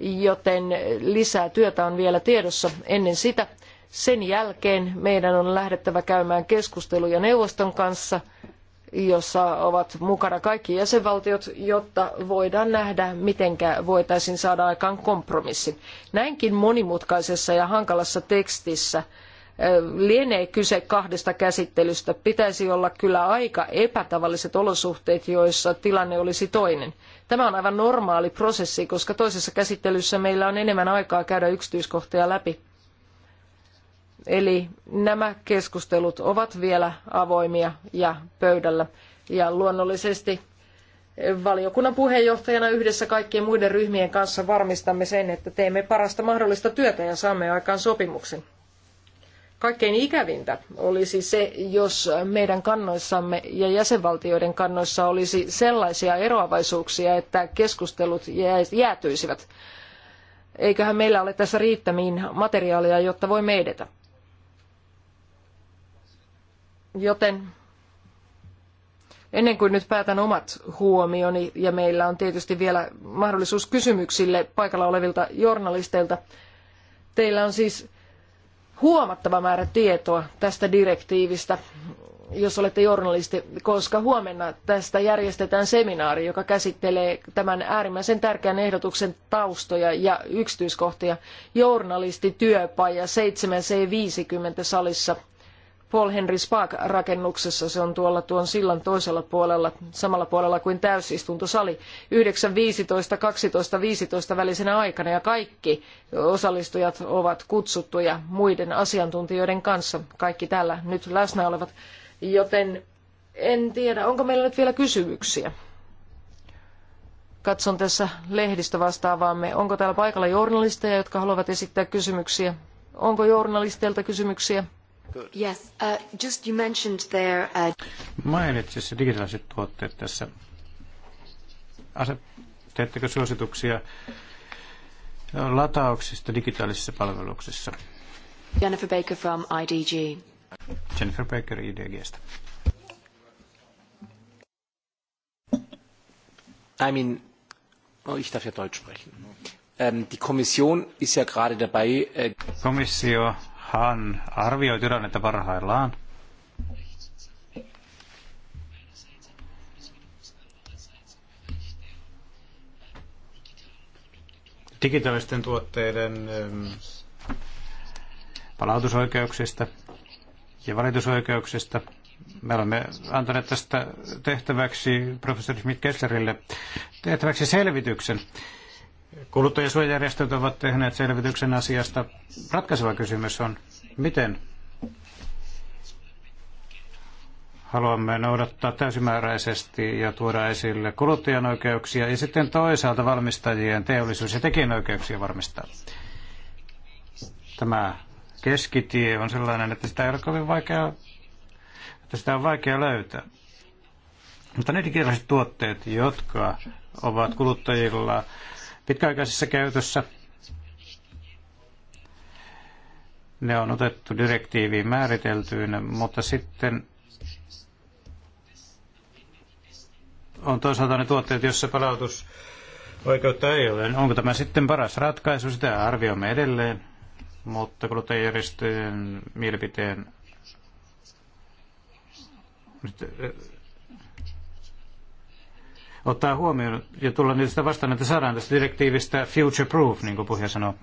joten lisää työtä on vielä tiedossa ennen sitä. Sen jälkeen meidän on lähdettävä käymään keskusteluja neuvoston kanssa – jossa ovat mukana kaikki jäsenvaltiot, jotta voidaan nähdä, miten voitaisiin saada aikaan kompromissi. Näinkin monimutkaisessa ja hankalassa tekstissä lienee kyse kahdesta käsittelystä. Pitäisi olla kyllä aika epätavalliset olosuhteet, joissa tilanne olisi toinen. Tämä on aivan normaali prosessi, koska toisessa käsittelyssä meillä on enemmän aikaa käydä yksityiskohtia läpi. Eli nämä keskustelut ovat vielä avoimia ja pöydällä. Ja luonnollisesti valiokunnan puheenjohtajana yhdessä kaikkien muiden ryhmien kanssa varmistamme sen, että teemme parasta mahdollista työtä ja saamme aikaan sopimuksen. Kaikkein ikävintä olisi se, jos meidän kannoissamme ja jäsenvaltioiden kannoissa olisi sellaisia eroavaisuuksia, että keskustelut jäätyisivät. Eiköhän meillä ole tässä riittämiin materiaalia, jotta voimme edetä. Joten ennen kuin nyt päätän omat huomioni, ja meillä on tietysti vielä mahdollisuus kysymyksille paikalla olevilta journalisteilta, teillä on siis huomattava määrä tietoa tästä direktiivistä, jos olette journalisti, koska huomenna tästä järjestetään seminaari, joka käsittelee tämän äärimmäisen tärkeän ehdotuksen taustoja ja yksityiskohtia. Journalistityöpaja 7C50 salissa Paul Henry Spaak rakennuksessa. Se on tuolla tuon sillan toisella puolella, samalla puolella kuin täysistuntosali, 9, 15, 12, välisenä aikana ja kaikki osallistujat ovat kutsuttuja muiden asiantuntijoiden kanssa, kaikki täällä nyt läsnä olevat. Joten en tiedä, onko meillä nyt vielä kysymyksiä. Katson tässä lehdistä vastaavaamme. Onko täällä paikalla journalisteja, jotka haluavat esittää kysymyksiä? Onko journalisteilta kysymyksiä? Good. Yes, uh, just you mentioned there... Uh, Mainitsit siis digitaaliset tuotteet tässä. teettekö suosituksia äh, latauksista digitaalisissa palveluksissa? Jennifer Baker from IDG. Jennifer Baker IDGstä. I mean, oh, ich darf ja Deutsch sprechen. Ähm, die Kommission ist ja gerade dabei... Äh... Komissio hän arvioi tilannetta parhaillaan. digitaalisten tuotteiden palautusoikeuksista ja valitusoikeuksista. Me olemme antaneet tästä tehtäväksi professori Schmidt Kesslerille tehtäväksi selvityksen Kuluttajasuojajärjestöt ovat tehneet selvityksen asiasta. Ratkaiseva kysymys on, miten haluamme noudattaa täysimääräisesti ja tuoda esille kuluttajan oikeuksia ja sitten toisaalta valmistajien teollisuus- ja tekijänoikeuksia varmistaa. Tämä keskitie on sellainen, että sitä ei ole kovin vaikea, että sitä on vaikea löytää. Mutta ne digitaaliset tuotteet, jotka ovat kuluttajilla pitkäaikaisessa käytössä. Ne on otettu direktiiviin määriteltyinä, mutta sitten on toisaalta ne tuotteet, joissa palautus oikeutta ei ole. Onko tämä sitten paras ratkaisu? Sitä arvioimme edelleen, mutta kuluttajajärjestöjen mielipiteen ottaa huomioon ja tulla niistä vastaan, että saadaan tästä direktiivistä future proof, niin kuin puhuja sanoo.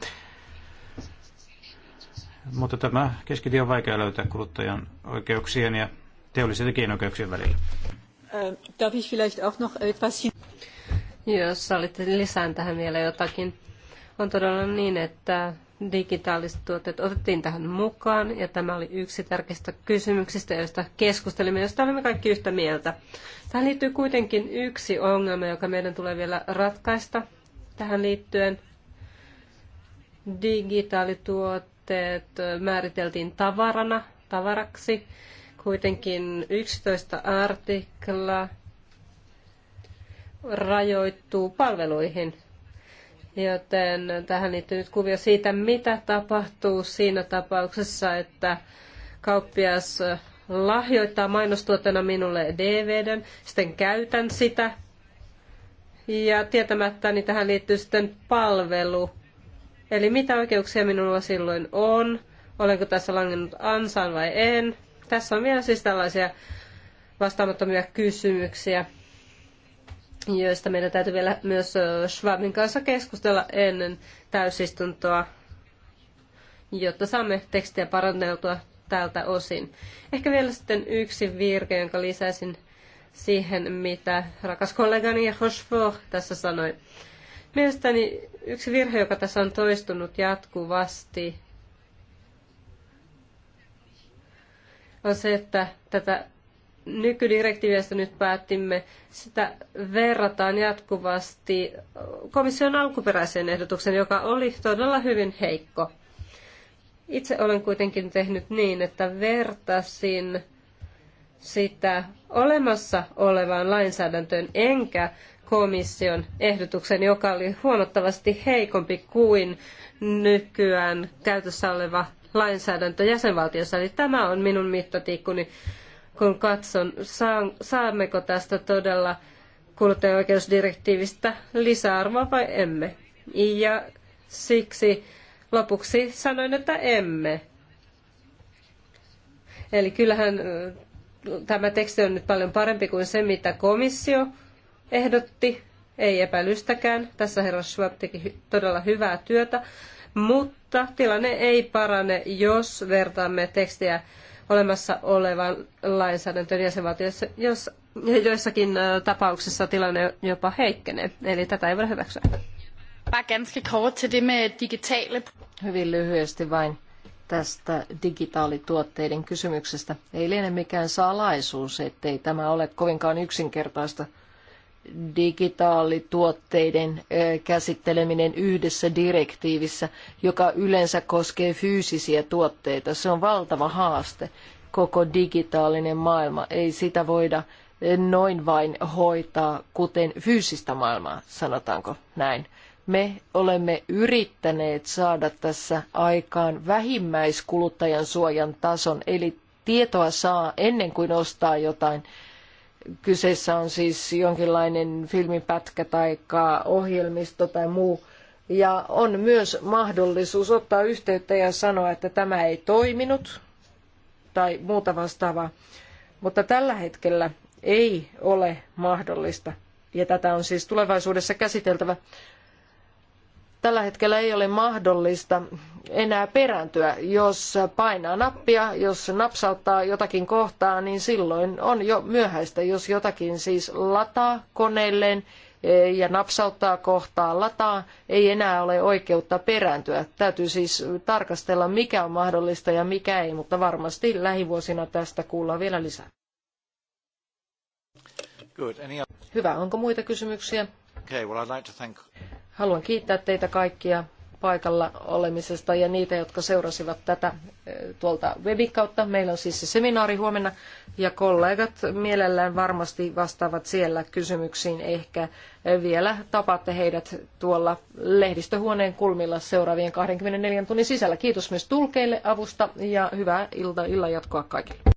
Mutta tämä keskitie on vaikea löytää kuluttajan oikeuksien ja teollisten tekijänoikeuksien välillä. Ähm, darf ich vielleicht auch noch etwas Jos sallitte niin lisään tähän vielä jotakin. On todella niin, että digitaaliset tuotteet otettiin tähän mukaan, ja tämä oli yksi tärkeistä kysymyksistä, joista keskustelimme, josta olemme kaikki yhtä mieltä. Tähän liittyy kuitenkin yksi ongelma, joka meidän tulee vielä ratkaista tähän liittyen. Digitaalituotteet määriteltiin tavarana, tavaraksi. Kuitenkin 11 artikla rajoittuu palveluihin, Joten tähän liittyy nyt kuvio siitä, mitä tapahtuu siinä tapauksessa, että kauppias lahjoittaa mainostuotena minulle DVDn, sitten käytän sitä ja tietämättä niin tähän liittyy sitten palvelu. Eli mitä oikeuksia minulla silloin on, olenko tässä langennut ansaan vai en. Tässä on vielä siis tällaisia vastaamattomia kysymyksiä joista meidän täytyy vielä myös Schwabin kanssa keskustella ennen täysistuntoa, jotta saamme tekstiä paranneltua tältä osin. Ehkä vielä sitten yksi virke, jonka lisäisin siihen, mitä rakas kollegani Rochefort tässä sanoi. Mielestäni yksi virhe, joka tässä on toistunut jatkuvasti, on se, että tätä nykydirektiivistä nyt päättimme, sitä verrataan jatkuvasti komission alkuperäiseen ehdotukseen, joka oli todella hyvin heikko. Itse olen kuitenkin tehnyt niin, että vertasin sitä olemassa olevaan lainsäädäntöön, enkä komission ehdotuksen, joka oli huomattavasti heikompi kuin nykyään käytössä oleva lainsäädäntö jäsenvaltiossa. Eli tämä on minun mittatiikkuni. Niin kun katson, saammeko tästä todella kuluttajaoikeusdirektiivistä lisäarvoa vai emme. Ja siksi lopuksi sanoin, että emme. Eli kyllähän tämä teksti on nyt paljon parempi kuin se, mitä komissio ehdotti. Ei epäilystäkään. Tässä herra Schwab teki todella hyvää työtä. Mutta tilanne ei parane, jos vertaamme tekstiä olemassa olevan lainsäädäntöön jäsenvaltioissa, jos joissakin tapauksissa tilanne jopa heikkenee. Eli tätä ei voida hyväksyä. Hyvin lyhyesti vain tästä digitaalituotteiden kysymyksestä. Ei liene mikään salaisuus, ettei tämä ole kovinkaan yksinkertaista digitaalituotteiden käsitteleminen yhdessä direktiivissä, joka yleensä koskee fyysisiä tuotteita. Se on valtava haaste. Koko digitaalinen maailma ei sitä voida noin vain hoitaa, kuten fyysistä maailmaa, sanotaanko näin. Me olemme yrittäneet saada tässä aikaan vähimmäiskuluttajan suojan tason, eli tietoa saa ennen kuin ostaa jotain Kyseessä on siis jonkinlainen filmipätkä tai ohjelmisto tai muu. Ja on myös mahdollisuus ottaa yhteyttä ja sanoa, että tämä ei toiminut tai muuta vastaavaa. Mutta tällä hetkellä ei ole mahdollista, ja tätä on siis tulevaisuudessa käsiteltävä, Tällä hetkellä ei ole mahdollista enää perääntyä. Jos painaa nappia, jos napsauttaa jotakin kohtaa, niin silloin on jo myöhäistä. Jos jotakin siis lataa koneelleen e, ja napsauttaa kohtaa lataa, ei enää ole oikeutta perääntyä. Täytyy siis tarkastella, mikä on mahdollista ja mikä ei, mutta varmasti lähivuosina tästä kuullaan vielä lisää. Hyvä, onko muita kysymyksiä? Okay, well, I'd like to thank Haluan kiittää teitä kaikkia paikalla olemisesta ja niitä, jotka seurasivat tätä eh, tuolta webin kautta. Meillä on siis se seminaari huomenna ja kollegat mielellään varmasti vastaavat siellä kysymyksiin. Ehkä eh, vielä tapaatte heidät tuolla lehdistöhuoneen kulmilla seuraavien 24 tunnin sisällä. Kiitos myös tulkeille avusta ja hyvää ilta, illan jatkoa kaikille.